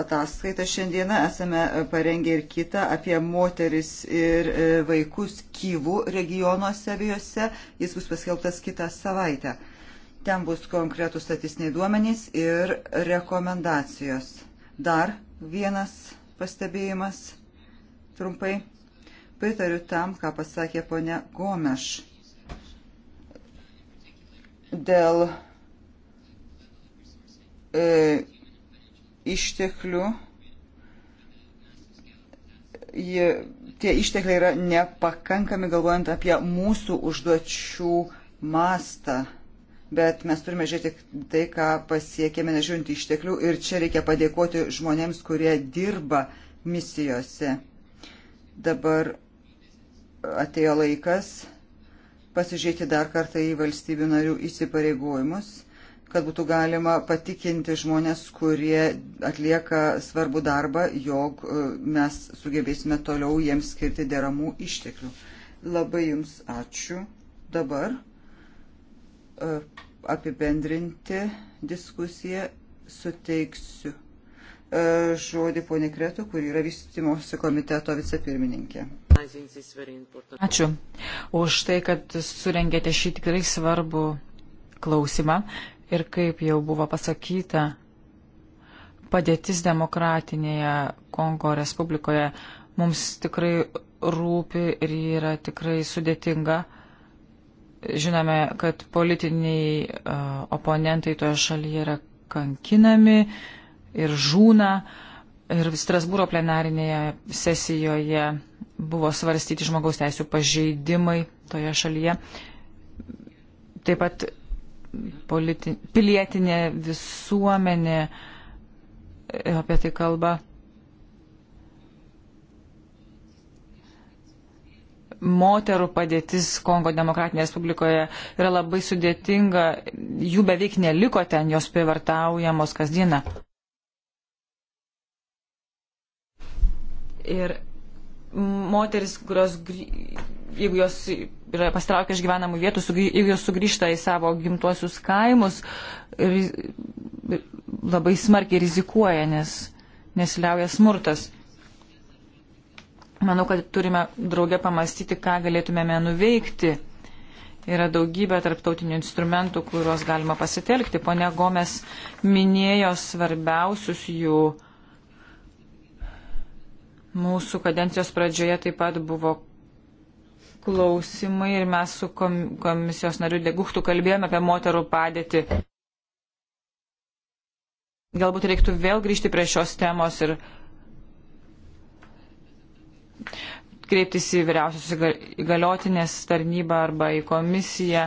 ataskaitą šiandieną, esame e, parengę ir kitą apie moteris ir vaikus Kyvų regionuose abiejose, jis bus paskelbtas kitą savaitę. Ten bus konkretų statistiniai duomenys ir rekomendacijos. Dar vienas pastebėjimas trumpai. Pritariu tam, ką pasakė ponia Gomeš dėl e, išteklių. Jie, tie ištekliai yra nepakankami galvojant apie mūsų užduočių mastą. Bet mes turime žiūrėti tai, ką pasiekėme, nežiūrint išteklių. Ir čia reikia padėkoti žmonėms, kurie dirba misijose. Dabar atėjo laikas pasižiūrėti dar kartą į valstybių narių įsipareigojimus, kad būtų galima patikinti žmonės, kurie atlieka svarbų darbą, jog e, mes sugebėsime toliau jiems skirti deramų išteklių. Labai Jums ačiū. Dabar e, apibendrinti diskusiją suteiksiu e, žodį ponė Kretų, kur yra vystymosi komiteto vicepirmininkė. Ačiū už tai, kad surengėte šį tikrai svarbų klausimą ir kaip jau buvo pasakyta, padėtis demokratinėje Kongo Respublikoje mums tikrai rūpi ir yra tikrai sudėtinga. Žinome, kad politiniai uh, oponentai toje šalyje yra kankinami ir žūna. Ir Strasbūro plenarinėje sesijoje buvo svarstyti žmogaus teisų pažeidimai toje šalyje. Taip pat politi, pilietinė visuomenė e, apie tai kalba. Moterų padėtis Kongo Demokratinėje Respublikoje yra labai sudėtinga, jų beveik neliko ten, jos privartaujamos kasdieną. Ir moteris, kurios, jeigu jos yra pastraukę iš gyvenamų vietų, jeigu jos sugrįžta į savo gimtuosius kaimus, labai smarkiai rizikuoja, nes nesiliauja smurtas. Manau, kad turime draugę pamastyti, ką galėtumėme nuveikti. Yra daugybė tarptautinių instrumentų, kuriuos galima pasitelkti. Pone Gomes minėjo svarbiausius jų uh, Mūsų kadencijos pradžioje taip pat buvo klausimai ir mes su komisijos nariu Deguchtu kalbėjome apie moterų padėtį. Galbūt reiktų vėl grįžti prie šios temos ir kreiptis į vyriausios įgaliotinės tarnybą arba į komisiją,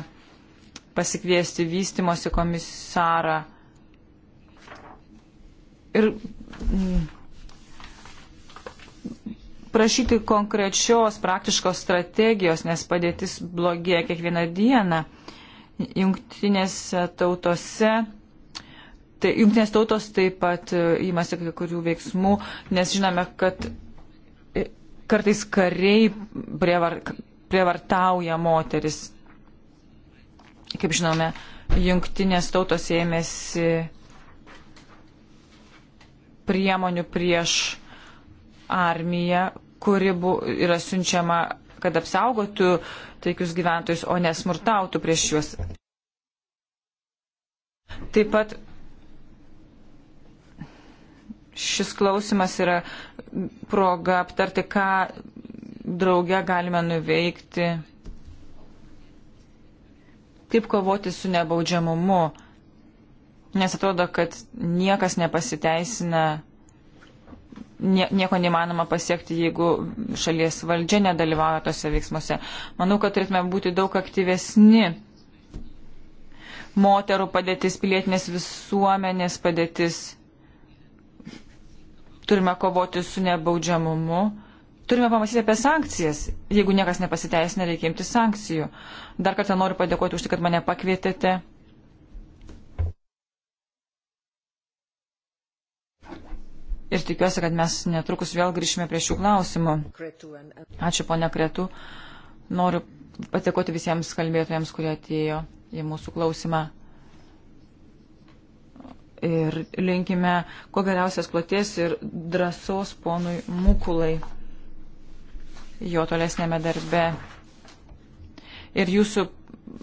pasikviesti vystimosi komisarą. Ir mm, prašyti konkrečios praktiškos strategijos, nes padėtis blogėja kiekvieną dieną. Jungtinėse tautose. Tai jungtinės tautos taip pat įmasi e, kai kurių veiksmų, nes žinome, kad e, kartais kariai prievar, prievartauja moteris. Kaip žinome, jungtinės tautos ėmėsi priemonių prieš uh, armija, kuri bu, yra siunčiama, kad apsaugotų taikius gyventojus, o nesmurtautų prieš juos. Taip pat šis klausimas yra proga aptarti, ką drauge galime nuveikti, kaip kovoti su nebaudžiamumu, nes atrodo, kad niekas nepasiteisina nieko neįmanoma pasiekti, jeigu šalies valdžia nedalyvauja tose veiksmuose. Manau, kad turėtume būti daug aktyvesni. Moterų padėtis, pilietinės visuomenės padėtis. Turime kovoti su nebaudžiamumu. Turime pamastyti apie sankcijas. Jeigu niekas nepasiteisina, reikia imti sankcijų. Dar kartą noriu padėkoti už tai, kad mane pakvietėte. ir tikiuosi, kad mes netrukus vėl grįšime prie šių klausimų. Ačiū, ponia Kretu. Noriu patekoti visiems kalbėtojams, kurie atėjo į mūsų klausimą. Ir linkime kuo geriausias platies ir drąsos ponui Mukulai jo tolesnėme darbe. Ir jūsų,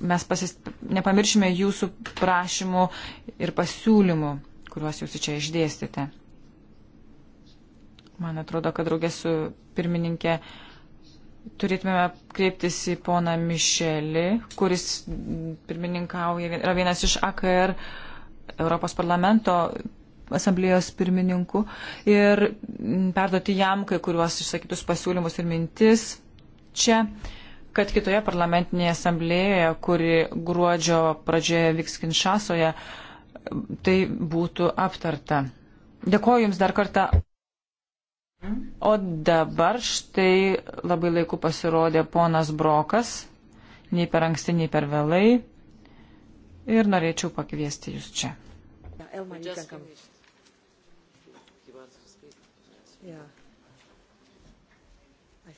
mes pasis, nepamiršime jūsų prašymų ir pasiūlymų, kuriuos jūs čia išdėstėte. Man atrodo, kad draugė su pirmininkė turėtume kreiptis į poną Mišelį, kuris pirmininkauja, yra vienas iš AKR Europos parlamento asamblėjos pirmininku ir perduoti jam kai kuriuos išsakytus pasiūlymus ir mintis čia, kad kitoje parlamentinėje asamblėjoje, kuri gruodžio pradžioje vyks Kinšasoje, tai būtų aptarta. Dėkoju Jums dar kartą. O dabar štai labai laiku pasirodė ponas Brokas, nei per anksti, nei per vėlai. Ir norėčiau pakviesti jūs čia. Yeah.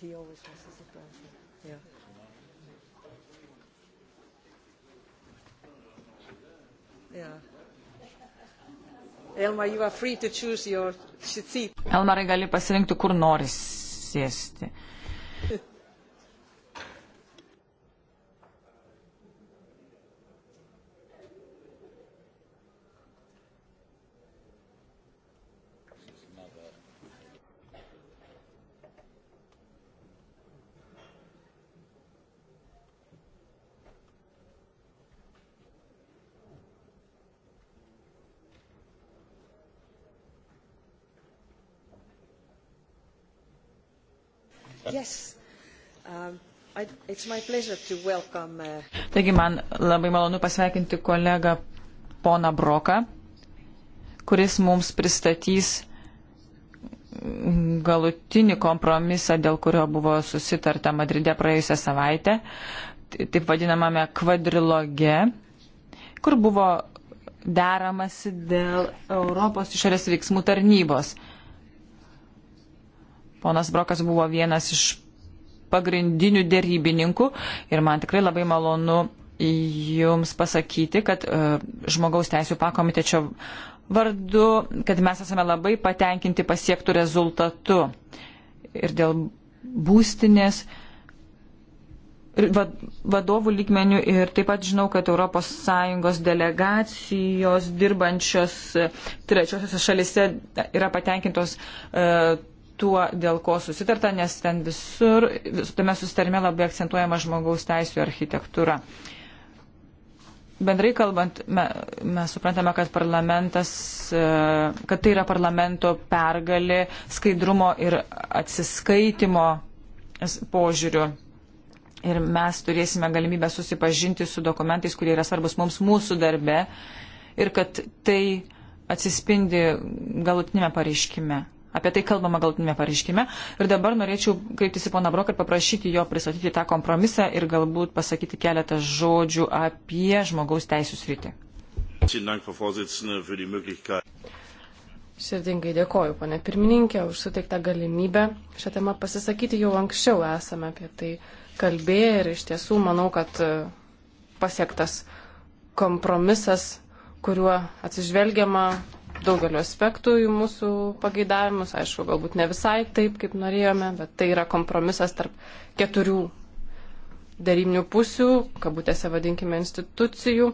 He always wants to sit down. Yeah. Yeah. Elmar, you are free to choose your Elmarai gali pasirinkti, kur nori sėsti. Yes. Um, I, welcome, uh... Taigi man labai malonu pasveikinti kolegą poną Broką, kuris mums pristatys galutinį kompromisą, dėl kurio buvo susitarta Madride praėjusią savaitę, taip vadinamame kvadriloge, kur buvo deramasi dėl Europos išorės veiksmų tarnybos. Uh, Ponas Brokas buvo vienas iš pagrindinių dėrybininkų ir man tikrai labai malonu jums pasakyti, kad uh, žmogaus teisų pakomitečio vardu, kad mes esame labai patenkinti pasiektų rezultatų. Ir dėl būstinės ir vadovų lygmenių ir taip pat žinau, kad ES delegacijos dirbančios trečiosiose šalise yra patenkintos uh, tuo, dėl ko susitarta, nes ten visur, vis, tame susitarime labai akcentuojama žmogaus teisų architektūra. Bendrai kalbant, me, mes suprantame, kad parlamentas, e, kad tai yra parlamento pergalė skaidrumo ir atsiskaitimo požiūriu. Ir mes turėsime galimybę susipažinti su dokumentais, kurie yra svarbus mums mūsų darbe ir kad tai atsispindi galutinėme pareiškime. Apie tai kalbama galtinėme pareiškime. Ir dabar norėčiau kreiptis į poną Broką ir paprašyti jo pristatyti tą kompromisą ir galbūt pasakyti keletą žodžių apie žmogaus teisų sritį. Širdingai dėkoju, pane pirmininkė, už suteiktą galimybę šią temą pasisakyti. Jau anksčiau esame apie tai kalbėję ir iš tiesų manau, kad e, pasiektas kompromisas, kuriuo atsižvelgiama daugeliu aspektų į mūsų pageidavimus, aišku, galbūt ne visai taip, kaip norėjome, bet tai yra kompromisas tarp keturių darybinių pusių, kabutėse vadinkime institucijų.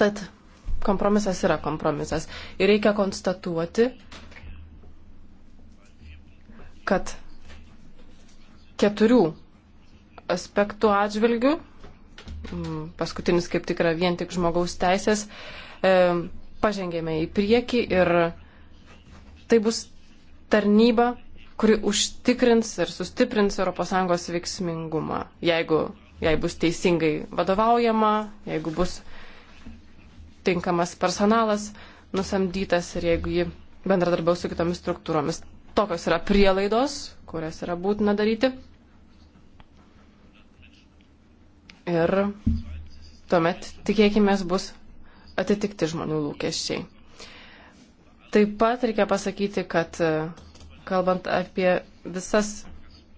Tad kompromisas yra kompromisas. Ir reikia konstatuoti, kad keturių aspektų atžvilgių, paskutinis kaip tik yra vien tik žmogaus teisės, e, pažengėme į priekį ir tai bus tarnyba, kuri užtikrins ir sustiprins ES veiksmingumą, jeigu jai bus teisingai vadovaujama, jeigu bus tinkamas personalas nusamdytas ir jeigu ji bendradarbiaus su kitomis struktūromis. Tokios yra prielaidos, kurias yra būtina daryti. Ir tuomet tikėkime bus atitikti žmonių lūkesčiai. Taip pat reikia pasakyti, kad e, kalbant apie visas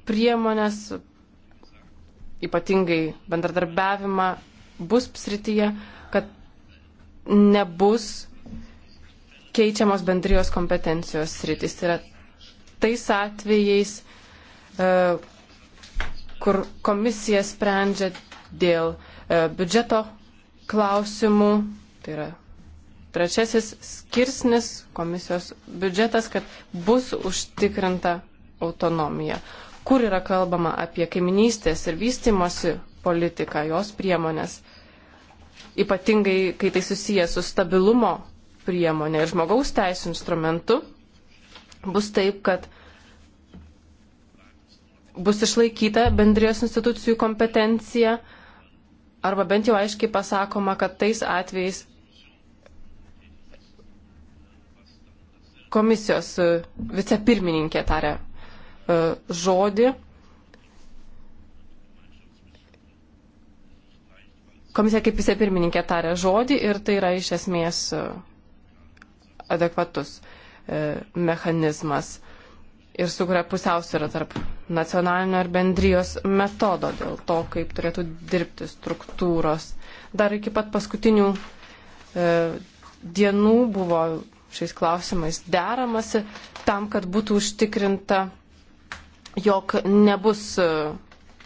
priemonės, ypatingai bendradarbiavimą bus srityje, kad nebus keičiamos bendrijos kompetencijos sritis. Tai yra tais atvejais, e, kur komisija sprendžia dėl e, biudžeto klausimų Tai yra trečiasis skirsnis komisijos biudžetas, kad bus užtikrinta autonomija. Kur yra kalbama apie kaiminystės ir vystimosi politiką, jos priemonės, ypatingai kai tai susiję su stabilumo priemonė ir žmogaus teisų instrumentu, bus taip, kad bus išlaikyta bendrijos institucijų kompetencija arba bent jau aiškiai pasakoma, kad tais atvejais komisijos e, vicepirmininkė tarė e, žodį. Komisija kaip vicepirmininkė tarė žodį ir tai yra iš esmės e, adekvatus mechanizmas ir sukuria pusiausvyrą tarp nacionalinio ir bendrijos metodo dėl to, kaip turėtų dirbti struktūros. Dar iki pat paskutinių e, dienų buvo šiais klausimais deramasi tam, kad būtų užtikrinta, jog nebus e,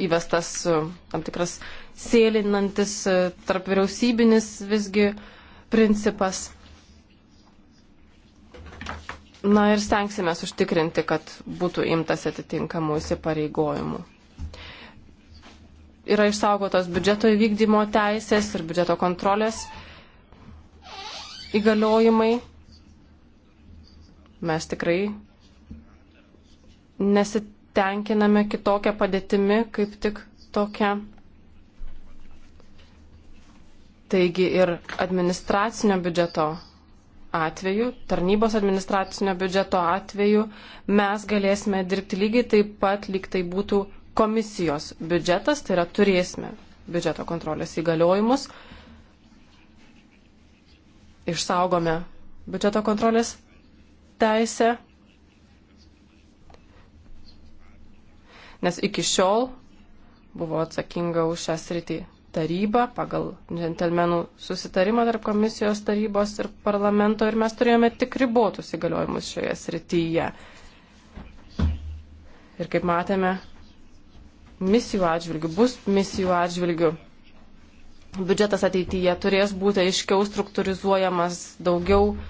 įvestas e, tam tikras sėlinantis e, tarp vyriausybinis visgi principas. Na ir stengsime užtikrinti, kad būtų imtas atitinkamų įsipareigojimų. Yra išsaugotos biudžeto įvykdymo teisės ir biudžeto kontrolės įgaliojimai mes tikrai nesitenkiname kitokią padėtimi, kaip tik tokią. Taigi ir administracinio biudžeto atveju, tarnybos administracinio biudžeto atveju mes galėsime dirbti lygiai taip pat, lyg tai būtų komisijos biudžetas, tai yra turėsime biudžeto kontrolės įgaliojimus, išsaugome biudžeto kontrolės teisę, nes iki šiol buvo atsakinga už šią sritį taryba pagal džentelmenų susitarimą tarp komisijos tarybos ir parlamento ir mes turėjome tik ribotus įgaliojimus šioje srityje. Ir kaip matėme, misijų atžvilgių, bus misijų atžvilgių. Biudžetas ateityje turės būti aiškiau struktūrizuojamas, daugiau uh,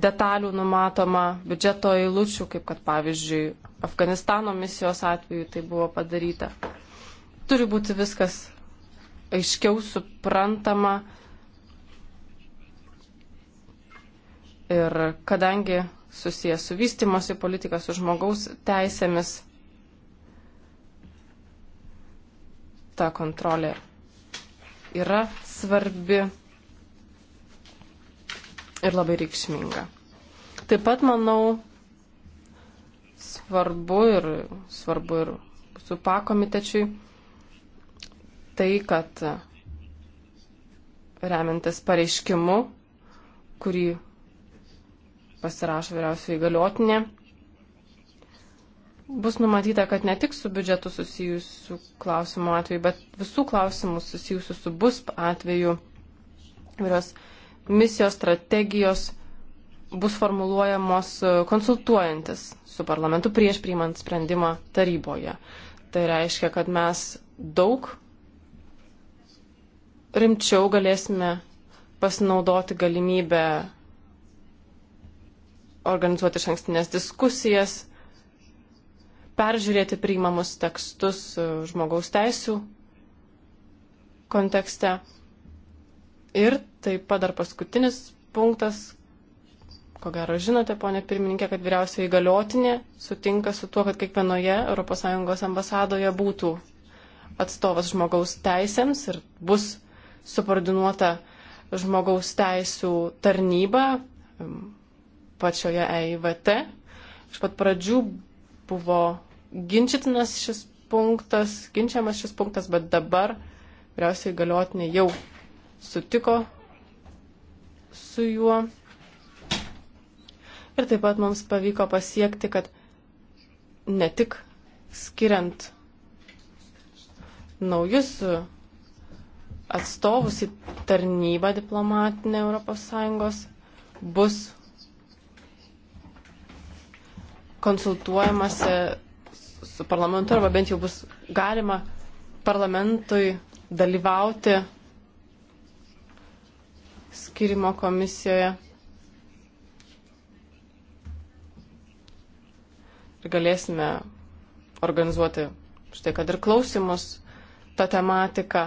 detalių numatoma biudžeto eilučių, kaip kad pavyzdžiui Afganistano misijos atveju tai buvo padaryta. Turi būti viskas aiškiau suprantama. Ir kadangi susijęs su vystimosi politika, su žmogaus teisėmis, ta kontrolė yra svarbi ir labai reikšminga. Taip pat, manau, svarbu ir, svarbu ir su pakomitečiui tai, kad remintis pareiškimu, kurį pasirašo vyriausioji galiotinė, bus numatyta, kad ne tik su biudžetu susijusių klausimų atveju, bet visų klausimų susijusių su bus atveju vyriaus misijos strategijos bus formuluojamos e, konsultuojantis su parlamentu prieš priimant sprendimą taryboje. Tai reiškia, kad mes daug rimčiau galėsime pasinaudoti galimybę organizuoti iš ankstinės diskusijas, peržiūrėti priimamus tekstus e, žmogaus teisų kontekste Ir taip pat dar paskutinis punktas, ko gero žinote, ponė pirmininkė, kad vyriausioji galiotinė sutinka su tuo, kad kiekvienoje ES ambasadoje būtų atstovas žmogaus teisėms ir bus subordinuota žmogaus teisų tarnyba pačioje EIVT. Iš pat pradžių buvo ginčytinas šis punktas, ginčiamas šis punktas, bet dabar vyriausiai galiotinė jau sutiko su juo. Ir taip pat mums pavyko pasiekti, kad ne tik skiriant naujus atstovus į tarnybą diplomatinę ES bus konsultuojamasi su parlamentu arba bent jau bus galima parlamentui dalyvauti skirimo komisijoje. Ir galėsime organizuoti štai kad ir klausimus tą tematiką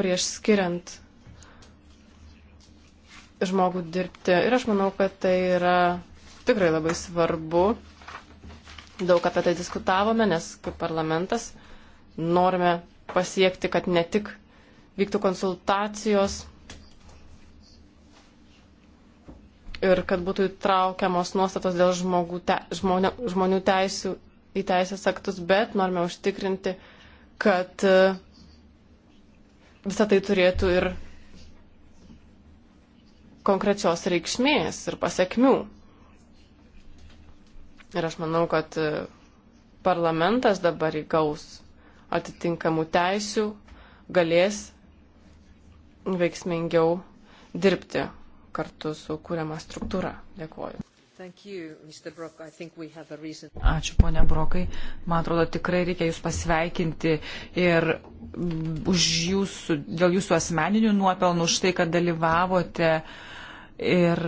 prieš skiriant žmogų dirbti. Ir aš manau, kad tai yra tikrai labai svarbu. Daug apie tai diskutavome, nes kaip parlamentas norime pasiekti, kad ne tik vyktų konsultacijos ir kad būtų įtraukiamos nuostatos dėl žmogų te, žmonė, žmonių teisų į teisės aktus, bet norime užtikrinti, kad e, visą tai turėtų ir konkrečios reikšmės ir pasiekmių. Ir aš manau, kad e, parlamentas dabar įgaus atitinkamų teisių, galės veiksmingiau dirbti kartu su kūriama struktūra. Dėkuoju. You, Ačiū, ponia Brokai. Man atrodo, tikrai reikia Jūs pasveikinti ir mm, jūsų, dėl Jūsų asmeninių nuopelnų už tai, kad dalyvavote ir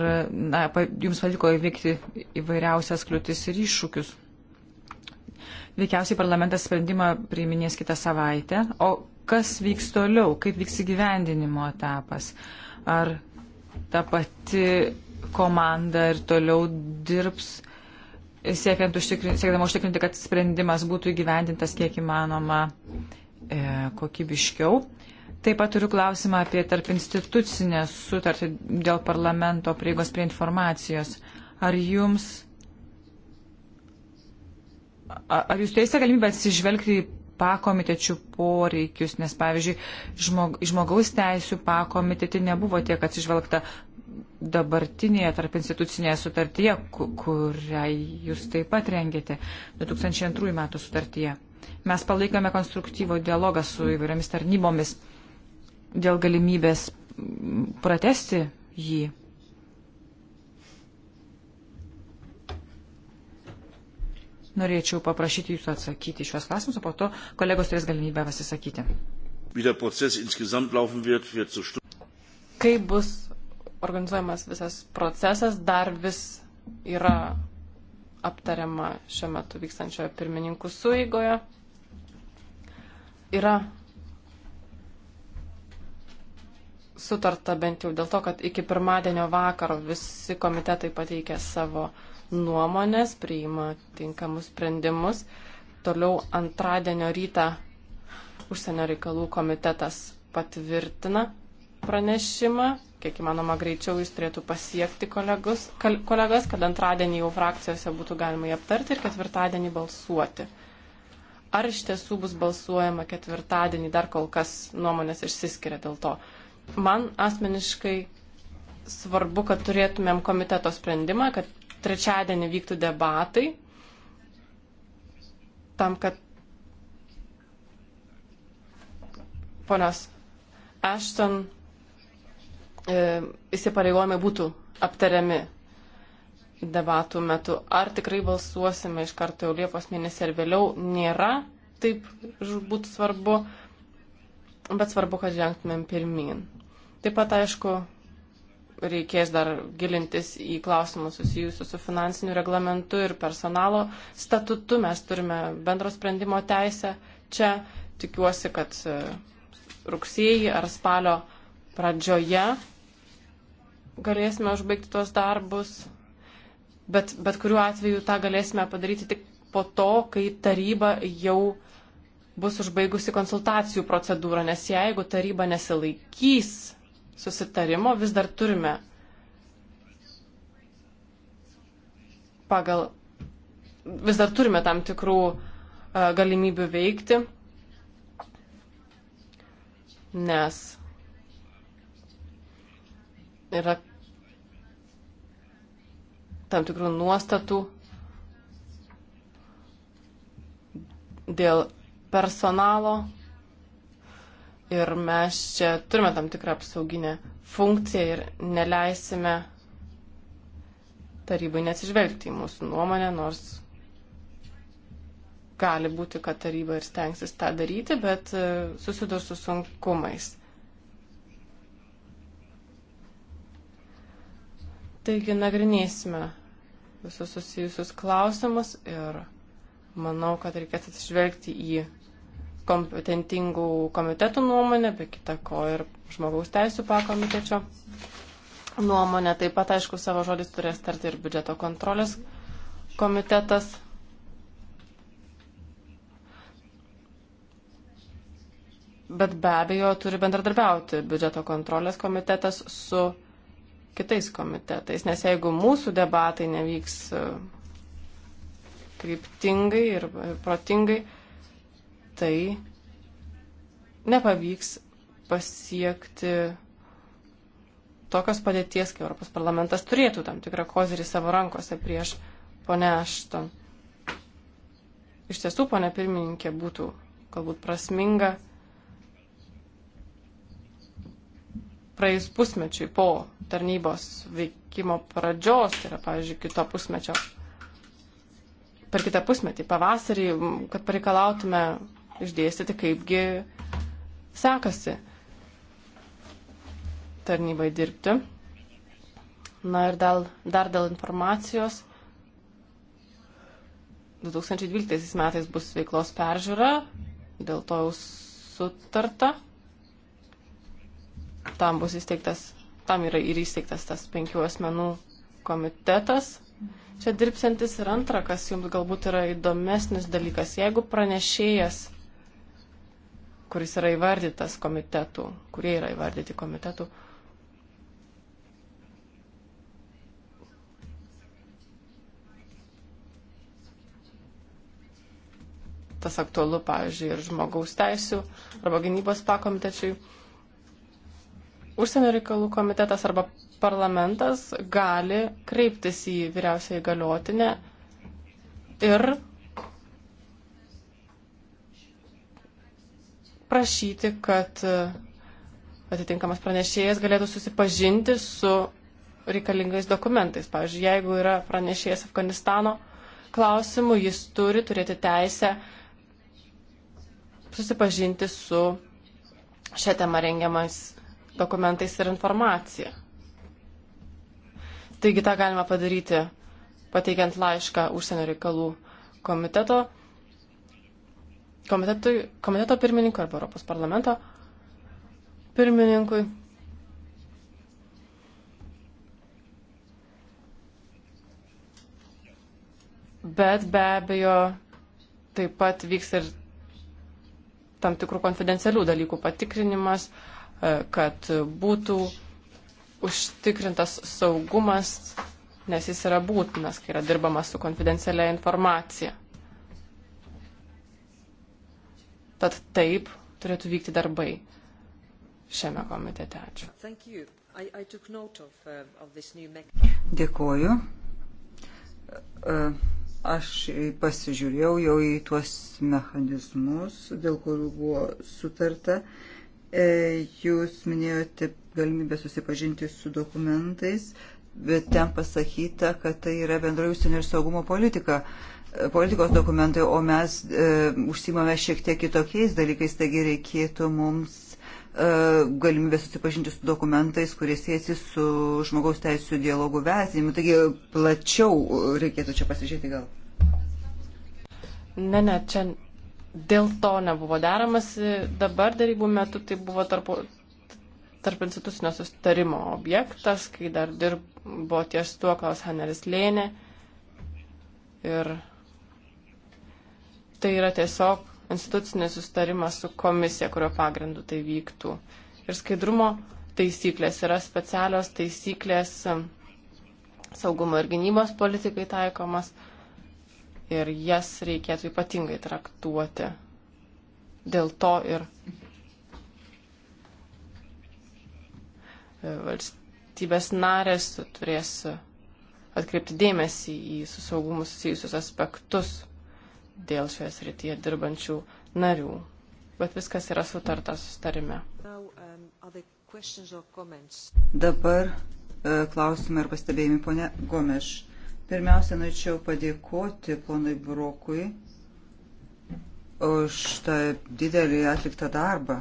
na, Jums pavyko įveikti įvairiausias kliūtis ir iššūkius. Veikiausiai parlamentas sprendimą priiminės kitą savaitę, o kas vyks toliau, kaip vyks įgyvendinimo etapas. Ar ta pati komanda ir toliau dirbs, siekiant užtikrinti, siekdama užtikrinti, kad sprendimas būtų įgyvendintas kiek įmanoma e, kokybiškiau. Taip pat turiu klausimą apie tarp institucinę sutartį dėl parlamento prieigos prie informacijos. Ar jums. Ar jūs teisė galimybę atsižvelgti į pakomitečių poreikius, nes, pavyzdžiui, žmog, žmogaus teisų pakomiteti nebuvo tiek atsižvelgta dabartinėje tarp institucinėje sutartyje, kurią jūs taip pat rengėte 2002 metų sutartyje. Mes palaikome konstruktyvų dialogą su įvairiomis tarnybomis dėl galimybės pratesti jį. Norėčiau paprašyti jūsų atsakyti šios klausimus, o po to kolegos turės galimybę pasisakyti. Kaip bus organizuojamas visas procesas, dar vis yra aptariama šiuo metu vykstančioje pirmininkų suigoje. Yra sutarta bent jau dėl to, kad iki pirmadienio vakaro visi komitetai pateikė savo uh, nuomonės, priima tinkamus sprendimus. Toliau antradienio rytą užsienio reikalų komitetas patvirtina pranešimą, kiek įmanoma greičiau jis turėtų pasiekti kolegus, kal, kolegas, kad antradienį jau frakcijose būtų galima jį aptarti ir ketvirtadienį balsuoti. Ar iš tiesų bus balsuojama ketvirtadienį, dar kol kas nuomonės išsiskiria dėl to. Man asmeniškai svarbu, kad turėtumėm komiteto sprendimą, kad trečiadienį vyktų debatai, tam, kad ponios Ashton e, įsipareigojimai būtų aptariami debatų metu. Ar tikrai balsuosime iš karto jau Liepos mėnesį ar vėliau, nėra taip būtų svarbu, bet svarbu, kad žengtumėm pirmin. Taip pat, aišku, reikės dar gilintis į klausimus susijusius su finansiniu reglamentu ir personalo statutu. Mes turime bendro sprendimo teisę čia. Tikiuosi, kad e, rugsėjį ar spalio pradžioje galėsime užbaigti tuos darbus, bet, bet kuriuo atveju tą galėsime padaryti tik po to, kai taryba jau bus užbaigusi konsultacijų procedūrą, nes jeigu taryba nesilaikys susitarimo vis dar turime pagal vis dar turime tam tikrų e, galimybių veikti, nes yra tam tikrų nuostatų dėl personalo ir mes čia turime tam tikrą apsauginę funkciją ir neleisime tarybai nesižvelgti į mūsų nuomonę, nors gali būti, kad taryba ir stengsis tą daryti, bet e, susidurs su sunkumais. Taigi nagrinėsime visus susijusius klausimus ir manau, kad reikės atsižvelgti į kompetentingų komitetų nuomonė, be kita ko ir žmogaus teisų pakomitečio nuomonė. Taip pat, aišku, savo žodis turės tarti ir biudžeto kontrolės komitetas. Bet be abejo turi bendradarbiauti biudžeto kontrolės komitetas su kitais komitetais, nes jeigu mūsų debatai nevyks e, kryptingai ir e, protingai, tai nepavyks pasiekti tokios padėties, kai Europos parlamentas turėtų tam tikrą kozirį savo rankose prieš ponę Ašton. Iš tiesų, ponė pirmininkė, būtų galbūt prasminga praėjus pusmečiui po tarnybos veikimo pradžios, tai yra, pavyzdžiui, kito pusmečio, per kitą pusmetį, pavasarį, kad pareikalautume išdėstyti, kaipgi sekasi tarnybai dirbti. Na ir dal, dar dėl informacijos. 2012 metais bus veiklos peržiūra, dėl to jau sutarta. Tam bus įsteigtas, tam yra ir įsteigtas tas penkių asmenų komitetas. Čia dirbsiantis ir antra, kas jums galbūt yra įdomesnis dalykas. Jeigu pranešėjas kuris yra įvardytas komitetų, kurie yra įvardyti komitetų. Tas aktualu, pavyzdžiui, ir žmogaus teisų arba gynybos pakomitečiui. Užsienio reikalų komitetas arba parlamentas gali kreiptis į vyriausiąją galiotinę ir prašyti, kad e, atitinkamas pranešėjas galėtų susipažinti su reikalingais dokumentais. Pavyzdžiui, jeigu yra pranešėjas Afganistano klausimų, jis turi turėti teisę susipažinti su šią temą rengiamais dokumentais ir informacija. Taigi tą galima padaryti pateikiant laišką užsienio reikalų komiteto komiteto pirmininkui arba Europos parlamento pirmininkui. Bet be abejo, taip pat vyks ir tam tikrų konfidencialių dalykų patikrinimas, e, kad būtų užtikrintas saugumas, nes jis yra būtinas, kai yra dirbama su konfidencialia informacija. Tad taip turėtų vykti darbai šiame komitete. Ačiū. Uh, Dėkuoju. E, aš pasižiūrėjau jau į tuos mechanizmus, dėl kurių buvo sutarta. E, jūs minėjote galimybę susipažinti su dokumentais, bet ten pasakyta, kad tai yra bendra užsienio ir saugumo politika politikos dokumentai, o mes e, užsimame šiek tiek kitokiais dalykais, taigi reikėtų mums e, galimybę susipažinti su dokumentais, kurie siejasi su žmogaus teisų dialogų vertinimu. Taigi plačiau reikėtų čia pasižiūrėti gal. Ne, ne, čia dėl to nebuvo deramas. Dabar darybų metu tai buvo tarp, tarp institucinio sustarimo objektas, kai dar dirbo ties tuo Klaus Haneris Lėnė ir tai yra tiesiog institucinis sustarimas su komisija, kurio pagrindu tai vyktų. Ir skaidrumo taisyklės yra specialios taisyklės um, saugumo ir gynybos politikai taikomas ir jas reikėtų ypatingai traktuoti. Dėl to ir e, valstybės narės turės atkreipti dėmesį į su saugumu susijusius aspektus dėl šioje srityje dirbančių narių. Bet viskas yra sutarta sustarime. Um, Dabar e, klausimai ir pastebėjimai, ponė Gomeš. Pirmiausia, norėčiau padėkoti ponui Brokui už tą didelį atliktą darbą.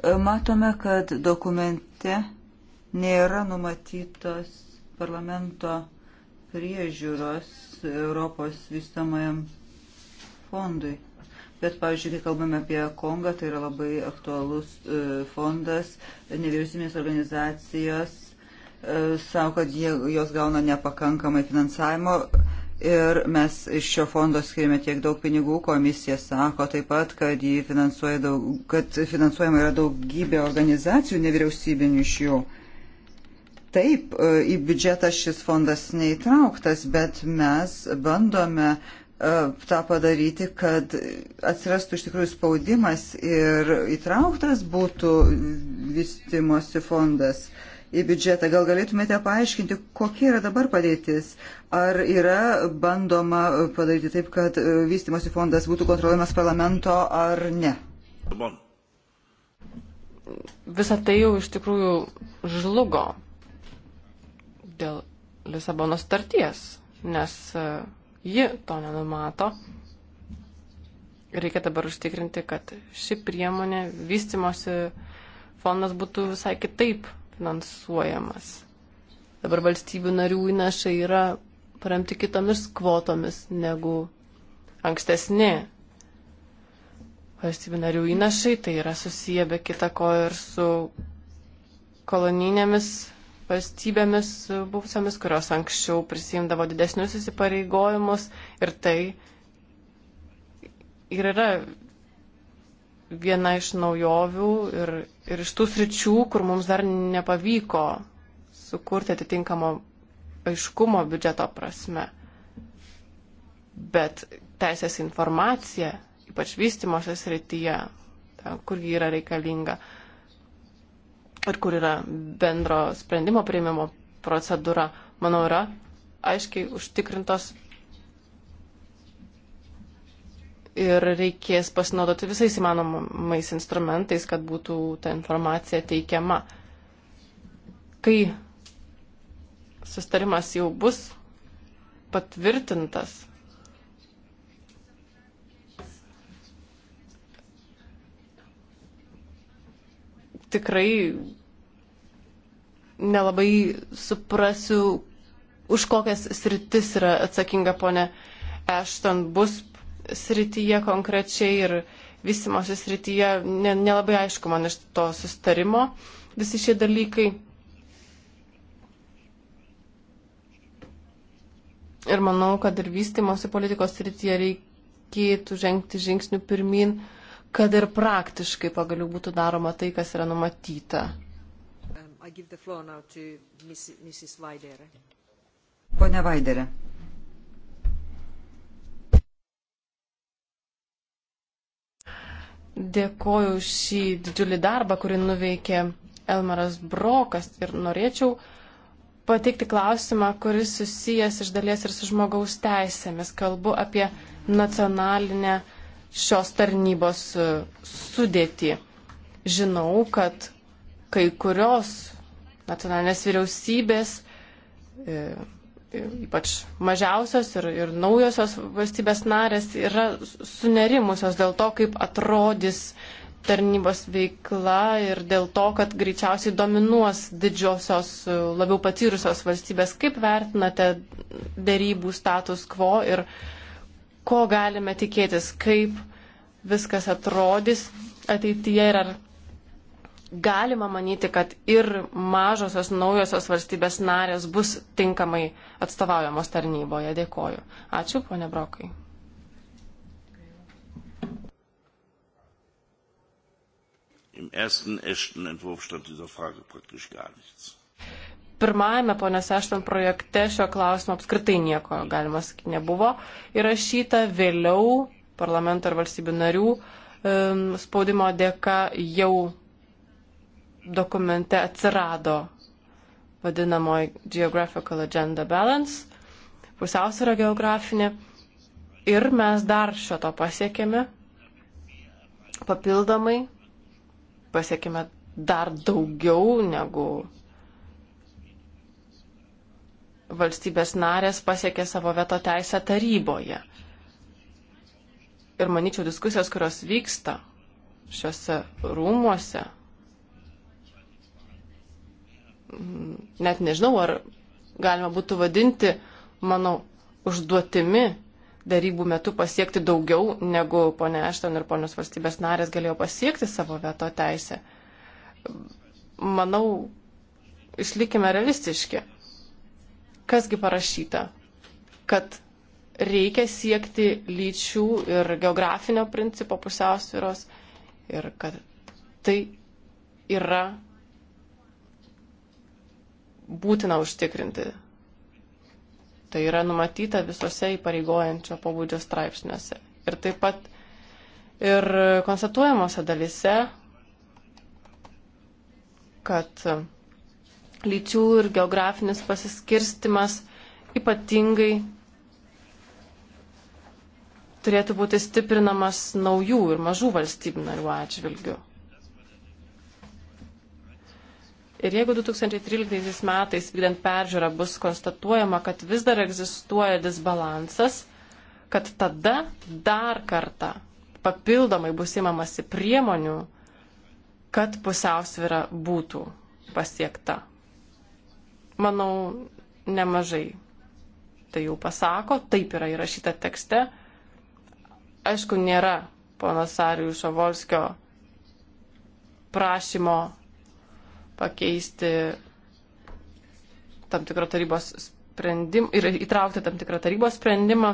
E, matome, kad dokumente nėra numatytos parlamento priežiūros Europos vystamajam fondui. Bet, pavyzdžiui, kai kalbame apie Kongą, tai yra labai aktualus e, fondas, nevyriausybinės organizacijos e, savo, kad jie, jos gauna nepakankamai finansavimo ir mes iš šio fondo skiriame tiek daug pinigų, komisija sako taip pat, kad, finansuoja daug, kad finansuojama yra daugybė organizacijų nevyriausybinių iš jų. Uh, Taip, e, į biudžetą šis fondas neįtrauktas, bet mes bandome e, tą padaryti, kad atsirastų iš tikrųjų spaudimas ir įtrauktas būtų vystimosi fondas į biudžetą. Gal galėtumėte paaiškinti, kokia yra dabar padėtis? Ar yra bandoma padaryti taip, kad e, vystimosi fondas būtų kontroliuojamas parlamento ar ne? Visą tai jau iš tikrųjų žlugo dėl Lisabono starties, nes e, ji to nenumato. Reikia dabar užtikrinti, kad ši priemonė vystimosi fondas būtų visai kitaip finansuojamas. Dabar valstybių narių įnašai yra paremti kitomis kvotomis negu ankstesni valstybių narių įnašai. Tai yra susiję be kita ko ir su kolonijinėmis valstybėmis buvusiamis, kurios anksčiau prisimdavo didesnius įsipareigojimus ir tai ir yra viena iš naujovių ir, ir iš tų sričių, kur mums dar nepavyko sukurti atitinkamo aiškumo biudžeto prasme. Bet teisės informacija, ypač vystimosios srityje, ten, kur ji yra reikalinga, uh, ir kur yra bendro sprendimo prieimimo procedūra, manau, yra aiškiai užtikrintos ir reikės pasinaudoti visais įmanomais instrumentais, kad būtų ta informacija teikiama. Kai sustarimas jau bus patvirtintas, tikrai nelabai suprasiu, už kokias sritis yra atsakinga ponė Ešton bus srityje konkrečiai ir vystimosi srityje. Ne, nelabai aišku man iš to sustarimo visi šie dalykai. Ir manau, kad ir vystimosi politikos srityje reikėtų žengti žingsnių pirmin. Uh, kad ir praktiškai pagaliau būtų daroma tai, kas yra numatyta. Um, Pone Vaiderė. Dėkoju šį didžiulį darbą, kurį nuveikė Elmaras Brokas ir norėčiau pateikti klausimą, kuris susijęs iš dalies ir su žmogaus teisėmis. Kalbu apie nacionalinę uh, šios tarnybos e, sudėtį. Žinau, kad kai kurios nacionalinės vyriausybės, e, e, ypač mažiausios ir, ir naujosios valstybės narės, yra sunerimusios dėl to, kaip atrodys tarnybos veikla ir dėl to, kad greičiausiai dominuos didžiosios, labiau patyrusios valstybės. Kaip vertinate dėrybų status quo ir uh, ko galime tikėtis, kaip viskas atrodys ateityje ir ar galima manyti, kad ir mažosios naujosios valstybės narės bus tinkamai atstovaujamos tarnyboje. Dėkoju. Ačiū, ponė Brokai. Im ersten echten Entwurf stand dieser Frage praktisch gar nichts pirmajame ponės Ešton projekte šio klausimo apskritai nieko, galima sakyti, nebuvo įrašyta. Vėliau parlamento ir valstybių narių spaudimo dėka jau dokumente atsirado vadinamoji Geographical Agenda Balance, pusiausvėra geografinė. Ir mes dar šio to pasiekėme papildomai, pasiekėme dar daugiau negu valstybės narės pasiekė savo veto teisę taryboje. Ir manyčiau, diskusijos, kurios vyksta šiuose rūmuose, net nežinau, ar galima būtų vadinti mano užduotimi darybų metu pasiekti daugiau, negu ponia Ešton ir ponios valstybės narės galėjo pasiekti savo veto teisę. Manau, išlikime realistiški. Kasgi parašyta? Kad reikia siekti lyčių ir geografinio principo pusiausviros ir kad tai yra būtina užtikrinti. Tai yra numatyta visose įpareigojančio pobūdžio straipsniuose. Ir taip pat ir konstatuojamose dalise, kad lyčių ir geografinis pasiskirstimas ypatingai turėtų būti stiprinamas naujų ir mažų valstybių narių atžvilgių. Ir jeigu 2013 metais, vykdant peržiūrą, bus konstatuojama, kad vis dar egzistuoja disbalansas, kad tada dar kartą papildomai bus įmamasi priemonių, kad pusiausvyrą būtų pasiekta manau, nemažai tai jau pasako, taip yra įrašyta tekste. Aišku, nėra pono Sarijų Šavolskio prašymo pakeisti tam tikro tarybos sprendimą ir įtraukti tam tikrą tarybos sprendimą.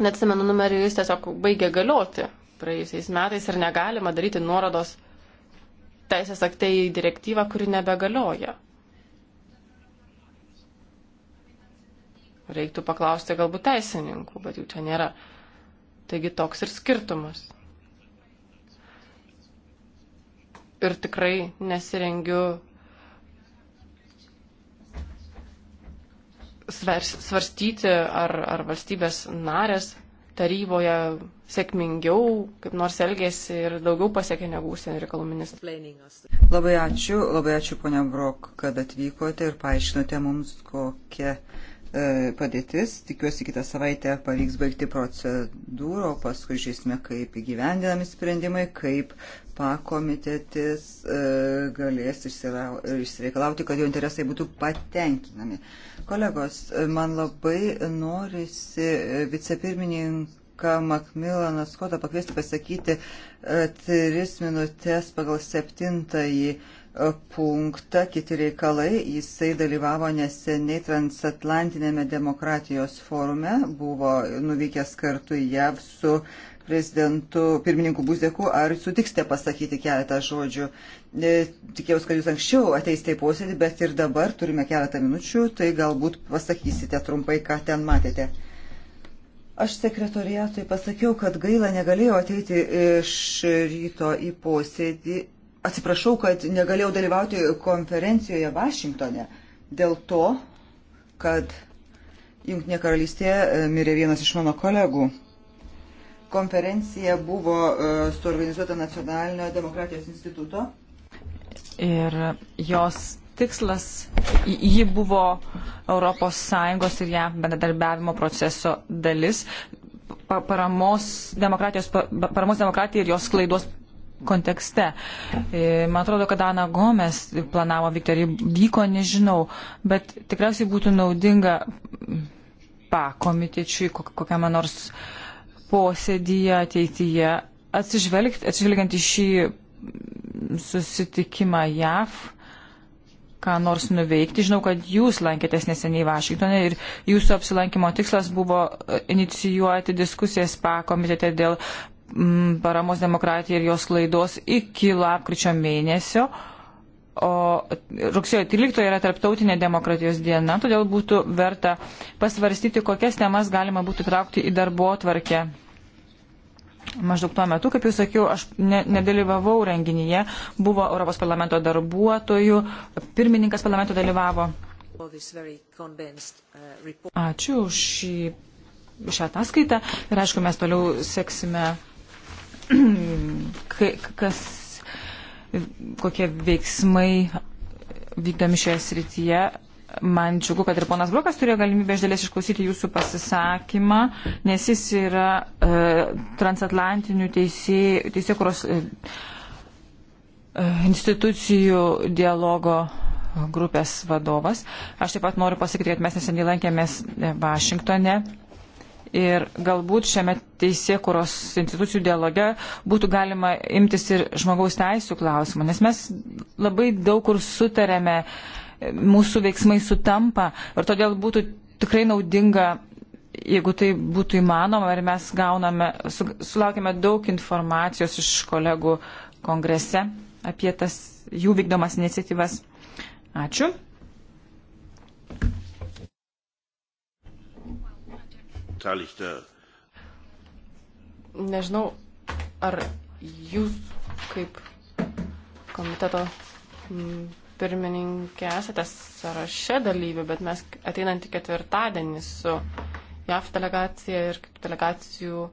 Neatsimenu numerį, jis tiesiog baigė galioti praėjusiais metais ir negalima daryti nuorodos teisės aktei direktyvą, kuri nebegalioja. Reiktų paklausti galbūt teisininkų, bet jų čia nėra. Taigi toks ir skirtumas. Ir tikrai nesirengiu svarstyti, ar, ar valstybės narės taryboje sėkmingiau, kaip nors elgėsi ir daugiau pasiekė negu užsienio reikalų ministras. Labai ačiū, labai ačiū ponia Brok, kad atvykote ir paaiškinote mums, kokia E, padėtis. Tikiuosi, kitą savaitę pavyks baigti procedūrą, paskui žiūrėsime, kaip įgyvendinami sprendimai, kaip pakomitetis e, galės išsireikalauti, kad jo interesai būtų patenkinami. Kolegos, e, man labai norisi vicepirmininką Makmilaną Skotą pakviesti pasakyti tris minutės pagal septintąjį punktą kiti reikalai. Jisai dalyvavo neseniai transatlantinėme demokratijos forume, buvo nuvykęs kartu į JAV su prezidentu pirmininku Buzdeku. Ar sutiksite pasakyti keletą žodžių? E, tikėjausi, kad jūs anksčiau ateisite į posėdį, bet ir dabar turime keletą minučių, tai galbūt pasakysite trumpai, ką ten matėte. Aš sekretoriatui pasakiau, kad gaila negalėjo ateiti iš ryto į posėdį atsiprašau, kad negalėjau dalyvauti konferencijoje Vašingtone dėl to, kad Junktinė karalystė e, mirė vienas iš mano kolegų. Konferencija buvo e, suorganizuota Nacionalinio demokratijos instituto. Ir jos tikslas, ji buvo ES ir JAV bendradarbiavimo proceso dalis, paramos, demokratijos, paramos demokratijai ir jos klaidos kontekste. E, man atrodo, kad Ana Gomes planavo vykti, ar vyko, nežinau, bet tikriausiai būtų naudinga pakomitečiui kokiam nors posėdyje ateityje atsižvelgiant į šį susitikimą JAV ką nors nuveikti. Žinau, kad jūs lankėtės neseniai Vašingtonė ir jūsų apsilankimo tikslas buvo inicijuoti diskusijas pakomitete dėl Mm, paramos demokratijai ir jos laidos iki lapkričio mėnesio. O rugsėjo 13 yra tarptautinė demokratijos diena, todėl būtų verta pasvarstyti, kokias temas galima būtų traukti į darbo atvarkę. Maždaug tuo metu, kaip jau sakiau, aš ne, nedalyvavau renginyje, buvo Europos parlamento darbuotojų, pirmininkas parlamento dalyvavo. Ačiū už šį, šią ataskaitą ir aišku, mes toliau seksime kas, kokie veiksmai vykdomi šioje srityje. Man džiugu, kad ir ponas Brokas turėjo galimybę iš dalies išklausyti jūsų pasisakymą, nes jis yra e, transatlantinių teisėkuros e, e, institucijų dialogo grupės vadovas. Aš taip pat noriu pasakyti, kad mes neseniai lankėmės e, Vašingtone Ir galbūt šiame teisėkuros institucijų dialoge būtų galima imtis ir žmogaus teisų klausimą, nes mes labai daug kur sutarėme, mūsų veiksmai sutampa ir todėl būtų tikrai naudinga, jeigu tai būtų įmanoma ir mes gauname, su, sulaukime daug informacijos iš kolegų kongrese apie tas jų vykdomas iniciatyvas. Ačiū. beteiligter. Nežinau, ar jūs kaip komiteto mm, pirmininkė esate sąraše dalyvių, bet mes ateinantį ketvirtadienį su JAF delegacija ir kaip delegacijų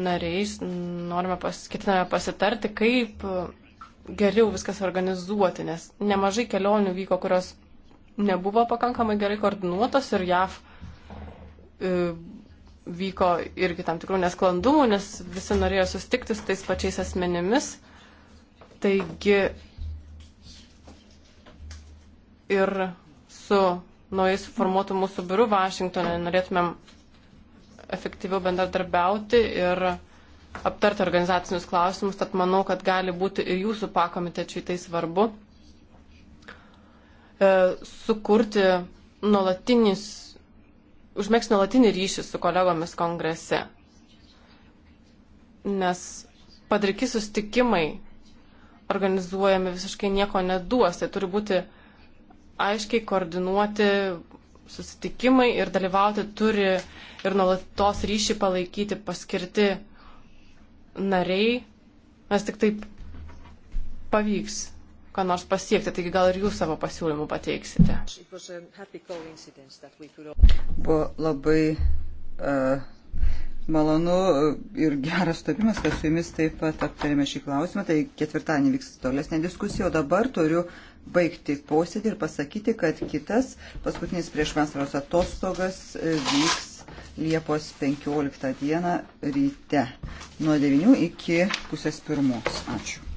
nariais norime pas, ketiname pasitarti, kaip geriau viskas organizuoti, nes nemažai kelionių vyko, kurios nebuvo pakankamai gerai koordinuotos ir JAF e, vyko irgi tam tikrų nesklandumų, nes visi norėjo sustikti su tais pačiais asmenimis. Taigi ir su naujais formuotų mūsų biurų Vašingtonė norėtumėm efektyviau bendradarbiauti ir aptarti organizacinius klausimus, tad manau, kad gali būti ir jūsų pakomitečiai tai svarbu e, sukurti nuolatinis užmėgs nuolatinį ryšį su kolegomis kongrese. Nes padriki sustikimai organizuojami visiškai nieko neduos. Tai turi būti aiškiai koordinuoti susitikimai ir dalyvauti turi ir nuolatos ryšį palaikyti paskirti nariai, nes tik taip pavyks ką nors pasiekti, taigi gal ir jūs savo pasiūlymų pateiksite. Buvo labai uh, malonu ir geras sutapimas, kad su jumis taip pat aptarėme šį klausimą, tai ketvirtadienį vyks tolesnė diskusija, o dabar turiu baigti posėdį ir pasakyti, kad kitas paskutinis prieš vasaros atostogas e, vyks Liepos 15 dieną ryte nuo 9 iki pusės pirmos. Ačiū.